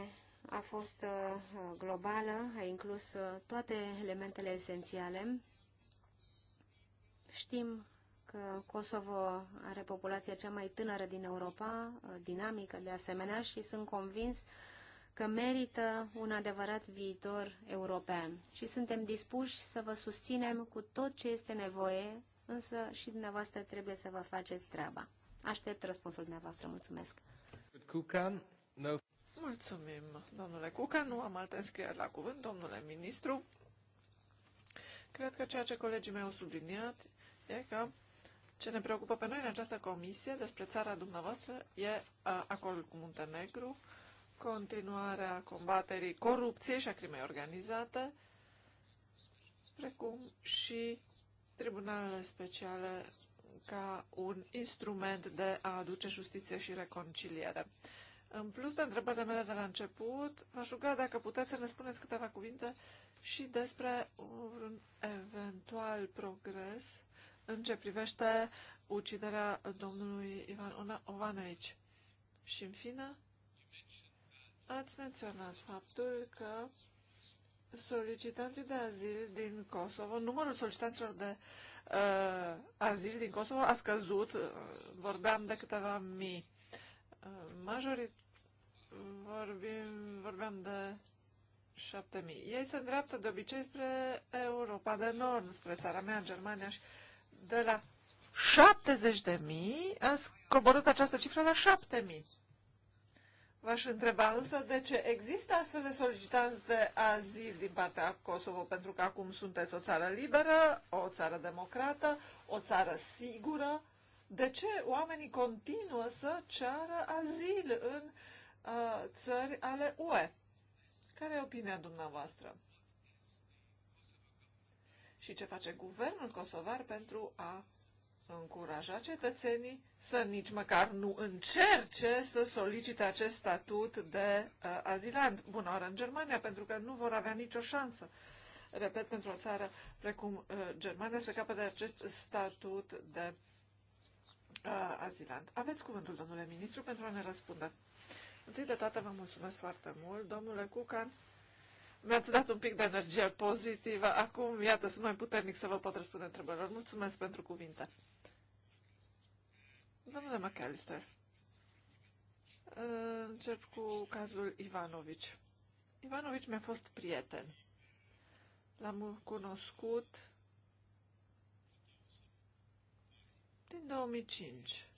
a fost uh, globală, a inclus uh, toate elementele esențiale. Știm că Kosovo are populația cea mai tânără din Europa, uh, dinamică de asemenea și sunt convins că merită un adevărat viitor european și suntem dispuși să vă susținem cu tot ce este nevoie însă și dumneavoastră trebuie să vă faceți treaba. Aștept răspunsul dumneavoastră. Mulțumesc. Cucan, no. Mulțumim, domnule Cuca. Nu am alte înscrieri la cuvânt, domnule ministru. Cred că ceea ce colegii mei au subliniat e că ce ne preocupă pe noi în această comisie despre țara dumneavoastră e acolo cu Muntenegru, continuarea combaterii corupției și a crimei organizate, precum și tribunalele speciale ca un instrument de a aduce justiție și reconciliere. În plus de întrebările mele de la început, v-aș ruga dacă puteți să ne spuneți câteva cuvinte și despre un eventual progres în ce privește uciderea domnului Ivan Ovaneici. Și în fine, ați menționat faptul că solicitanții de azil din Kosovo, numărul solicitanților de uh, azil din Kosovo a scăzut, uh, vorbeam de câteva mii. Uh, majorit vorbim, vorbeam de șapte mii. Ei se îndreaptă de obicei spre Europa de Nord, spre țara mea, Germania și de la de mii, a scoborât această cifră la mii. V-aș întreba însă de ce există astfel de solicitanți de azil din partea Kosovo, pentru că acum sunteți o țară liberă, o țară democrată, o țară sigură. De ce oamenii continuă să ceară azil în uh, țări ale UE? Care e opinia dumneavoastră? Și ce face guvernul kosovar pentru a încuraja cetățenii să nici măcar nu încerce să solicite acest statut de uh, azilant. Bună oară în Germania, pentru că nu vor avea nicio șansă, repet, pentru o țară precum uh, Germania, să capete acest statut de uh, azilant. Aveți cuvântul, domnule ministru, pentru a ne răspunde. Întâi de toate vă mulțumesc foarte mult, domnule Cucan. Mi-ați dat un pic de energie pozitivă. Acum, iată, sunt mai puternic să vă pot răspunde întrebărilor. Mulțumesc pentru cuvinte. Domnule McAllister, încep cu cazul Ivanovici. Ivanovici mi-a fost prieten. L-am cunoscut din 2005.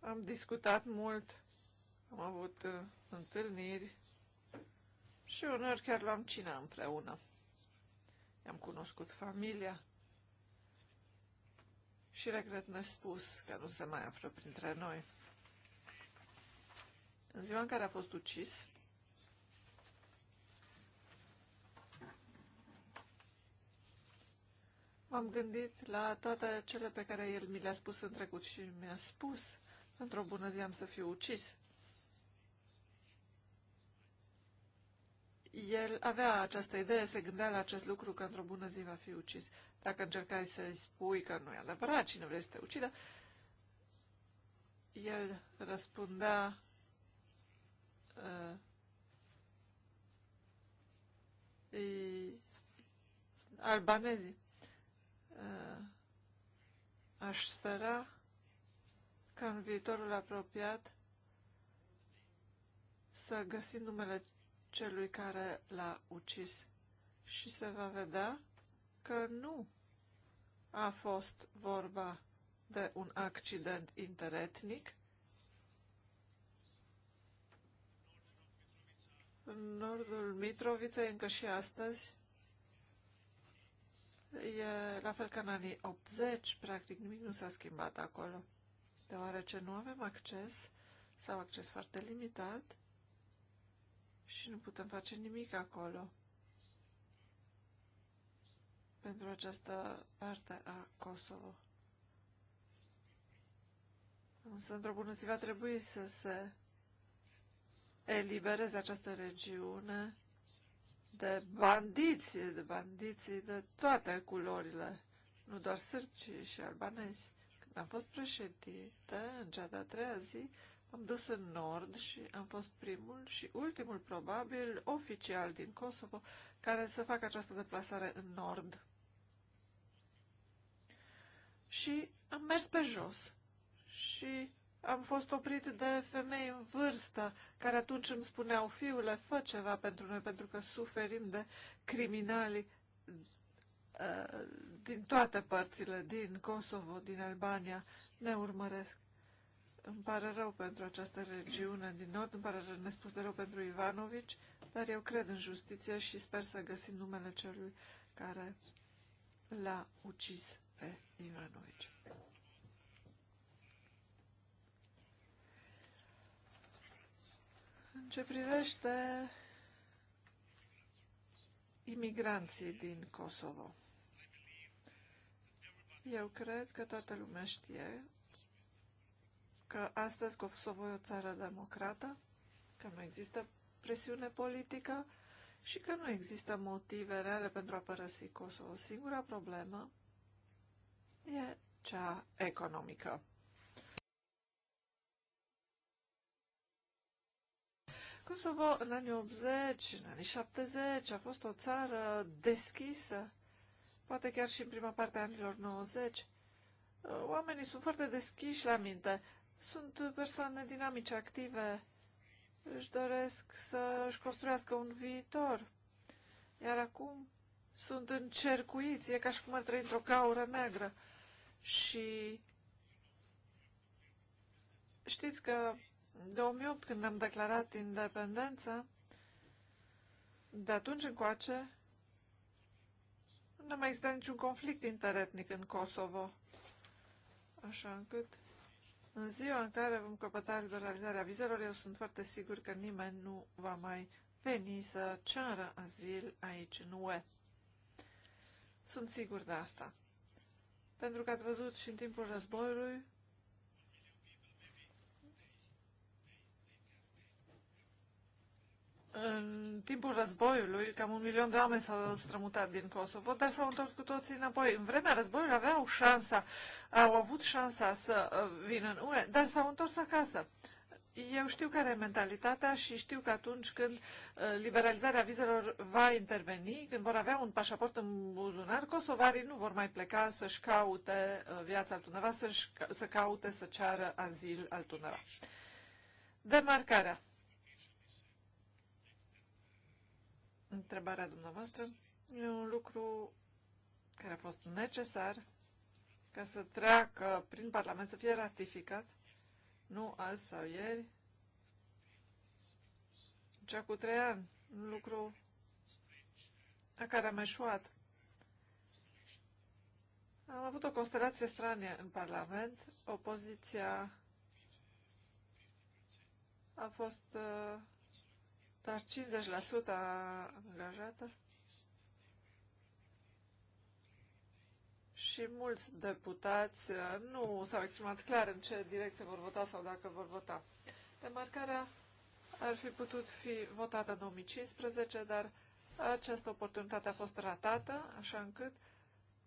Am discutat mult, am avut uh, întâlniri și uneori chiar luam cina împreună. I-am cunoscut familia, și regret nespus că nu se mai află printre noi. În ziua în care a fost ucis, m-am gândit la toate cele pe care el mi le-a spus în trecut și mi-a spus, într-o bună zi am să fiu ucis. el avea această idee, se gândea la acest lucru că într-o bună zi va fi ucis. Dacă încercai să-i spui că nu e adevărat, nu vrei să te ucidă, el răspundea uh, albanezii. Uh, aș spera că în viitorul apropiat să găsim numele celui care l-a ucis și se va vedea că nu a fost vorba de un accident interetnic. În nordul Mitroviței, încă și astăzi, e la fel ca în anii 80, practic nimic nu s-a schimbat acolo, deoarece nu avem acces sau acces foarte limitat și nu putem face nimic acolo pentru această parte a Kosovo. Însă, într-o bună zi, va trebui să se elibereze această regiune de bandiți, de bandiții de toate culorile, nu doar ci și albanezi. Când am fost președinte, în cea de-a treia zi, am dus în nord și am fost primul și ultimul, probabil, oficial din Kosovo care să facă această deplasare în nord. Și am mers pe jos și am fost oprit de femei în vârstă care atunci îmi spuneau, fiule, fă ceva pentru noi, pentru că suferim de criminali uh, din toate părțile, din Kosovo, din Albania, ne urmăresc îmi pare rău pentru această regiune din nord, îmi pare rău nespus de rău pentru Ivanovici, dar eu cred în justiție și sper să găsim numele celui care l-a ucis pe Ivanovici. În ce privește imigranții din Kosovo, eu cred că toată lumea știe că astăzi Kosovo e o țară democrată, că nu există presiune politică și că nu există motive reale pentru a părăsi Kosovo. Singura problemă e cea economică. Kosovo în anii 80, în anii 70 a fost o țară deschisă, poate chiar și în prima parte a anilor 90. Oamenii sunt foarte deschiși la minte sunt persoane dinamice, active, își doresc să își construiască un viitor. Iar acum sunt încercuiți, e ca și cum ar trăi într-o gaură neagră. Și știți că 2008, când am declarat independența, de atunci încoace, nu mai există niciun conflict interetnic în Kosovo. Așa încât în ziua în care vom căpăta liberalizarea vizelor, eu sunt foarte sigur că nimeni nu va mai veni să ceară azil aici în UE. Sunt sigur de asta. Pentru că ați văzut și în timpul războiului, În timpul războiului, cam un milion de oameni s-au strămutat din Kosovo, dar s-au întors cu toții înapoi. În vremea războiului aveau șansa, au avut șansa să uh, vină în UE, dar s-au întors acasă. Eu știu care e mentalitatea și știu că atunci când uh, liberalizarea vizelor va interveni, când vor avea un pașaport în buzunar, kosovarii nu vor mai pleca să-și caute uh, viața altundeva, să, să caute să ceară azil altundeva. Demarcarea. întrebarea dumneavoastră, e un lucru care a fost necesar ca să treacă prin Parlament, să fie ratificat, nu azi sau ieri, cea cu trei ani, un lucru a care am eșuat. Am avut o constelație stranie în Parlament. Opoziția a fost uh, dar 50% angajată și mulți deputați uh, nu s-au exprimat clar în ce direcție vor vota sau dacă vor vota. Demarcarea ar fi putut fi votată în 2015, dar această oportunitate a fost ratată, așa încât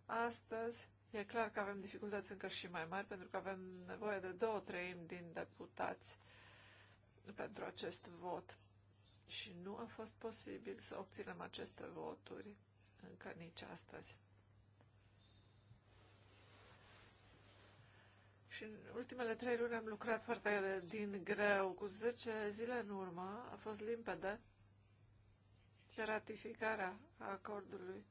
astăzi e clar că avem dificultăți încă și mai mari, pentru că avem nevoie de două treimi din deputați pentru acest vot și nu a fost posibil să obținem aceste voturi încă nici astăzi. Și în ultimele trei luni am lucrat foarte din greu. Cu 10 zile în urmă a fost limpede că ratificarea acordului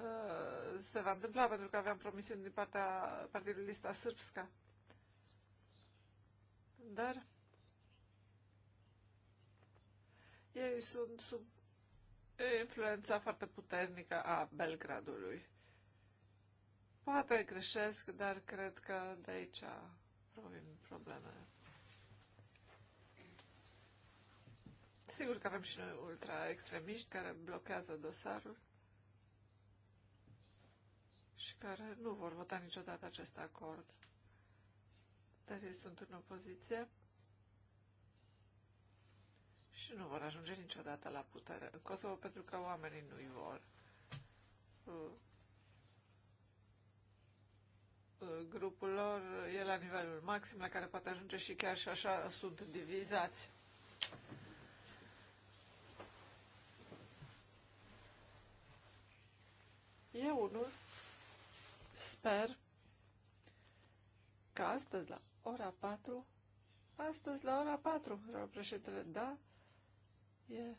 uh, se va întâmpla pentru că aveam promisiuni din partea Partidului Lista sârbsca. Dar Ei sunt sub influența foarte puternică a Belgradului. Poate greșesc, dar cred că de aici provin probleme. Sigur că avem și noi ultra-extremiști care blochează dosarul și care nu vor vota niciodată acest acord. Dar ei sunt în opoziție și nu vor ajunge niciodată la putere în Kosovo pentru că oamenii nu-i vor. Uh, grupul lor e la nivelul maxim la care poate ajunge și chiar și așa sunt divizați. Eu unul sper că astăzi la ora 4, astăzi la ora 4, rău președintele, da, e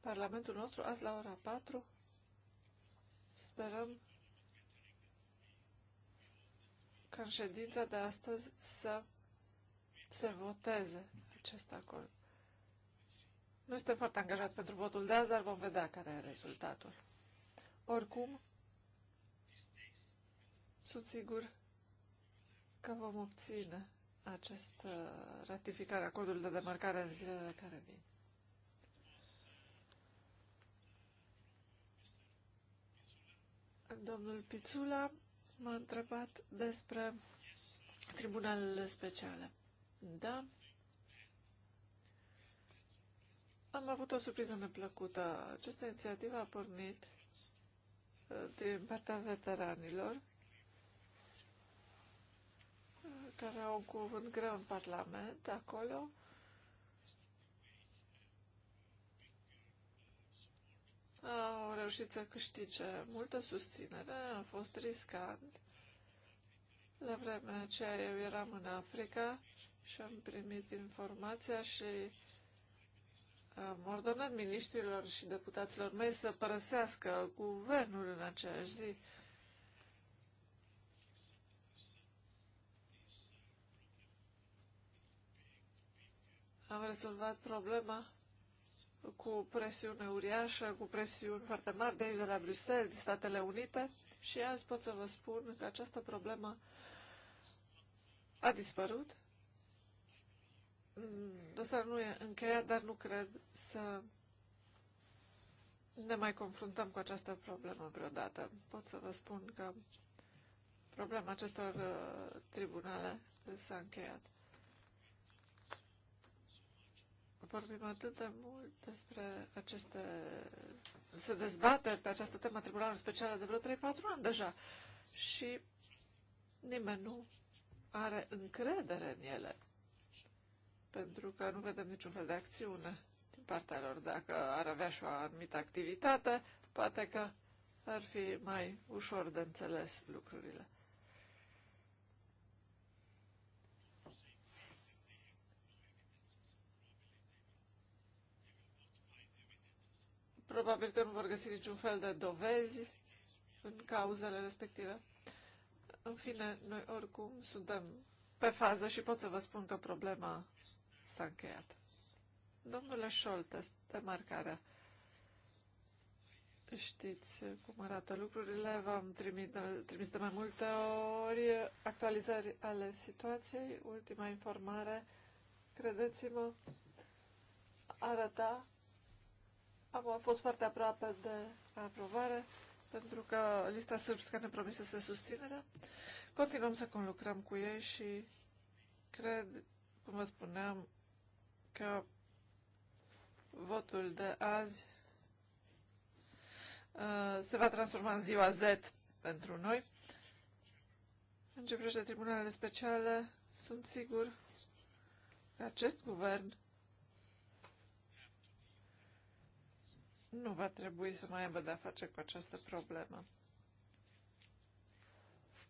Parlamentul nostru azi la ora 4. Sperăm ca în ședința de astăzi să se voteze acest acord. Nu suntem foarte angajați pentru votul de azi, dar vom vedea care e rezultatul. Oricum, sunt sigur că vom obține acest ratificare, acordul de demarcare în zilele care vin. Domnul Pițula m-a întrebat despre tribunalele speciale. Da. Am avut o surpriză neplăcută. Această inițiativă a pornit uh, din partea veteranilor uh, care au un cuvânt greu în Parlament, acolo au reușit să câștige multă susținere, a fost riscant. La vremea aceea eu eram în Africa și am primit informația și am ordonat miniștrilor și deputaților mei să părăsească guvernul în aceeași zi. Am rezolvat problema cu presiune uriașă, cu presiuni foarte mari de aici, de la Bruxelles, din Statele Unite și azi pot să vă spun că această problemă a dispărut. Mm, dosarul nu e încheiat, dar nu cred să ne mai confruntăm cu această problemă vreodată. Pot să vă spun că problema acestor uh, tribunale s-a încheiat. vorbim atât de mult despre aceste... se dezbate pe această temă Tribunalul Special de vreo 3-4 ani deja și nimeni nu are încredere în ele pentru că nu vedem niciun fel de acțiune din partea lor. Dacă ar avea și o anumită activitate, poate că ar fi mai ușor de înțeles lucrurile. Probabil că nu vor găsi niciun fel de dovezi în cauzele respective. În fine, noi oricum suntem pe fază și pot să vă spun că problema s-a încheiat. Domnule Scholtes, demarcarea. Știți cum arată lucrurile, v-am trimis de mai multe ori actualizări ale situației. Ultima informare, credeți-mă, arăta am fost foarte aproape de aprobare, pentru că lista sârbscă ne promisese susținerea. Continuăm să conlucrăm cu ei și cred, cum vă spuneam, că votul de azi uh, se va transforma în ziua Z pentru noi. În ce privește tribunalele speciale, sunt sigur că acest guvern nu va trebui să mai aibă de-a face cu această problemă.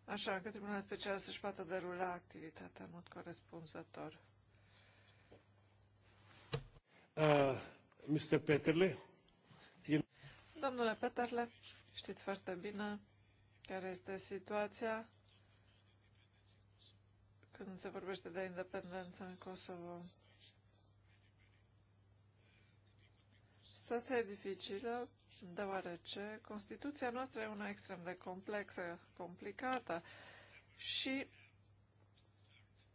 Așa că Tribunalul Special să-și poată derula activitatea în mod corespunzător. Uh, Mr. Peterle? In... Domnule Peterle, știți foarte bine care este situația când se vorbește de independență în Kosovo. Situația e dificilă deoarece Constituția noastră e una extrem de complexă, complicată și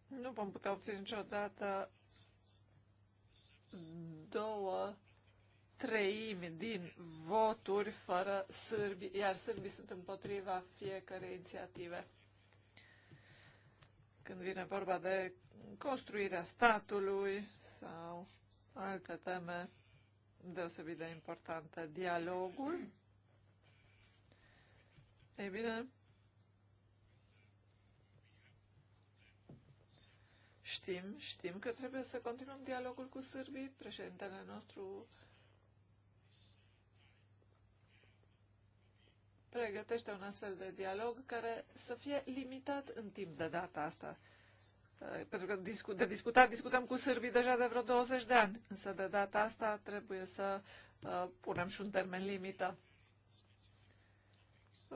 nu vom putea obține niciodată două treimi din voturi fără sârbi, iar sârbii sunt împotriva fiecărei inițiative. Când vine vorba de construirea statului sau alte teme deosebit de importantă. Dialogul, ei bine, știm, știm că trebuie să continuăm dialogul cu sârbii. Președintele nostru pregătește un astfel de dialog care să fie limitat în timp de data asta. Eh, pentru că de discutat discutăm cu sârbii deja de vreo 20 de ani, însă de data asta trebuie să eh, punem și un termen limită.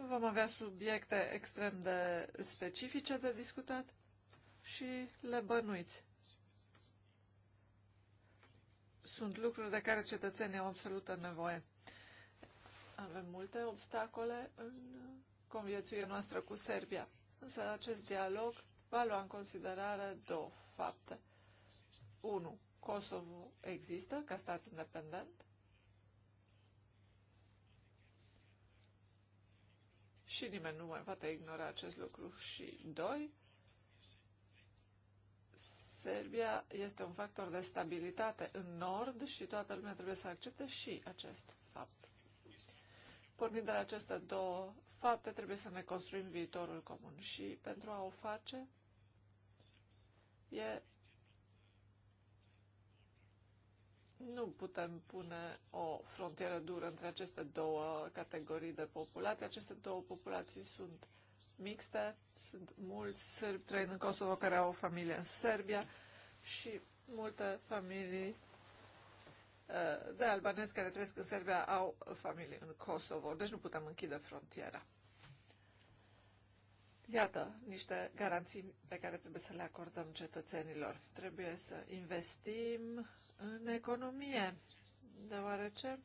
Vom avea subiecte extrem de specifice de discutat și le bănuiți. Sunt lucruri de care cetățenii au absolută nevoie. Avem multe obstacole în conviețuirea noastră cu Serbia, însă acest dialog va lua în considerare două fapte. 1. Kosovo există ca stat independent și nimeni nu mai poate ignora acest lucru. Și 2. Serbia este un factor de stabilitate în nord și toată lumea trebuie să accepte și acest fapt. Pornind de la aceste două fapte, trebuie să ne construim viitorul comun și pentru a o face, E... Nu putem pune o frontieră dură între aceste două categorii de populații. Aceste două populații sunt mixte, sunt mulți sârbi trăind în Kosovo care au o familie în Serbia și multe familii uh, de albanezi care trăiesc în Serbia au familii în Kosovo, deci nu putem închide frontiera. Iată niște garanții pe care trebuie să le acordăm cetățenilor. Trebuie să investim în economie, deoarece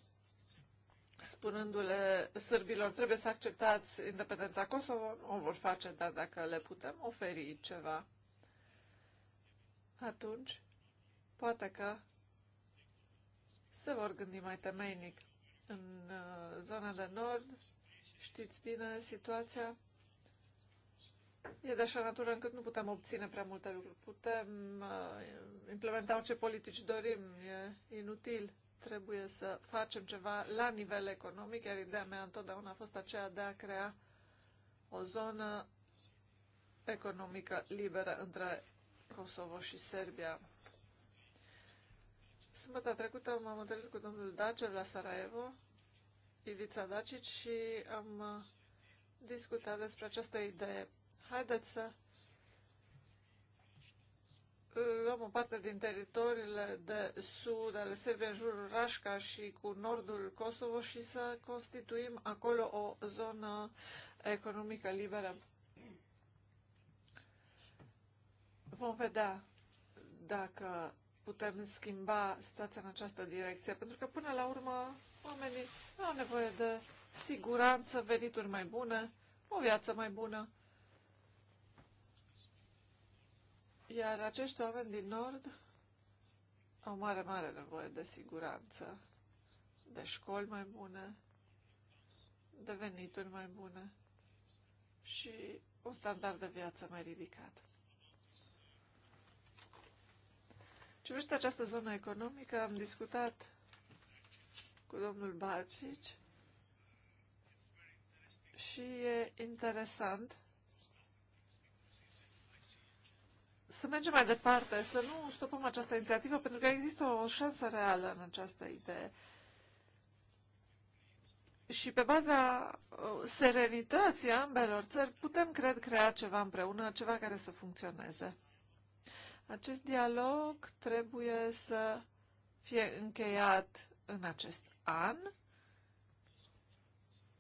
spunându-le sârbilor trebuie să acceptați independența Kosovo, o vor face, dar dacă le putem oferi ceva, atunci poate că se vor gândi mai temeinic. În uh, zona de nord, știți bine, situația E de așa natură încât nu putem obține prea multe lucruri. Putem uh, implementa orice politici dorim, e inutil. Trebuie să facem ceva la nivel economic, iar ideea mea întotdeauna a fost aceea de a crea o zonă economică liberă între Kosovo și Serbia. Sâmbătă trecută m-am întâlnit cu domnul Dacev la Sarajevo, Ivița Dacic, și am uh, discutat despre această idee Haideți să luăm o parte din teritoriile de sud ale Serbiei, în jurul Rașca și cu nordul Kosovo și să constituim acolo o zonă economică liberă. Vom vedea dacă putem schimba situația în această direcție, pentru că până la urmă oamenii au nevoie de siguranță, venituri mai bune, o viață mai bună Iar acești oameni din Nord au mare, mare nevoie de siguranță, de școli mai bune, de venituri mai bune și un standard de viață mai ridicat. Ce privește această zonă economică, am discutat cu domnul Bacici și e interesant să mergem mai departe, să nu stopăm această inițiativă, pentru că există o șansă reală în această idee. Și pe baza uh, serenității ambelor țări putem, cred, crea ceva împreună, ceva care să funcționeze. Acest dialog trebuie să fie încheiat în acest an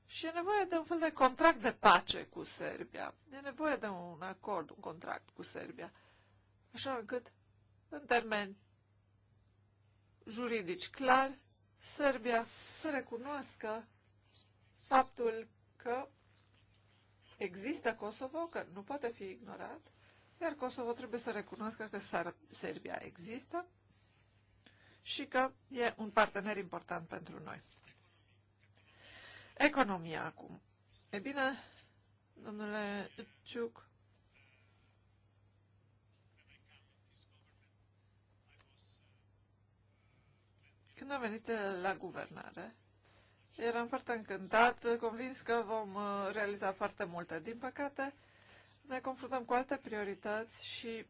și e nevoie de un fel de contract de pace cu Serbia. E nevoie de un acord, un contract cu Serbia așa încât, în termeni juridici clar, Serbia să recunoască faptul că există Kosovo, că nu poate fi ignorat, iar Kosovo trebuie să recunoască că Serbia există și că e un partener important pentru noi. Economia acum. E bine, domnule Ciuc, Când am venit eh, la guvernare, eram foarte încântat, eh, convins că vom eh, realiza foarte multe. Din păcate, ne confruntăm cu alte priorități și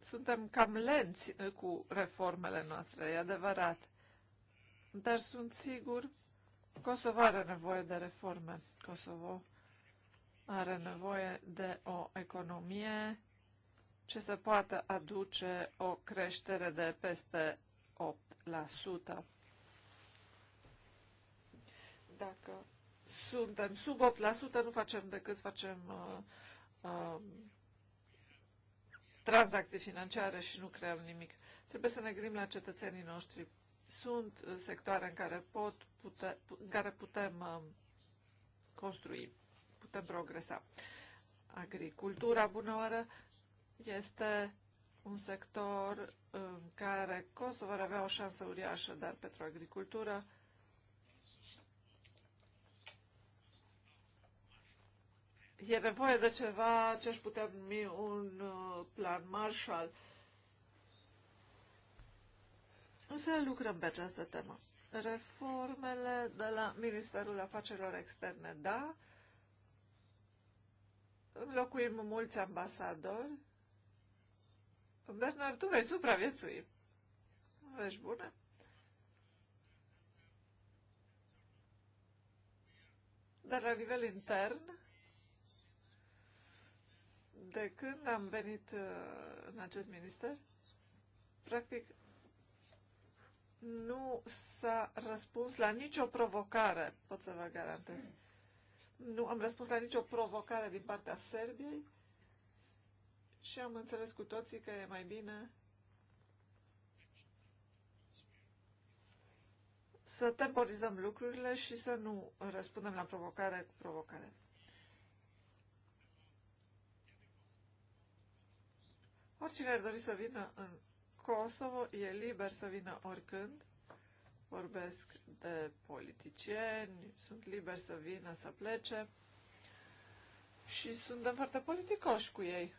suntem cam lenți cu reformele noastre, e adevărat. Dar sunt sigur Kosovo are nevoie de reforme. Kosovo are nevoie de o economie ce să poată aduce o creștere de peste 8%. Dacă suntem sub 8%, nu facem decât să facem uh, uh, tranzacții financiare și nu creăm nimic. Trebuie să ne gândim la cetățenii noștri. Sunt uh, sectoare în care, pot, pute, în care putem uh, construi, putem progresa. Agricultura, bună oară, este un sector în care Kosovo ar avea o șansă uriașă, dar pentru agricultură e nevoie de ceva ce aș putea numi un uh, plan Marshall. Însă lucrăm pe această temă. Reformele de la Ministerul Afacerilor Externe, da, înlocuim mulți ambasadori, Bernard, tu vei supraviețui. Vești bune? Dar la nivel intern, de când am venit uh, în acest minister, practic nu s-a răspuns la nicio provocare, pot să vă garantez. Nu am răspuns la nicio provocare din partea Serbiei și am înțeles cu toții că e mai bine să temporizăm lucrurile și să nu răspundem la provocare cu provocare. Oricine ar dori să vină în Kosovo e liber să vină oricând. Vorbesc de politicieni, sunt liberi să vină, să plece și suntem foarte politicoși cu ei.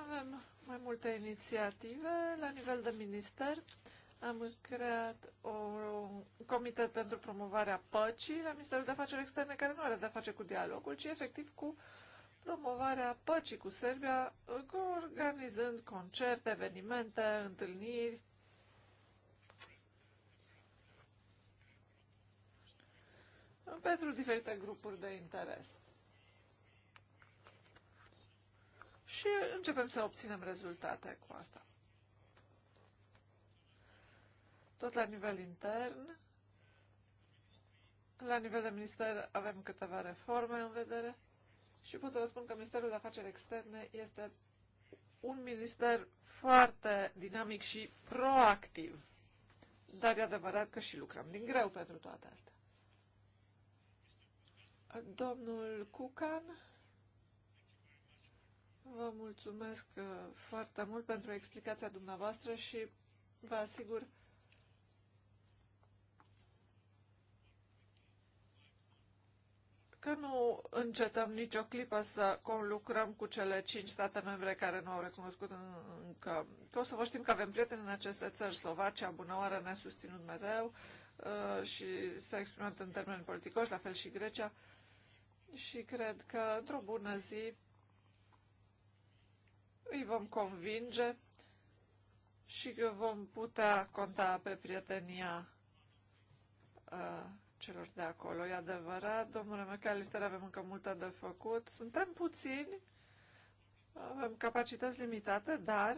Avem mai multe inițiative la nivel de minister. Am creat o, un comitet pentru promovarea păcii la Ministerul de Afaceri Externe, care nu are de-a face cu dialogul, ci efectiv cu promovarea păcii cu Serbia, organizând concerte, evenimente, întâlniri. pentru diferite grupuri de interes. și începem să obținem rezultate cu asta. Tot la nivel intern, la nivel de minister avem câteva reforme în vedere și pot să vă spun că Ministerul de Afaceri Externe este un minister foarte dinamic și proactiv. Dar e adevărat că și lucrăm din greu pentru toate astea. Domnul Cucan Vă mulțumesc uh, foarte mult pentru explicația dumneavoastră și vă asigur că nu încetăm nicio clipă să conlucrăm cu cele cinci state membre care nu au recunoscut încă să vă Știm că avem prieteni în aceste țări, Slovacia, Bunăoară ne-a susținut mereu uh, și s-a exprimat în termeni politicoși, la fel și Grecia. Și cred că într-o bună zi îi vom convinge și că vom putea conta pe prietenia uh, celor de acolo. E adevărat, domnule McAllister, avem încă multe de făcut. Suntem puțini, avem capacități limitate, dar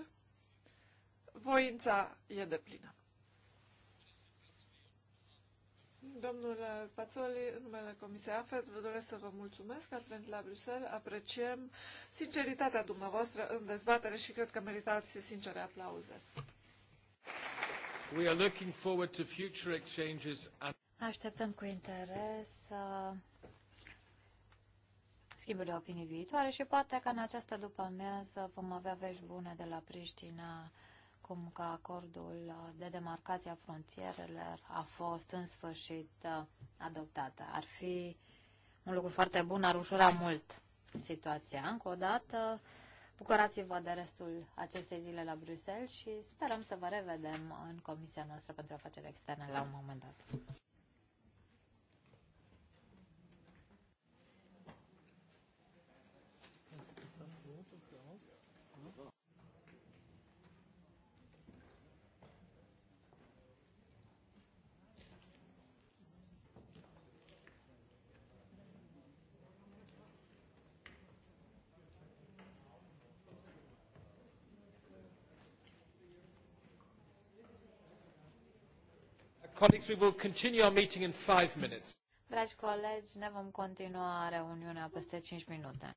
voința e de plină. Domnul Pațoli, în numele Comisiei AFET, vă doresc să vă mulțumesc că ați venit la Bruxelles. Apreciem sinceritatea dumneavoastră în dezbatere și cred că meritați sincere aplauze. We are looking forward to future exchanges and... Așteptăm cu interes uh, schimbul de opinii viitoare și poate că în această după amiază vom avea vești bune de la Priștina acum că acordul de demarcație a frontierelor a fost în sfârșit uh, adoptată. Ar fi un lucru foarte bun, ar ușura mult situația. Încă o dată, bucurați-vă de restul acestei zile la Bruxelles și sperăm să vă revedem în Comisia noastră pentru afaceri externe la un moment dat. Colleagues, we will continue our meeting in five minutes. Dragi colegi, ne vom continua reuniunea peste 5 minute.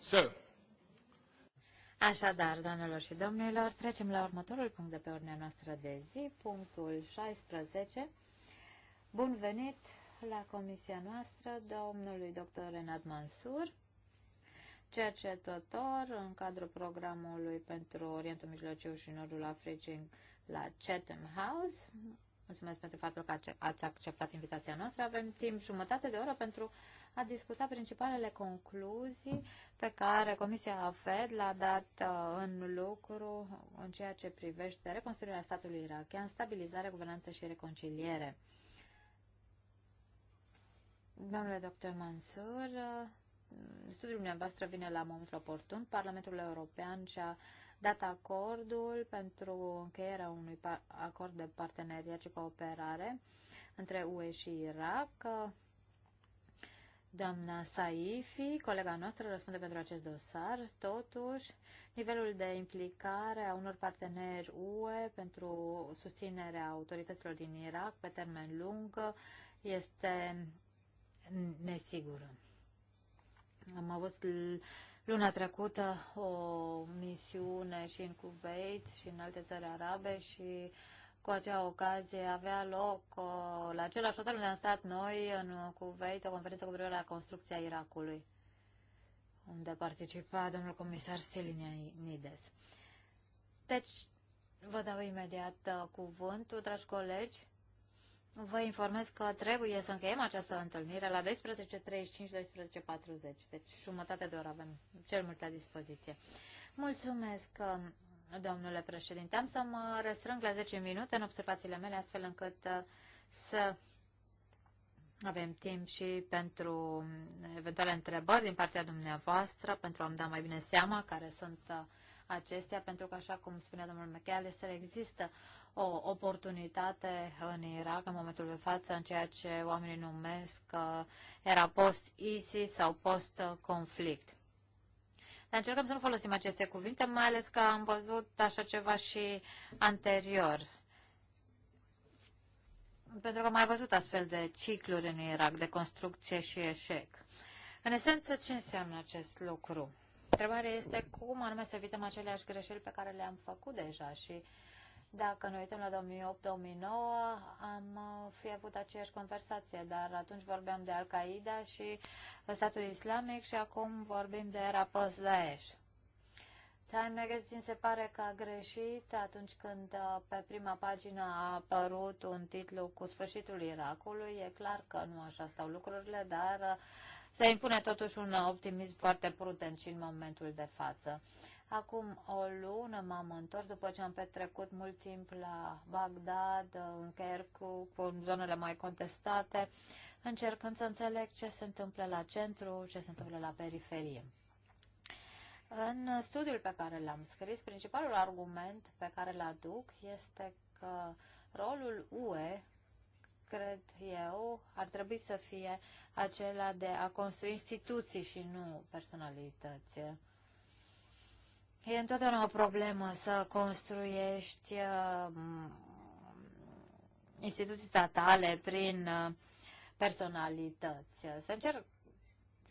So. Așadar, doamnelor și domnilor, trecem la următorul punct de pe ordinea noastră de zi, punctul 16. Bun venit la comisia noastră domnului doctor Renat Mansur, cercetător în cadrul programului pentru Orientul Mijlociu și Nordul Africii la Chatham House, Mulțumesc pentru faptul că ați acceptat invitația noastră. Avem timp jumătate de oră pentru a discuta principalele concluzii pe care Comisia AFED l-a dat uh, în lucru în ceea ce privește reconstruirea statului irachian, stabilizare, guvernanță și reconciliere. Domnule doctor Mansur, uh, studiul dumneavoastră vine la momentul oportun. Parlamentul European și-a uh, dat acordul pentru încheierea unui acord de parteneriat și cooperare între UE și Irak. Doamna Saifi, colega noastră, răspunde pentru acest dosar. Totuși, nivelul de implicare a unor parteneri UE pentru susținerea autorităților din Irak pe termen lung este nesigură. Am avut luna trecută o misiune și în Kuwait și în alte țări arabe și cu acea ocazie avea loc o, la același hotel unde am stat noi în Kuwait o conferință cu privire la construcția Irakului unde participa domnul comisar Nides. Deci, vă dau imediat uh, cuvântul, dragi colegi. Vă informez că trebuie să încheiem această întâlnire la 12.35-12.40, deci jumătate de oră avem cel mult la dispoziție. Mulțumesc, domnule președinte. Am să mă restrâng la 10 minute în observațiile mele, astfel încât uh, să avem timp și pentru eventuale întrebări din partea dumneavoastră, pentru a-mi da mai bine seama care sunt uh, acestea, pentru că, așa cum spunea domnul McAllister, există o oportunitate în Irak în momentul de față în ceea ce oamenii numesc uh, era post-ISIS sau post-conflict. Dar încercăm să nu folosim aceste cuvinte, mai ales că am văzut așa ceva și anterior. Pentru că am mai văzut astfel de cicluri în Irak, de construcție și eșec. În esență, ce înseamnă acest lucru? Întrebarea este cum anume să evităm aceleași greșeli pe care le-am făcut deja și dacă ne uităm la 2008-2009, am uh, fi avut aceeași conversație, dar atunci vorbeam de Al-Qaeda și statul islamic și acum vorbim de era post-Daesh. Time Magazine se pare că a greșit atunci când uh, pe prima pagină a apărut un titlu cu sfârșitul Irakului. E clar că nu așa stau lucrurile, dar uh, se impune totuși un optimism foarte prudent și în momentul de față. Acum o lună m-am întors după ce am petrecut mult timp la Bagdad, în Kerkuk, în zonele mai contestate, încercând să înțeleg ce se întâmplă la centru, ce se întâmplă la periferie. În studiul pe care l-am scris, principalul argument pe care l aduc este că rolul UE cred eu, ar trebui să fie acela de a construi instituții și nu personalități. E întotdeauna o problemă să construiești uh, instituții statale prin uh, personalități. Să încerc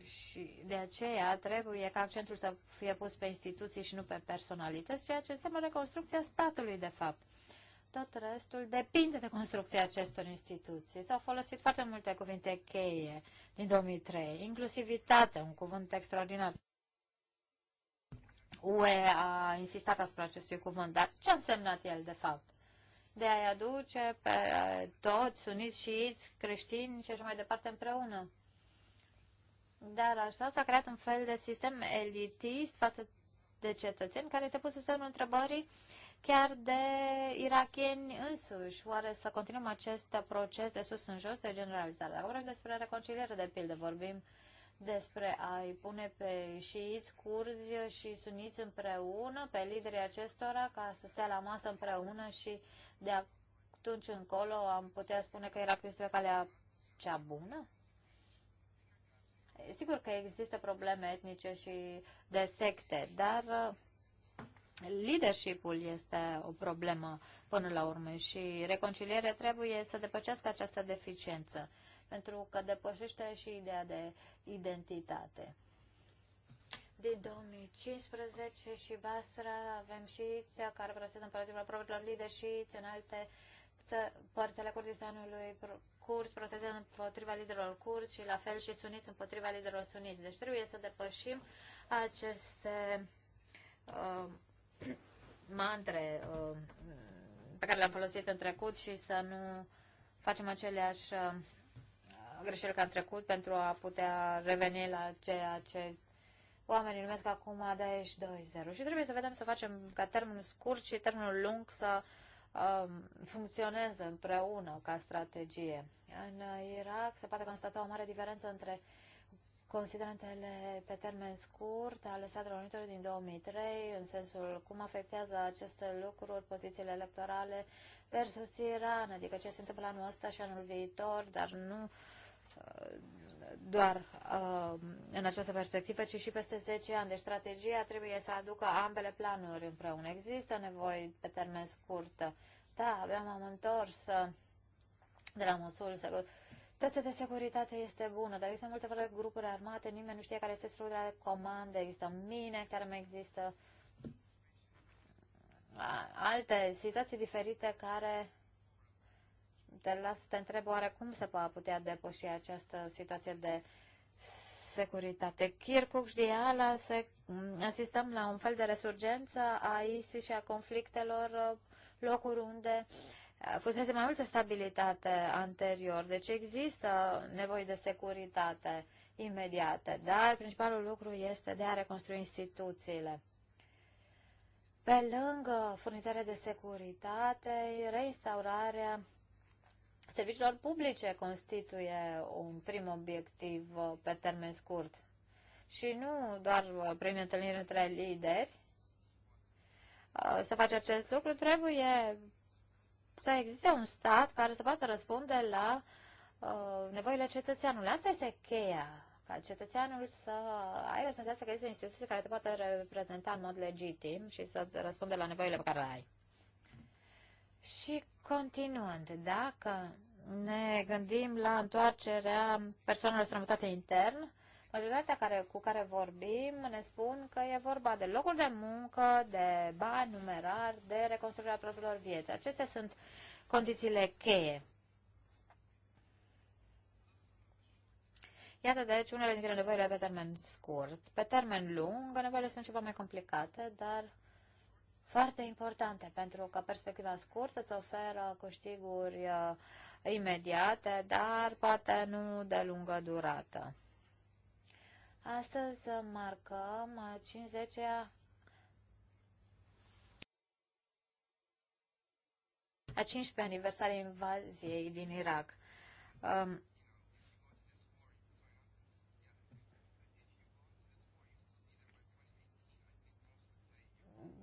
și de aceea trebuie ca accentul să fie pus pe instituții și nu pe personalități, ceea ce înseamnă reconstrucția statului, de fapt. Tot restul depinde de construcția acestor instituții. S-au folosit foarte multe cuvinte cheie din 2003, inclusivitate, un cuvânt extraordinar. UE a insistat asupra acestui cuvânt, dar ce a însemnat el de fapt? De a-i aduce pe toți suniți șiiți, creștini și așa mai departe împreună. Dar așa s-a creat un fel de sistem elitist față de cetățeni care te pus sub semnul întrebării chiar de irakieni însuși. Oare să continuăm acest proces de sus în jos, de generalizare? Dacă vorbim despre reconciliere, de pildă, vorbim despre a-i pune pe șiiți, curzi și suniți împreună, pe liderii acestora, ca să stea la masă împreună și de atunci încolo am putea spune că Irakul este pe calea cea bună? Sigur că există probleme etnice și de secte, dar Leadershipul este o problemă până la urmă și reconcilierea trebuie să depășească această deficiență, pentru că depășește și ideea de identitate. Din 2015 și Basra avem și Iția, care în paradigma propriilor lideri și în alte părți ale Kurdistanului, curs, protejează împotriva liderilor curs și la fel și suniți împotriva liderilor suniți. Deci trebuie să depășim aceste uh, mantre uh, pe care le-am folosit în trecut și să nu facem aceleași uh, greșeli ca în trecut pentru a putea reveni la ceea ce oamenii numesc acum Daesh 2.0 și trebuie să vedem să facem ca termenul scurt și termenul lung să um, funcționeze împreună ca strategie. În Irak se poate constata o mare diferență între uh, Considerantele pe termen scurt ale Statelor Unite din 2003, în sensul cum afectează aceste lucruri pozițiile electorale versus Iran, adică ce se întâmplă anul ăsta și anul viitor, dar nu uh, doar uh, în această perspectivă, ci și peste 10 ani. Deci strategia trebuie să aducă ambele planuri împreună. Există nevoie pe termen scurt. Da, abia m-am întors de la Mosul să Tața de securitate este bună, dar există multe grupuri armate, nimeni nu știe care este structura de comandă, există mine, chiar mai există alte situații diferite care te lasă să te întreb oare cum se poate putea depăși această situație de securitate. Kirkuk Diala se, asistăm la un fel de resurgență a ISIS și a conflictelor uh, locuri unde fusese mai multă stabilitate anterior, deci există nevoi de securitate imediată, dar principalul lucru este de a reconstrui instituțiile. Pe lângă furnizarea de securitate, reinstaurarea serviciilor publice constituie un prim obiectiv uh, pe termen scurt. Și nu doar uh, prin întâlniri între lideri, uh, să face acest lucru, trebuie să existe un stat care să poată răspunde la uh, nevoile cetățeanului. Asta este cheia, ca cetățeanul să aibă senzația că există instituții care te poate reprezenta în mod legitim și să răspunde la nevoile pe care le ai. Și continuând, dacă ne gândim la întoarcerea persoanelor strămutate intern, Majoritatea care, cu care vorbim ne spun că e vorba de locuri de muncă, de bani, numerar, de reconstruirea propriilor vieți. Acestea sunt condițiile cheie. Iată, deci, unele dintre nevoile pe termen scurt. Pe termen lung, nevoile sunt ceva mai complicate, dar foarte importante, pentru că perspectiva scurtă îți oferă câștiguri uh, imediate, dar poate nu de lungă durată. Astăzi marcăm 50-a a 15 aniversare invaziei din Irak. Um,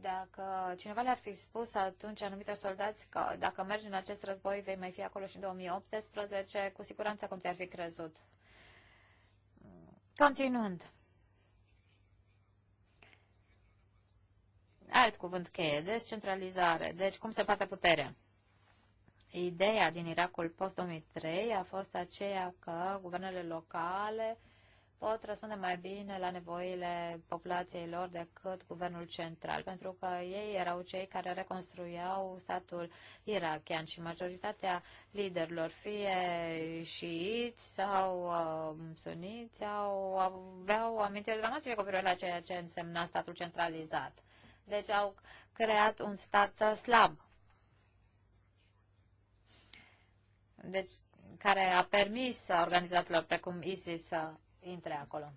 dacă cineva le-ar fi spus atunci anumite soldați că dacă mergi în acest război vei mai fi acolo și în 2018, cu siguranță cum te-ar fi crezut. Continuând. Alt cuvânt cheie, descentralizare. Deci cum se poate puterea? Ideea din Irakul post-2003 a fost aceea că guvernele locale uh, pot răspunde mai bine la nevoile populației lor decât guvernul central, pentru că ei erau cei care reconstruiau statul irachian și majoritatea liderilor, fie șiiți sau uh, suniți, au, aveau amintiri dramatice cu privire la ceea ce însemna statul centralizat. Deci au creat un stat slab. Deci, care a permis organizațiilor precum ISIS să intre acolo.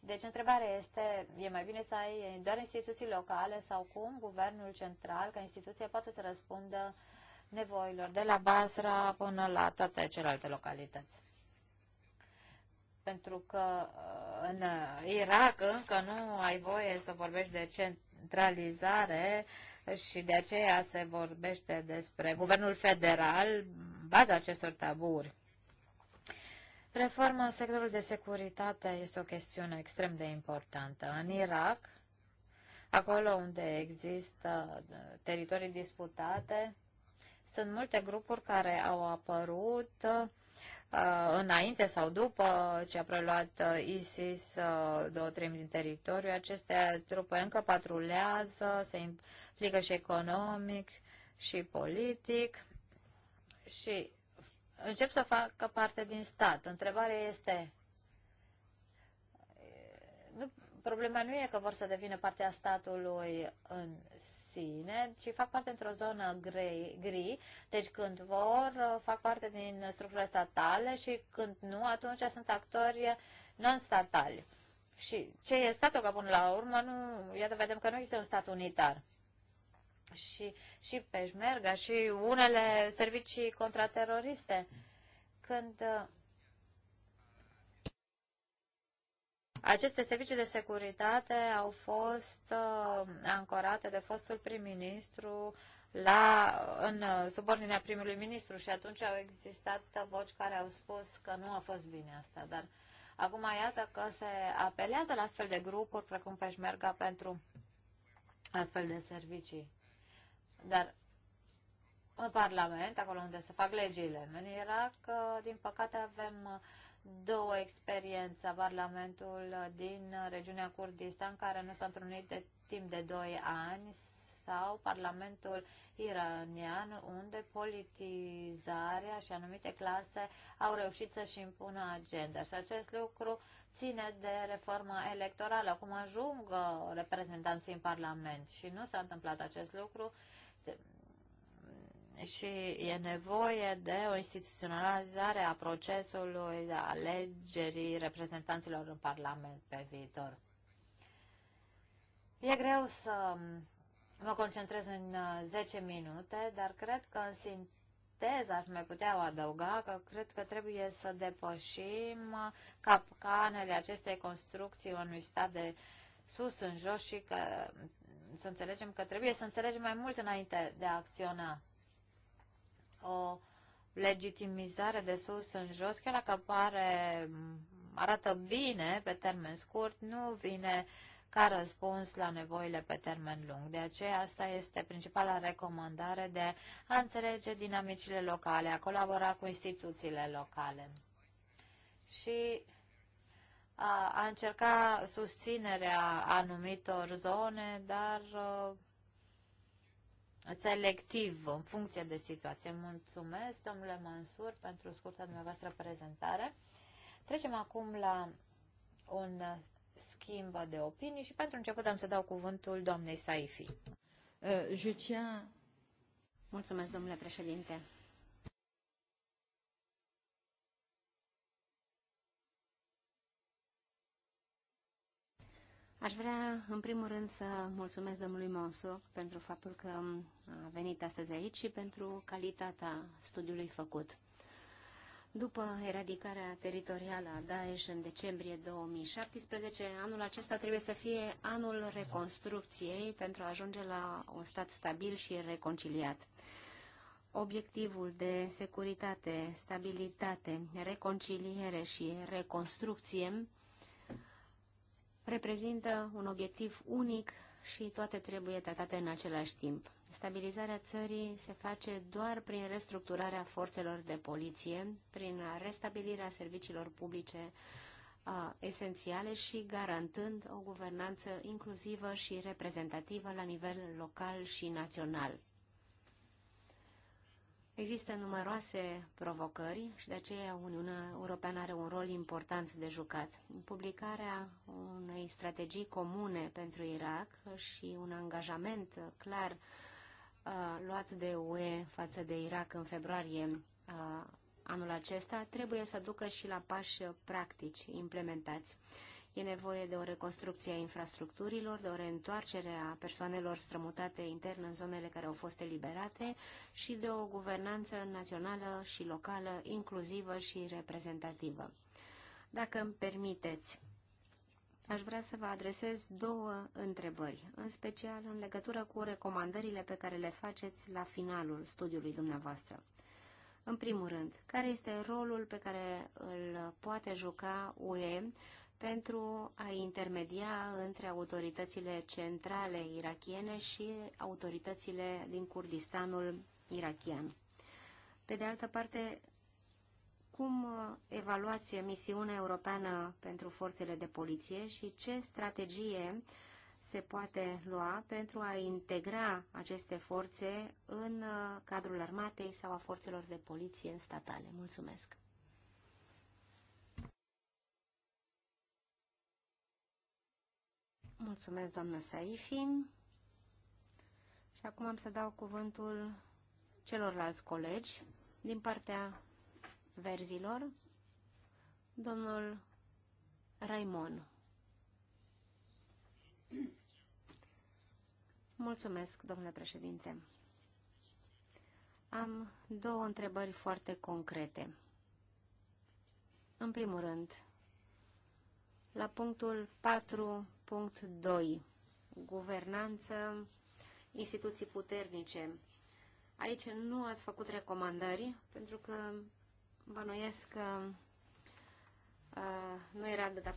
Deci întrebarea este, e mai bine să ai doar instituții locale sau cum guvernul central ca instituție poate să răspundă nevoilor de la Basra până la toate celelalte localități? Pentru că uh, în Irak încă nu ai voie să vorbești de centralizare și de aceea se vorbește despre guvernul federal, baza acestor taburi. Reforma în sectorul de securitate este o chestiune extrem de importantă. În Irak, acolo unde există teritorii disputate, sunt multe grupuri care au apărut uh, înainte sau după ce a preluat uh, ISIS uh, două treimi din teritoriu. Aceste trupe încă patrulează, se implică și economic și politic și încep să facă parte din stat. Întrebarea este, nu, problema nu e că vor să devină partea statului în sine, ci fac parte într-o zonă grei, gri, deci când vor, fac parte din structurile statale și când nu, atunci sunt actori non-statali. Și ce e statul, că până la urmă, nu, iată, vedem că nu există un stat unitar și, și peșmerga și unele servicii contrateroriste. Când uh, aceste servicii de securitate au fost uh, ancorate de fostul prim-ministru la, uh, în subordinea primului ministru și atunci au existat voci care au spus că nu a fost bine asta, dar acum iată că se apelează la astfel de grupuri precum Peșmerga pentru astfel de servicii. Dar în Parlament, acolo unde se fac legile, în Irak, uh, din păcate avem uh, două experiențe. Parlamentul uh, din regiunea Kurdistan, care nu s-a întrunit de timp de 2 ani, sau Parlamentul iranian, unde politizarea și anumite clase au reușit să-și impună agenda. Și acest lucru ține de reforma electorală, Acum ajung reprezentanții în Parlament. Și nu s-a întâmplat acest lucru și e nevoie de o instituționalizare a procesului de alegerii reprezentanților în Parlament pe viitor. E greu să mă concentrez în 10 uh, minute, dar cred că în sinteză aș mai putea o adăuga că cred că trebuie să depășim uh, capcanele acestei construcții unui stat de sus în jos și că să înțelegem că trebuie să înțelegem mai mult înainte de a acționa. O legitimizare de sus în jos, chiar dacă pare, arată bine pe termen scurt, nu vine ca răspuns la nevoile pe termen lung. De aceea asta este principala recomandare de a înțelege dinamicile locale, a colabora cu instituțiile locale. Și a încerca susținerea anumitor zone, dar selectiv, în funcție de situație. Mulțumesc, domnule Mansur, pentru scurta dumneavoastră prezentare. Trecem acum la un schimb de opinii și pentru început am să dau cuvântul doamnei Saifi. Uh, je tiens... Mulțumesc, domnule președinte. Aș vrea, în primul rând, să mulțumesc domnului Monsu pentru faptul că a venit astăzi aici și pentru calitatea studiului făcut. După eradicarea teritorială a Daesh în decembrie 2017, anul acesta trebuie să fie anul reconstrucției pentru a ajunge la un stat stabil și reconciliat. Obiectivul de securitate, stabilitate, reconciliere și reconstrucție reprezintă un obiectiv unic și toate trebuie tratate în același timp. Stabilizarea țării se face doar prin restructurarea forțelor de poliție, prin restabilirea serviciilor publice a, esențiale și garantând o guvernanță inclusivă și reprezentativă la nivel local și național. Există numeroase provocări și de aceea Uniunea Europeană are un rol important de jucat. Publicarea unei strategii comune pentru Irak și un angajament clar uh, luat de UE față de Irak în februarie uh, anul acesta trebuie să ducă și la pași practici implementați. Uh, E nevoie de o reconstrucție a infrastructurilor, de o reîntoarcere a persoanelor strămutate intern în zonele care au fost eliberate și de o guvernanță națională și locală inclusivă și reprezentativă. Dacă îmi permiteți, aș vrea să vă adresez două întrebări, în special în legătură cu recomandările pe care le faceți la finalul studiului dumneavoastră. În primul rând, care este rolul pe care îl poate juca UE pentru a intermedia între autoritățile centrale irachiene și autoritățile din Kurdistanul irachian. Pe de altă parte, cum evaluați misiunea europeană pentru forțele de poliție și ce strategie se poate lua pentru a integra aceste forțe în cadrul armatei sau a forțelor de poliție statale? Mulțumesc! Mulțumesc, doamnă Saifi. Și acum am să dau cuvântul celorlalți colegi din partea verzilor, domnul Raimon. Mulțumesc, domnule președinte. Am două întrebări foarte concrete. În primul rând, la punctul 4 punct 2. Guvernanță, instituții puternice. Aici nu ați făcut recomandări, pentru că bănuiesc că a, nu era de da-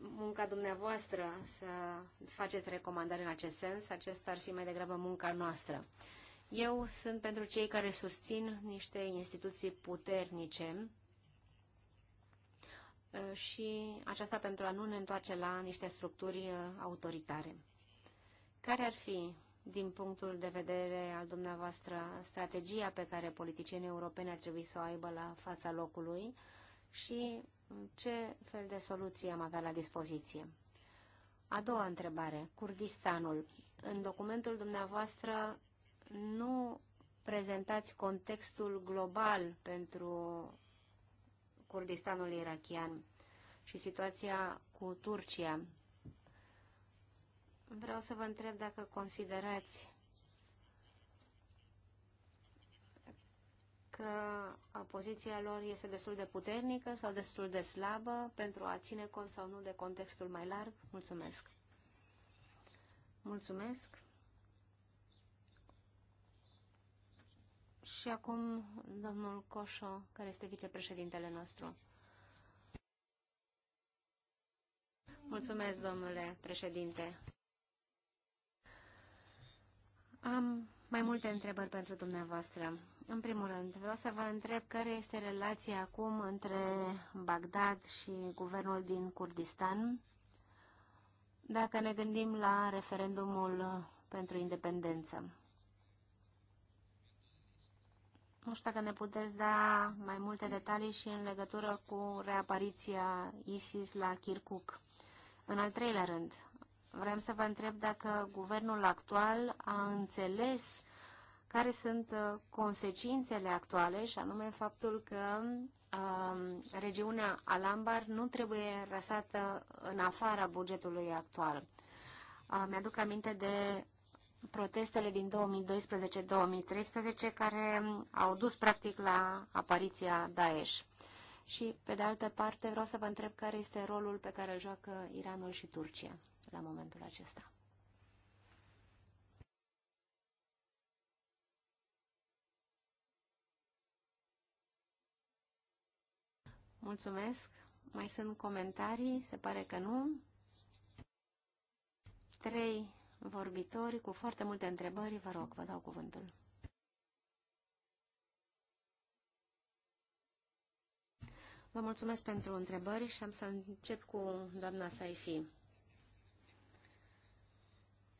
munca dumneavoastră să faceți recomandări în acest sens. Acesta ar fi mai degrabă munca noastră. Eu sunt pentru cei care susțin niște instituții puternice, Uh, și aceasta pentru a nu ne întoarce la niște structuri uh, autoritare. Care ar fi, din punctul de vedere al dumneavoastră, strategia pe care politicienii europeni ar trebui să o aibă la fața locului și ce fel de soluții am avea la dispoziție? A doua întrebare, Kurdistanul. În documentul dumneavoastră nu prezentați contextul global pentru Kurdistanul irachian și situația cu Turcia. Vreau să vă întreb dacă considerați că poziția lor este destul de puternică sau destul de slabă pentru a ține cont sau nu de contextul mai larg? Mulțumesc! Mulțumesc! și acum domnul Coșo, care este vicepreședintele nostru. Mulțumesc, domnule președinte. Am mai multe întrebări pentru dumneavoastră. În primul rând, vreau să vă întreb care este relația acum între Bagdad și guvernul din Kurdistan, dacă ne gândim la referendumul pentru independență. Nu știu dacă ne puteți da mai multe detalii și în legătură cu reapariția ISIS la Kirkuk. În al treilea rând, vreau să vă întreb dacă guvernul actual a înțeles care sunt uh, consecințele actuale și anume faptul că uh, regiunea Alambar nu trebuie răsată în afara bugetului actual. Uh, Mi-aduc aminte de protestele din 2012-2013 care au dus practic la apariția Daesh. Și, pe de altă parte, vreau să vă întreb care este rolul pe care îl joacă Iranul și Turcia la momentul acesta. Mulțumesc. Mai sunt comentarii? Se pare că nu. Trei vorbitori cu foarte multe întrebări. Vă rog, vă dau cuvântul. Vă mulțumesc pentru întrebări și am să încep cu doamna Saifi.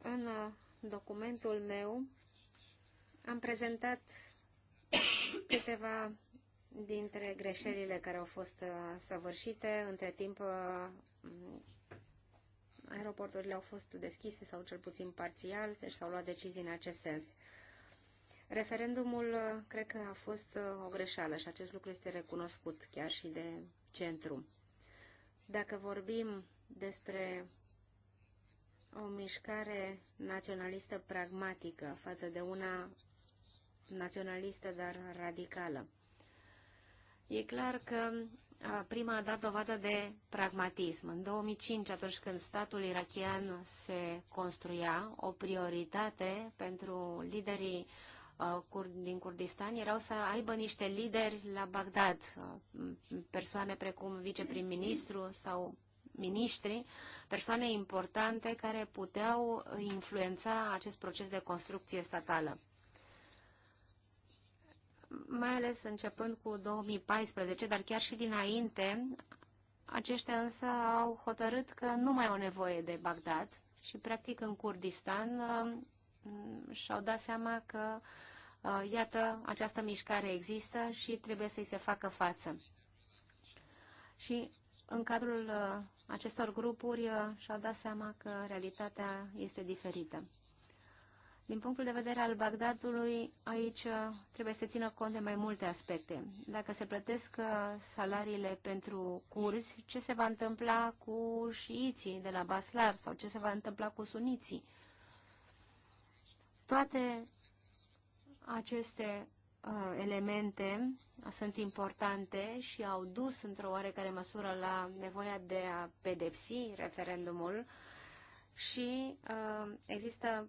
În documentul meu am prezentat câteva dintre greșelile care au fost săvârșite. Între timp aeroporturile au fost deschise sau cel puțin parțial, deci s-au luat decizii în acest sens. Referendumul uh, cred că a fost uh, o greșeală și acest lucru este recunoscut chiar și de centru. Dacă vorbim despre o mișcare naționalistă pragmatică față de una naționalistă, dar radicală. E clar că prima a dat dovadă de pragmatism. În 2005, atunci când statul irachian se construia, o prioritate pentru liderii din Kurdistan erau să aibă niște lideri la Bagdad, persoane precum viceprim-ministru sau miniștri, persoane importante care puteau influența acest proces de construcție statală mai ales începând cu 2014, dar chiar și dinainte, aceștia însă au hotărât că nu mai au nevoie de Bagdad și, practic, în Kurdistan um, și-au dat seama că, uh, iată, această mișcare există și trebuie să-i se facă față. Și în cadrul uh, acestor grupuri uh, și-au dat seama că realitatea este diferită. Din punctul de vedere al Bagdadului, aici uh, trebuie să țină cont de mai multe aspecte. Dacă se plătesc uh, salariile pentru curzi, ce se va întâmpla cu șiiții de la Baslar sau ce se va întâmpla cu suniții? Toate aceste uh, elemente sunt importante și au dus într-o oarecare măsură la nevoia de a pedepsi referendumul și uh, există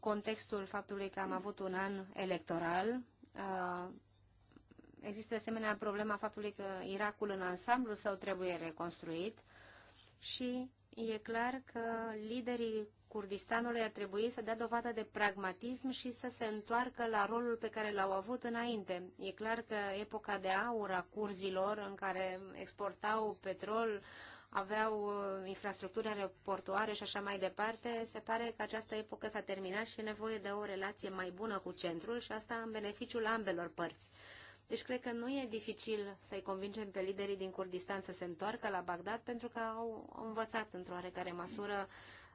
contextul faptului că am avut un an electoral. Uh, există de asemenea problema faptului că Irakul în ansamblu său trebuie reconstruit și e clar că liderii Kurdistanului ar trebui să dea dovadă de pragmatism și să se întoarcă la rolul pe care l-au avut înainte. E clar că epoca de aur a curzilor, în care exportau petrol, aveau uh, infrastructură aeroportoare și așa mai departe, se pare că această epocă s-a terminat și e nevoie de o relație mai bună cu centrul și asta în beneficiul ambelor părți. Deci cred că nu e dificil să-i convingem pe liderii din Kurdistan să se întoarcă la Bagdad pentru că au învățat într-o oarecare măsură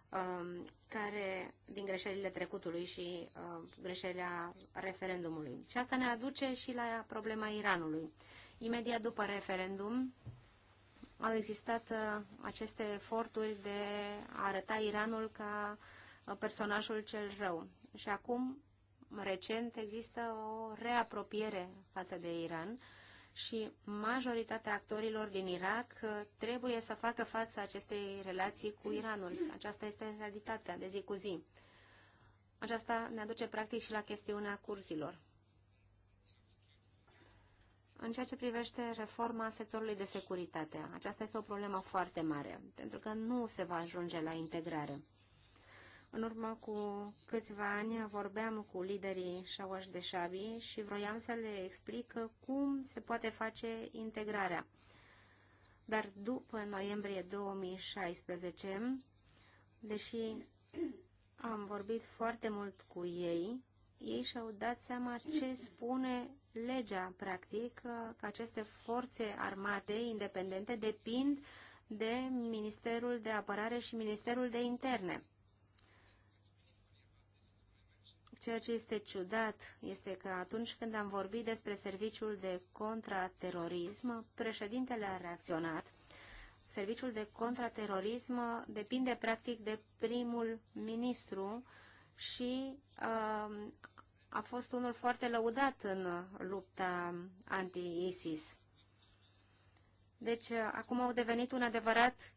um, care din greșelile trecutului și uh, greșelea referendumului. Și asta ne aduce și la problema Iranului. Imediat după referendum, au existat uh, aceste eforturi de a arăta Iranul ca uh, personajul cel rău. Și acum, recent, există o reapropiere față de Iran și majoritatea actorilor din Irak uh, trebuie să facă față acestei relații cu Iranul. Aceasta este realitatea de zi cu zi. Aceasta ne aduce practic și la chestiunea curzilor. În ceea ce privește reforma sectorului de securitate, aceasta este o problemă foarte mare, pentru că nu se va ajunge la integrare. În urmă cu câțiva ani vorbeam cu liderii Shawaj de Shabi și vroiam să le explic cum se poate face integrarea. Dar după noiembrie 2016, deși am vorbit foarte mult cu ei, ei și-au dat seama ce spune legea, practic, că aceste forțe armate independente depind de Ministerul de Apărare și Ministerul de Interne. Ceea ce este ciudat este că atunci când am vorbit despre serviciul de contraterorism, președintele a reacționat. Serviciul de contraterorism depinde practic de primul ministru și uh, a fost unul foarte lăudat în lupta anti-ISIS. Deci, acum au devenit un adevărat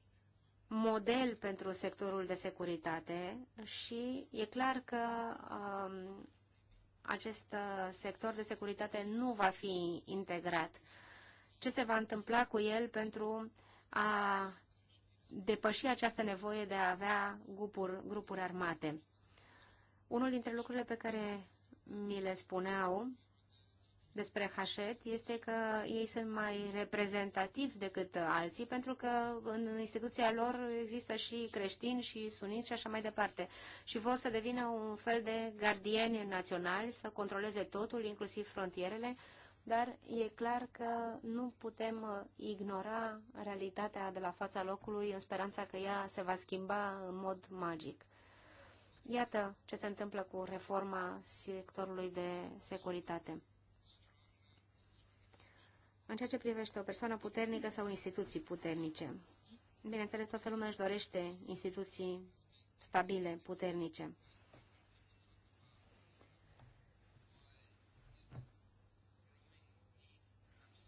model pentru sectorul de securitate și e clar că um, acest uh, sector de securitate nu va fi integrat. Ce se va întâmpla cu el pentru a depăși această nevoie de a avea grupuri, grupuri armate? Unul dintre lucrurile pe care mi le spuneau despre Hașet este că ei sunt mai reprezentativi decât alții, pentru că în instituția lor există și creștini și suniți și așa mai departe. Și vor să devină un fel de gardieni naționali, să controleze totul, inclusiv frontierele, dar e clar că nu putem ignora realitatea de la fața locului în speranța că ea se va schimba în mod magic. Iată ce se întâmplă cu reforma sectorului de securitate. În ceea ce privește o persoană puternică sau instituții puternice. Bineînțeles, toată lumea își dorește instituții stabile, puternice.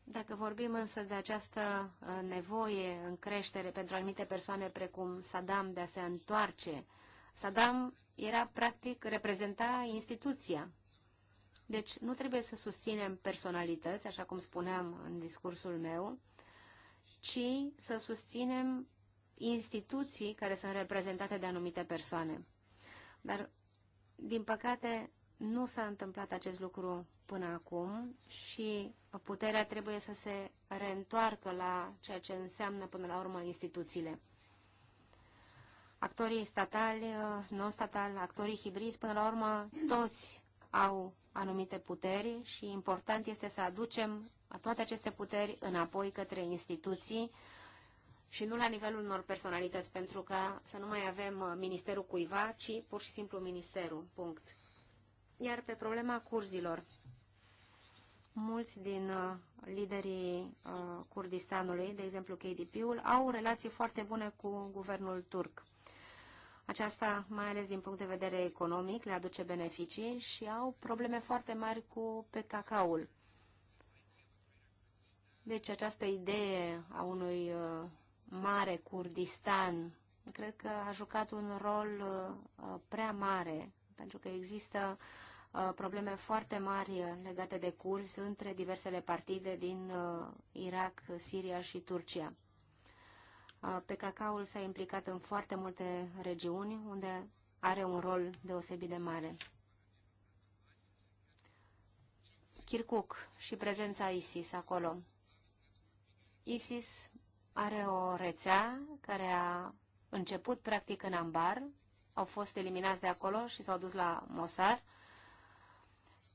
Dacă vorbim însă de această uh, nevoie în creștere pentru anumite persoane precum Saddam de a se întoarce, Saddam era practic reprezenta instituția. Deci nu trebuie să susținem personalități, așa cum spuneam în discursul meu, ci să susținem instituții care sunt reprezentate de anumite persoane. Dar, din păcate, nu s-a întâmplat acest lucru până acum și puterea trebuie să se reîntoarcă la ceea ce înseamnă până la urmă instituțiile actorii statali, uh, non-statali, actorii hibrizi, până la urmă toți au anumite puteri și important este să aducem toate aceste puteri înapoi către instituții și nu la nivelul unor personalități, pentru că să nu mai avem uh, ministerul cuiva, ci pur și simplu ministerul. Punct. Iar pe problema curzilor, mulți din uh, liderii uh, Kurdistanului, de exemplu KDP-ul, au relații foarte bune cu guvernul turc. Aceasta, mai ales din punct de vedere economic, le aduce beneficii și au probleme foarte mari cu pe cacaul. Deci această idee a unui uh, mare Kurdistan cred că a jucat un rol uh, uh, prea mare, pentru că există probleme foarte mari legate de curs între diversele partide din Irak, Siria și Turcia. Pe cacaul s-a implicat în foarte multe regiuni unde are un rol deosebit de mare. Kirkuk și prezența ISIS acolo. ISIS are o rețea care a început practic în ambar, au fost eliminați de acolo și s-au dus la Mosar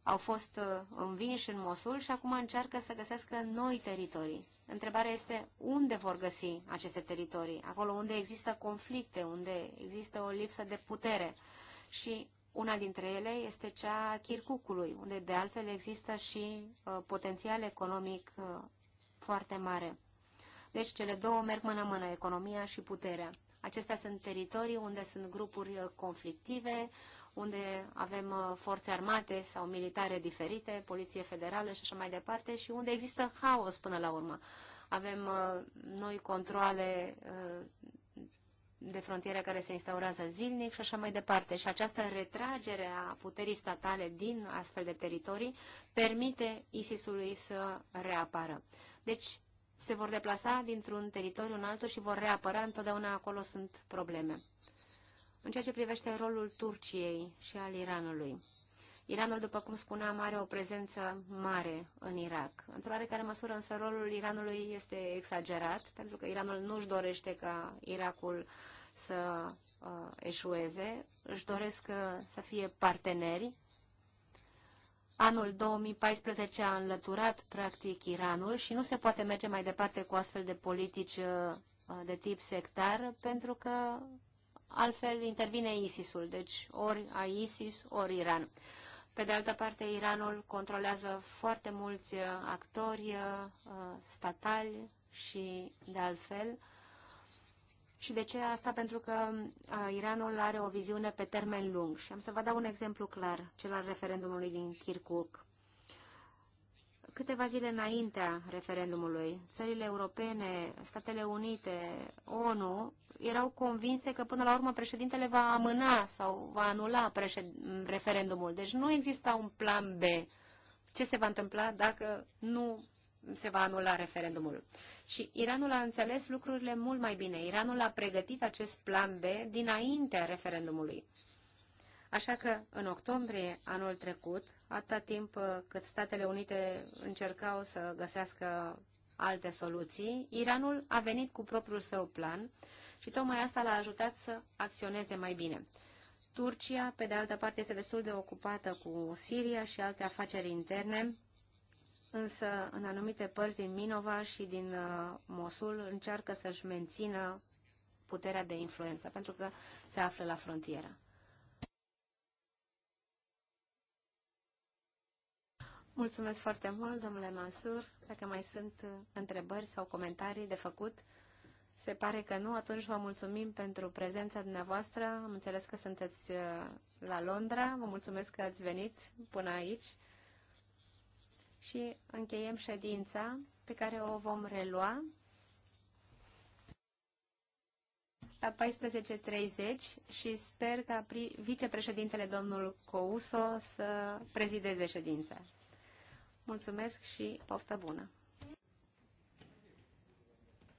au fost uh, învinși în Mosul și acum încearcă să găsească noi teritorii. Întrebarea este unde vor găsi aceste teritorii, acolo unde există conflicte, unde există o lipsă de putere. Și una dintre ele este cea a Kirkukului, unde de altfel există și uh, potențial economic uh, foarte mare. Deci cele două merg mână-mână, economia și puterea. Acestea sunt teritorii unde sunt grupuri uh, conflictive, uh, unde avem uh, forțe armate sau militare diferite, poliție federală și așa mai departe, și unde există haos până la urmă. Avem uh, noi controle uh, de frontiere care se instaurează zilnic și așa mai departe. Și această retragere a puterii statale din astfel de teritorii permite ISIS-ului să reapară. Deci se vor deplasa dintr-un teritoriu în altul și vor reapăra, întotdeauna acolo sunt probleme în ceea ce privește rolul Turciei și al Iranului. Iranul, după cum spuneam, are o prezență mare în Irak. Într-o oarecare măsură, însă, rolul Iranului este exagerat, pentru că Iranul nu își dorește ca Irakul să uh, eșueze, își doresc uh, să fie parteneri. Anul 2014 a înlăturat, practic, Iranul și nu se poate merge mai departe cu astfel de politici uh, de tip sectar, pentru că altfel intervine ISIS-ul, deci ori a ISIS, ori Iran. Pe de altă parte, Iranul controlează foarte mulți uh, actori uh, statali și de altfel. Și de ce asta? Pentru că uh, Iranul are o viziune pe termen lung. Și am să vă dau un exemplu clar, cel al referendumului din Kirkuk. Câteva zile înaintea referendumului, țările europene, Statele Unite, ONU erau convinse că până la urmă președintele va amâna sau va anula referendumul. Deci nu exista un plan B. Ce se va întâmpla dacă nu se va anula referendumul? Și Iranul a înțeles lucrurile mult mai bine. Iranul a pregătit acest plan B dinaintea referendumului. Așa că, în octombrie anul trecut, atâta timp uh, cât Statele Unite încercau să găsească alte soluții, Iranul a venit cu propriul său plan și tocmai asta l-a ajutat să acționeze mai bine. Turcia, pe de altă parte, este destul de ocupată cu Siria și alte afaceri interne, însă în anumite părți din Minova și din uh, Mosul încearcă să-și mențină puterea de influență, pentru că se află la frontieră. Mulțumesc foarte mult, domnule Mansur. Dacă mai sunt uh, întrebări sau comentarii de făcut, se pare că nu, atunci vă mulțumim pentru prezența dumneavoastră. Am înțeles că sunteți uh, la Londra. Vă mulțumesc că ați venit până aici. Și încheiem ședința pe care o vom relua la 14.30 și sper ca vicepreședintele domnul Couso să prezideze ședința. Mulțumesc și poftă bună!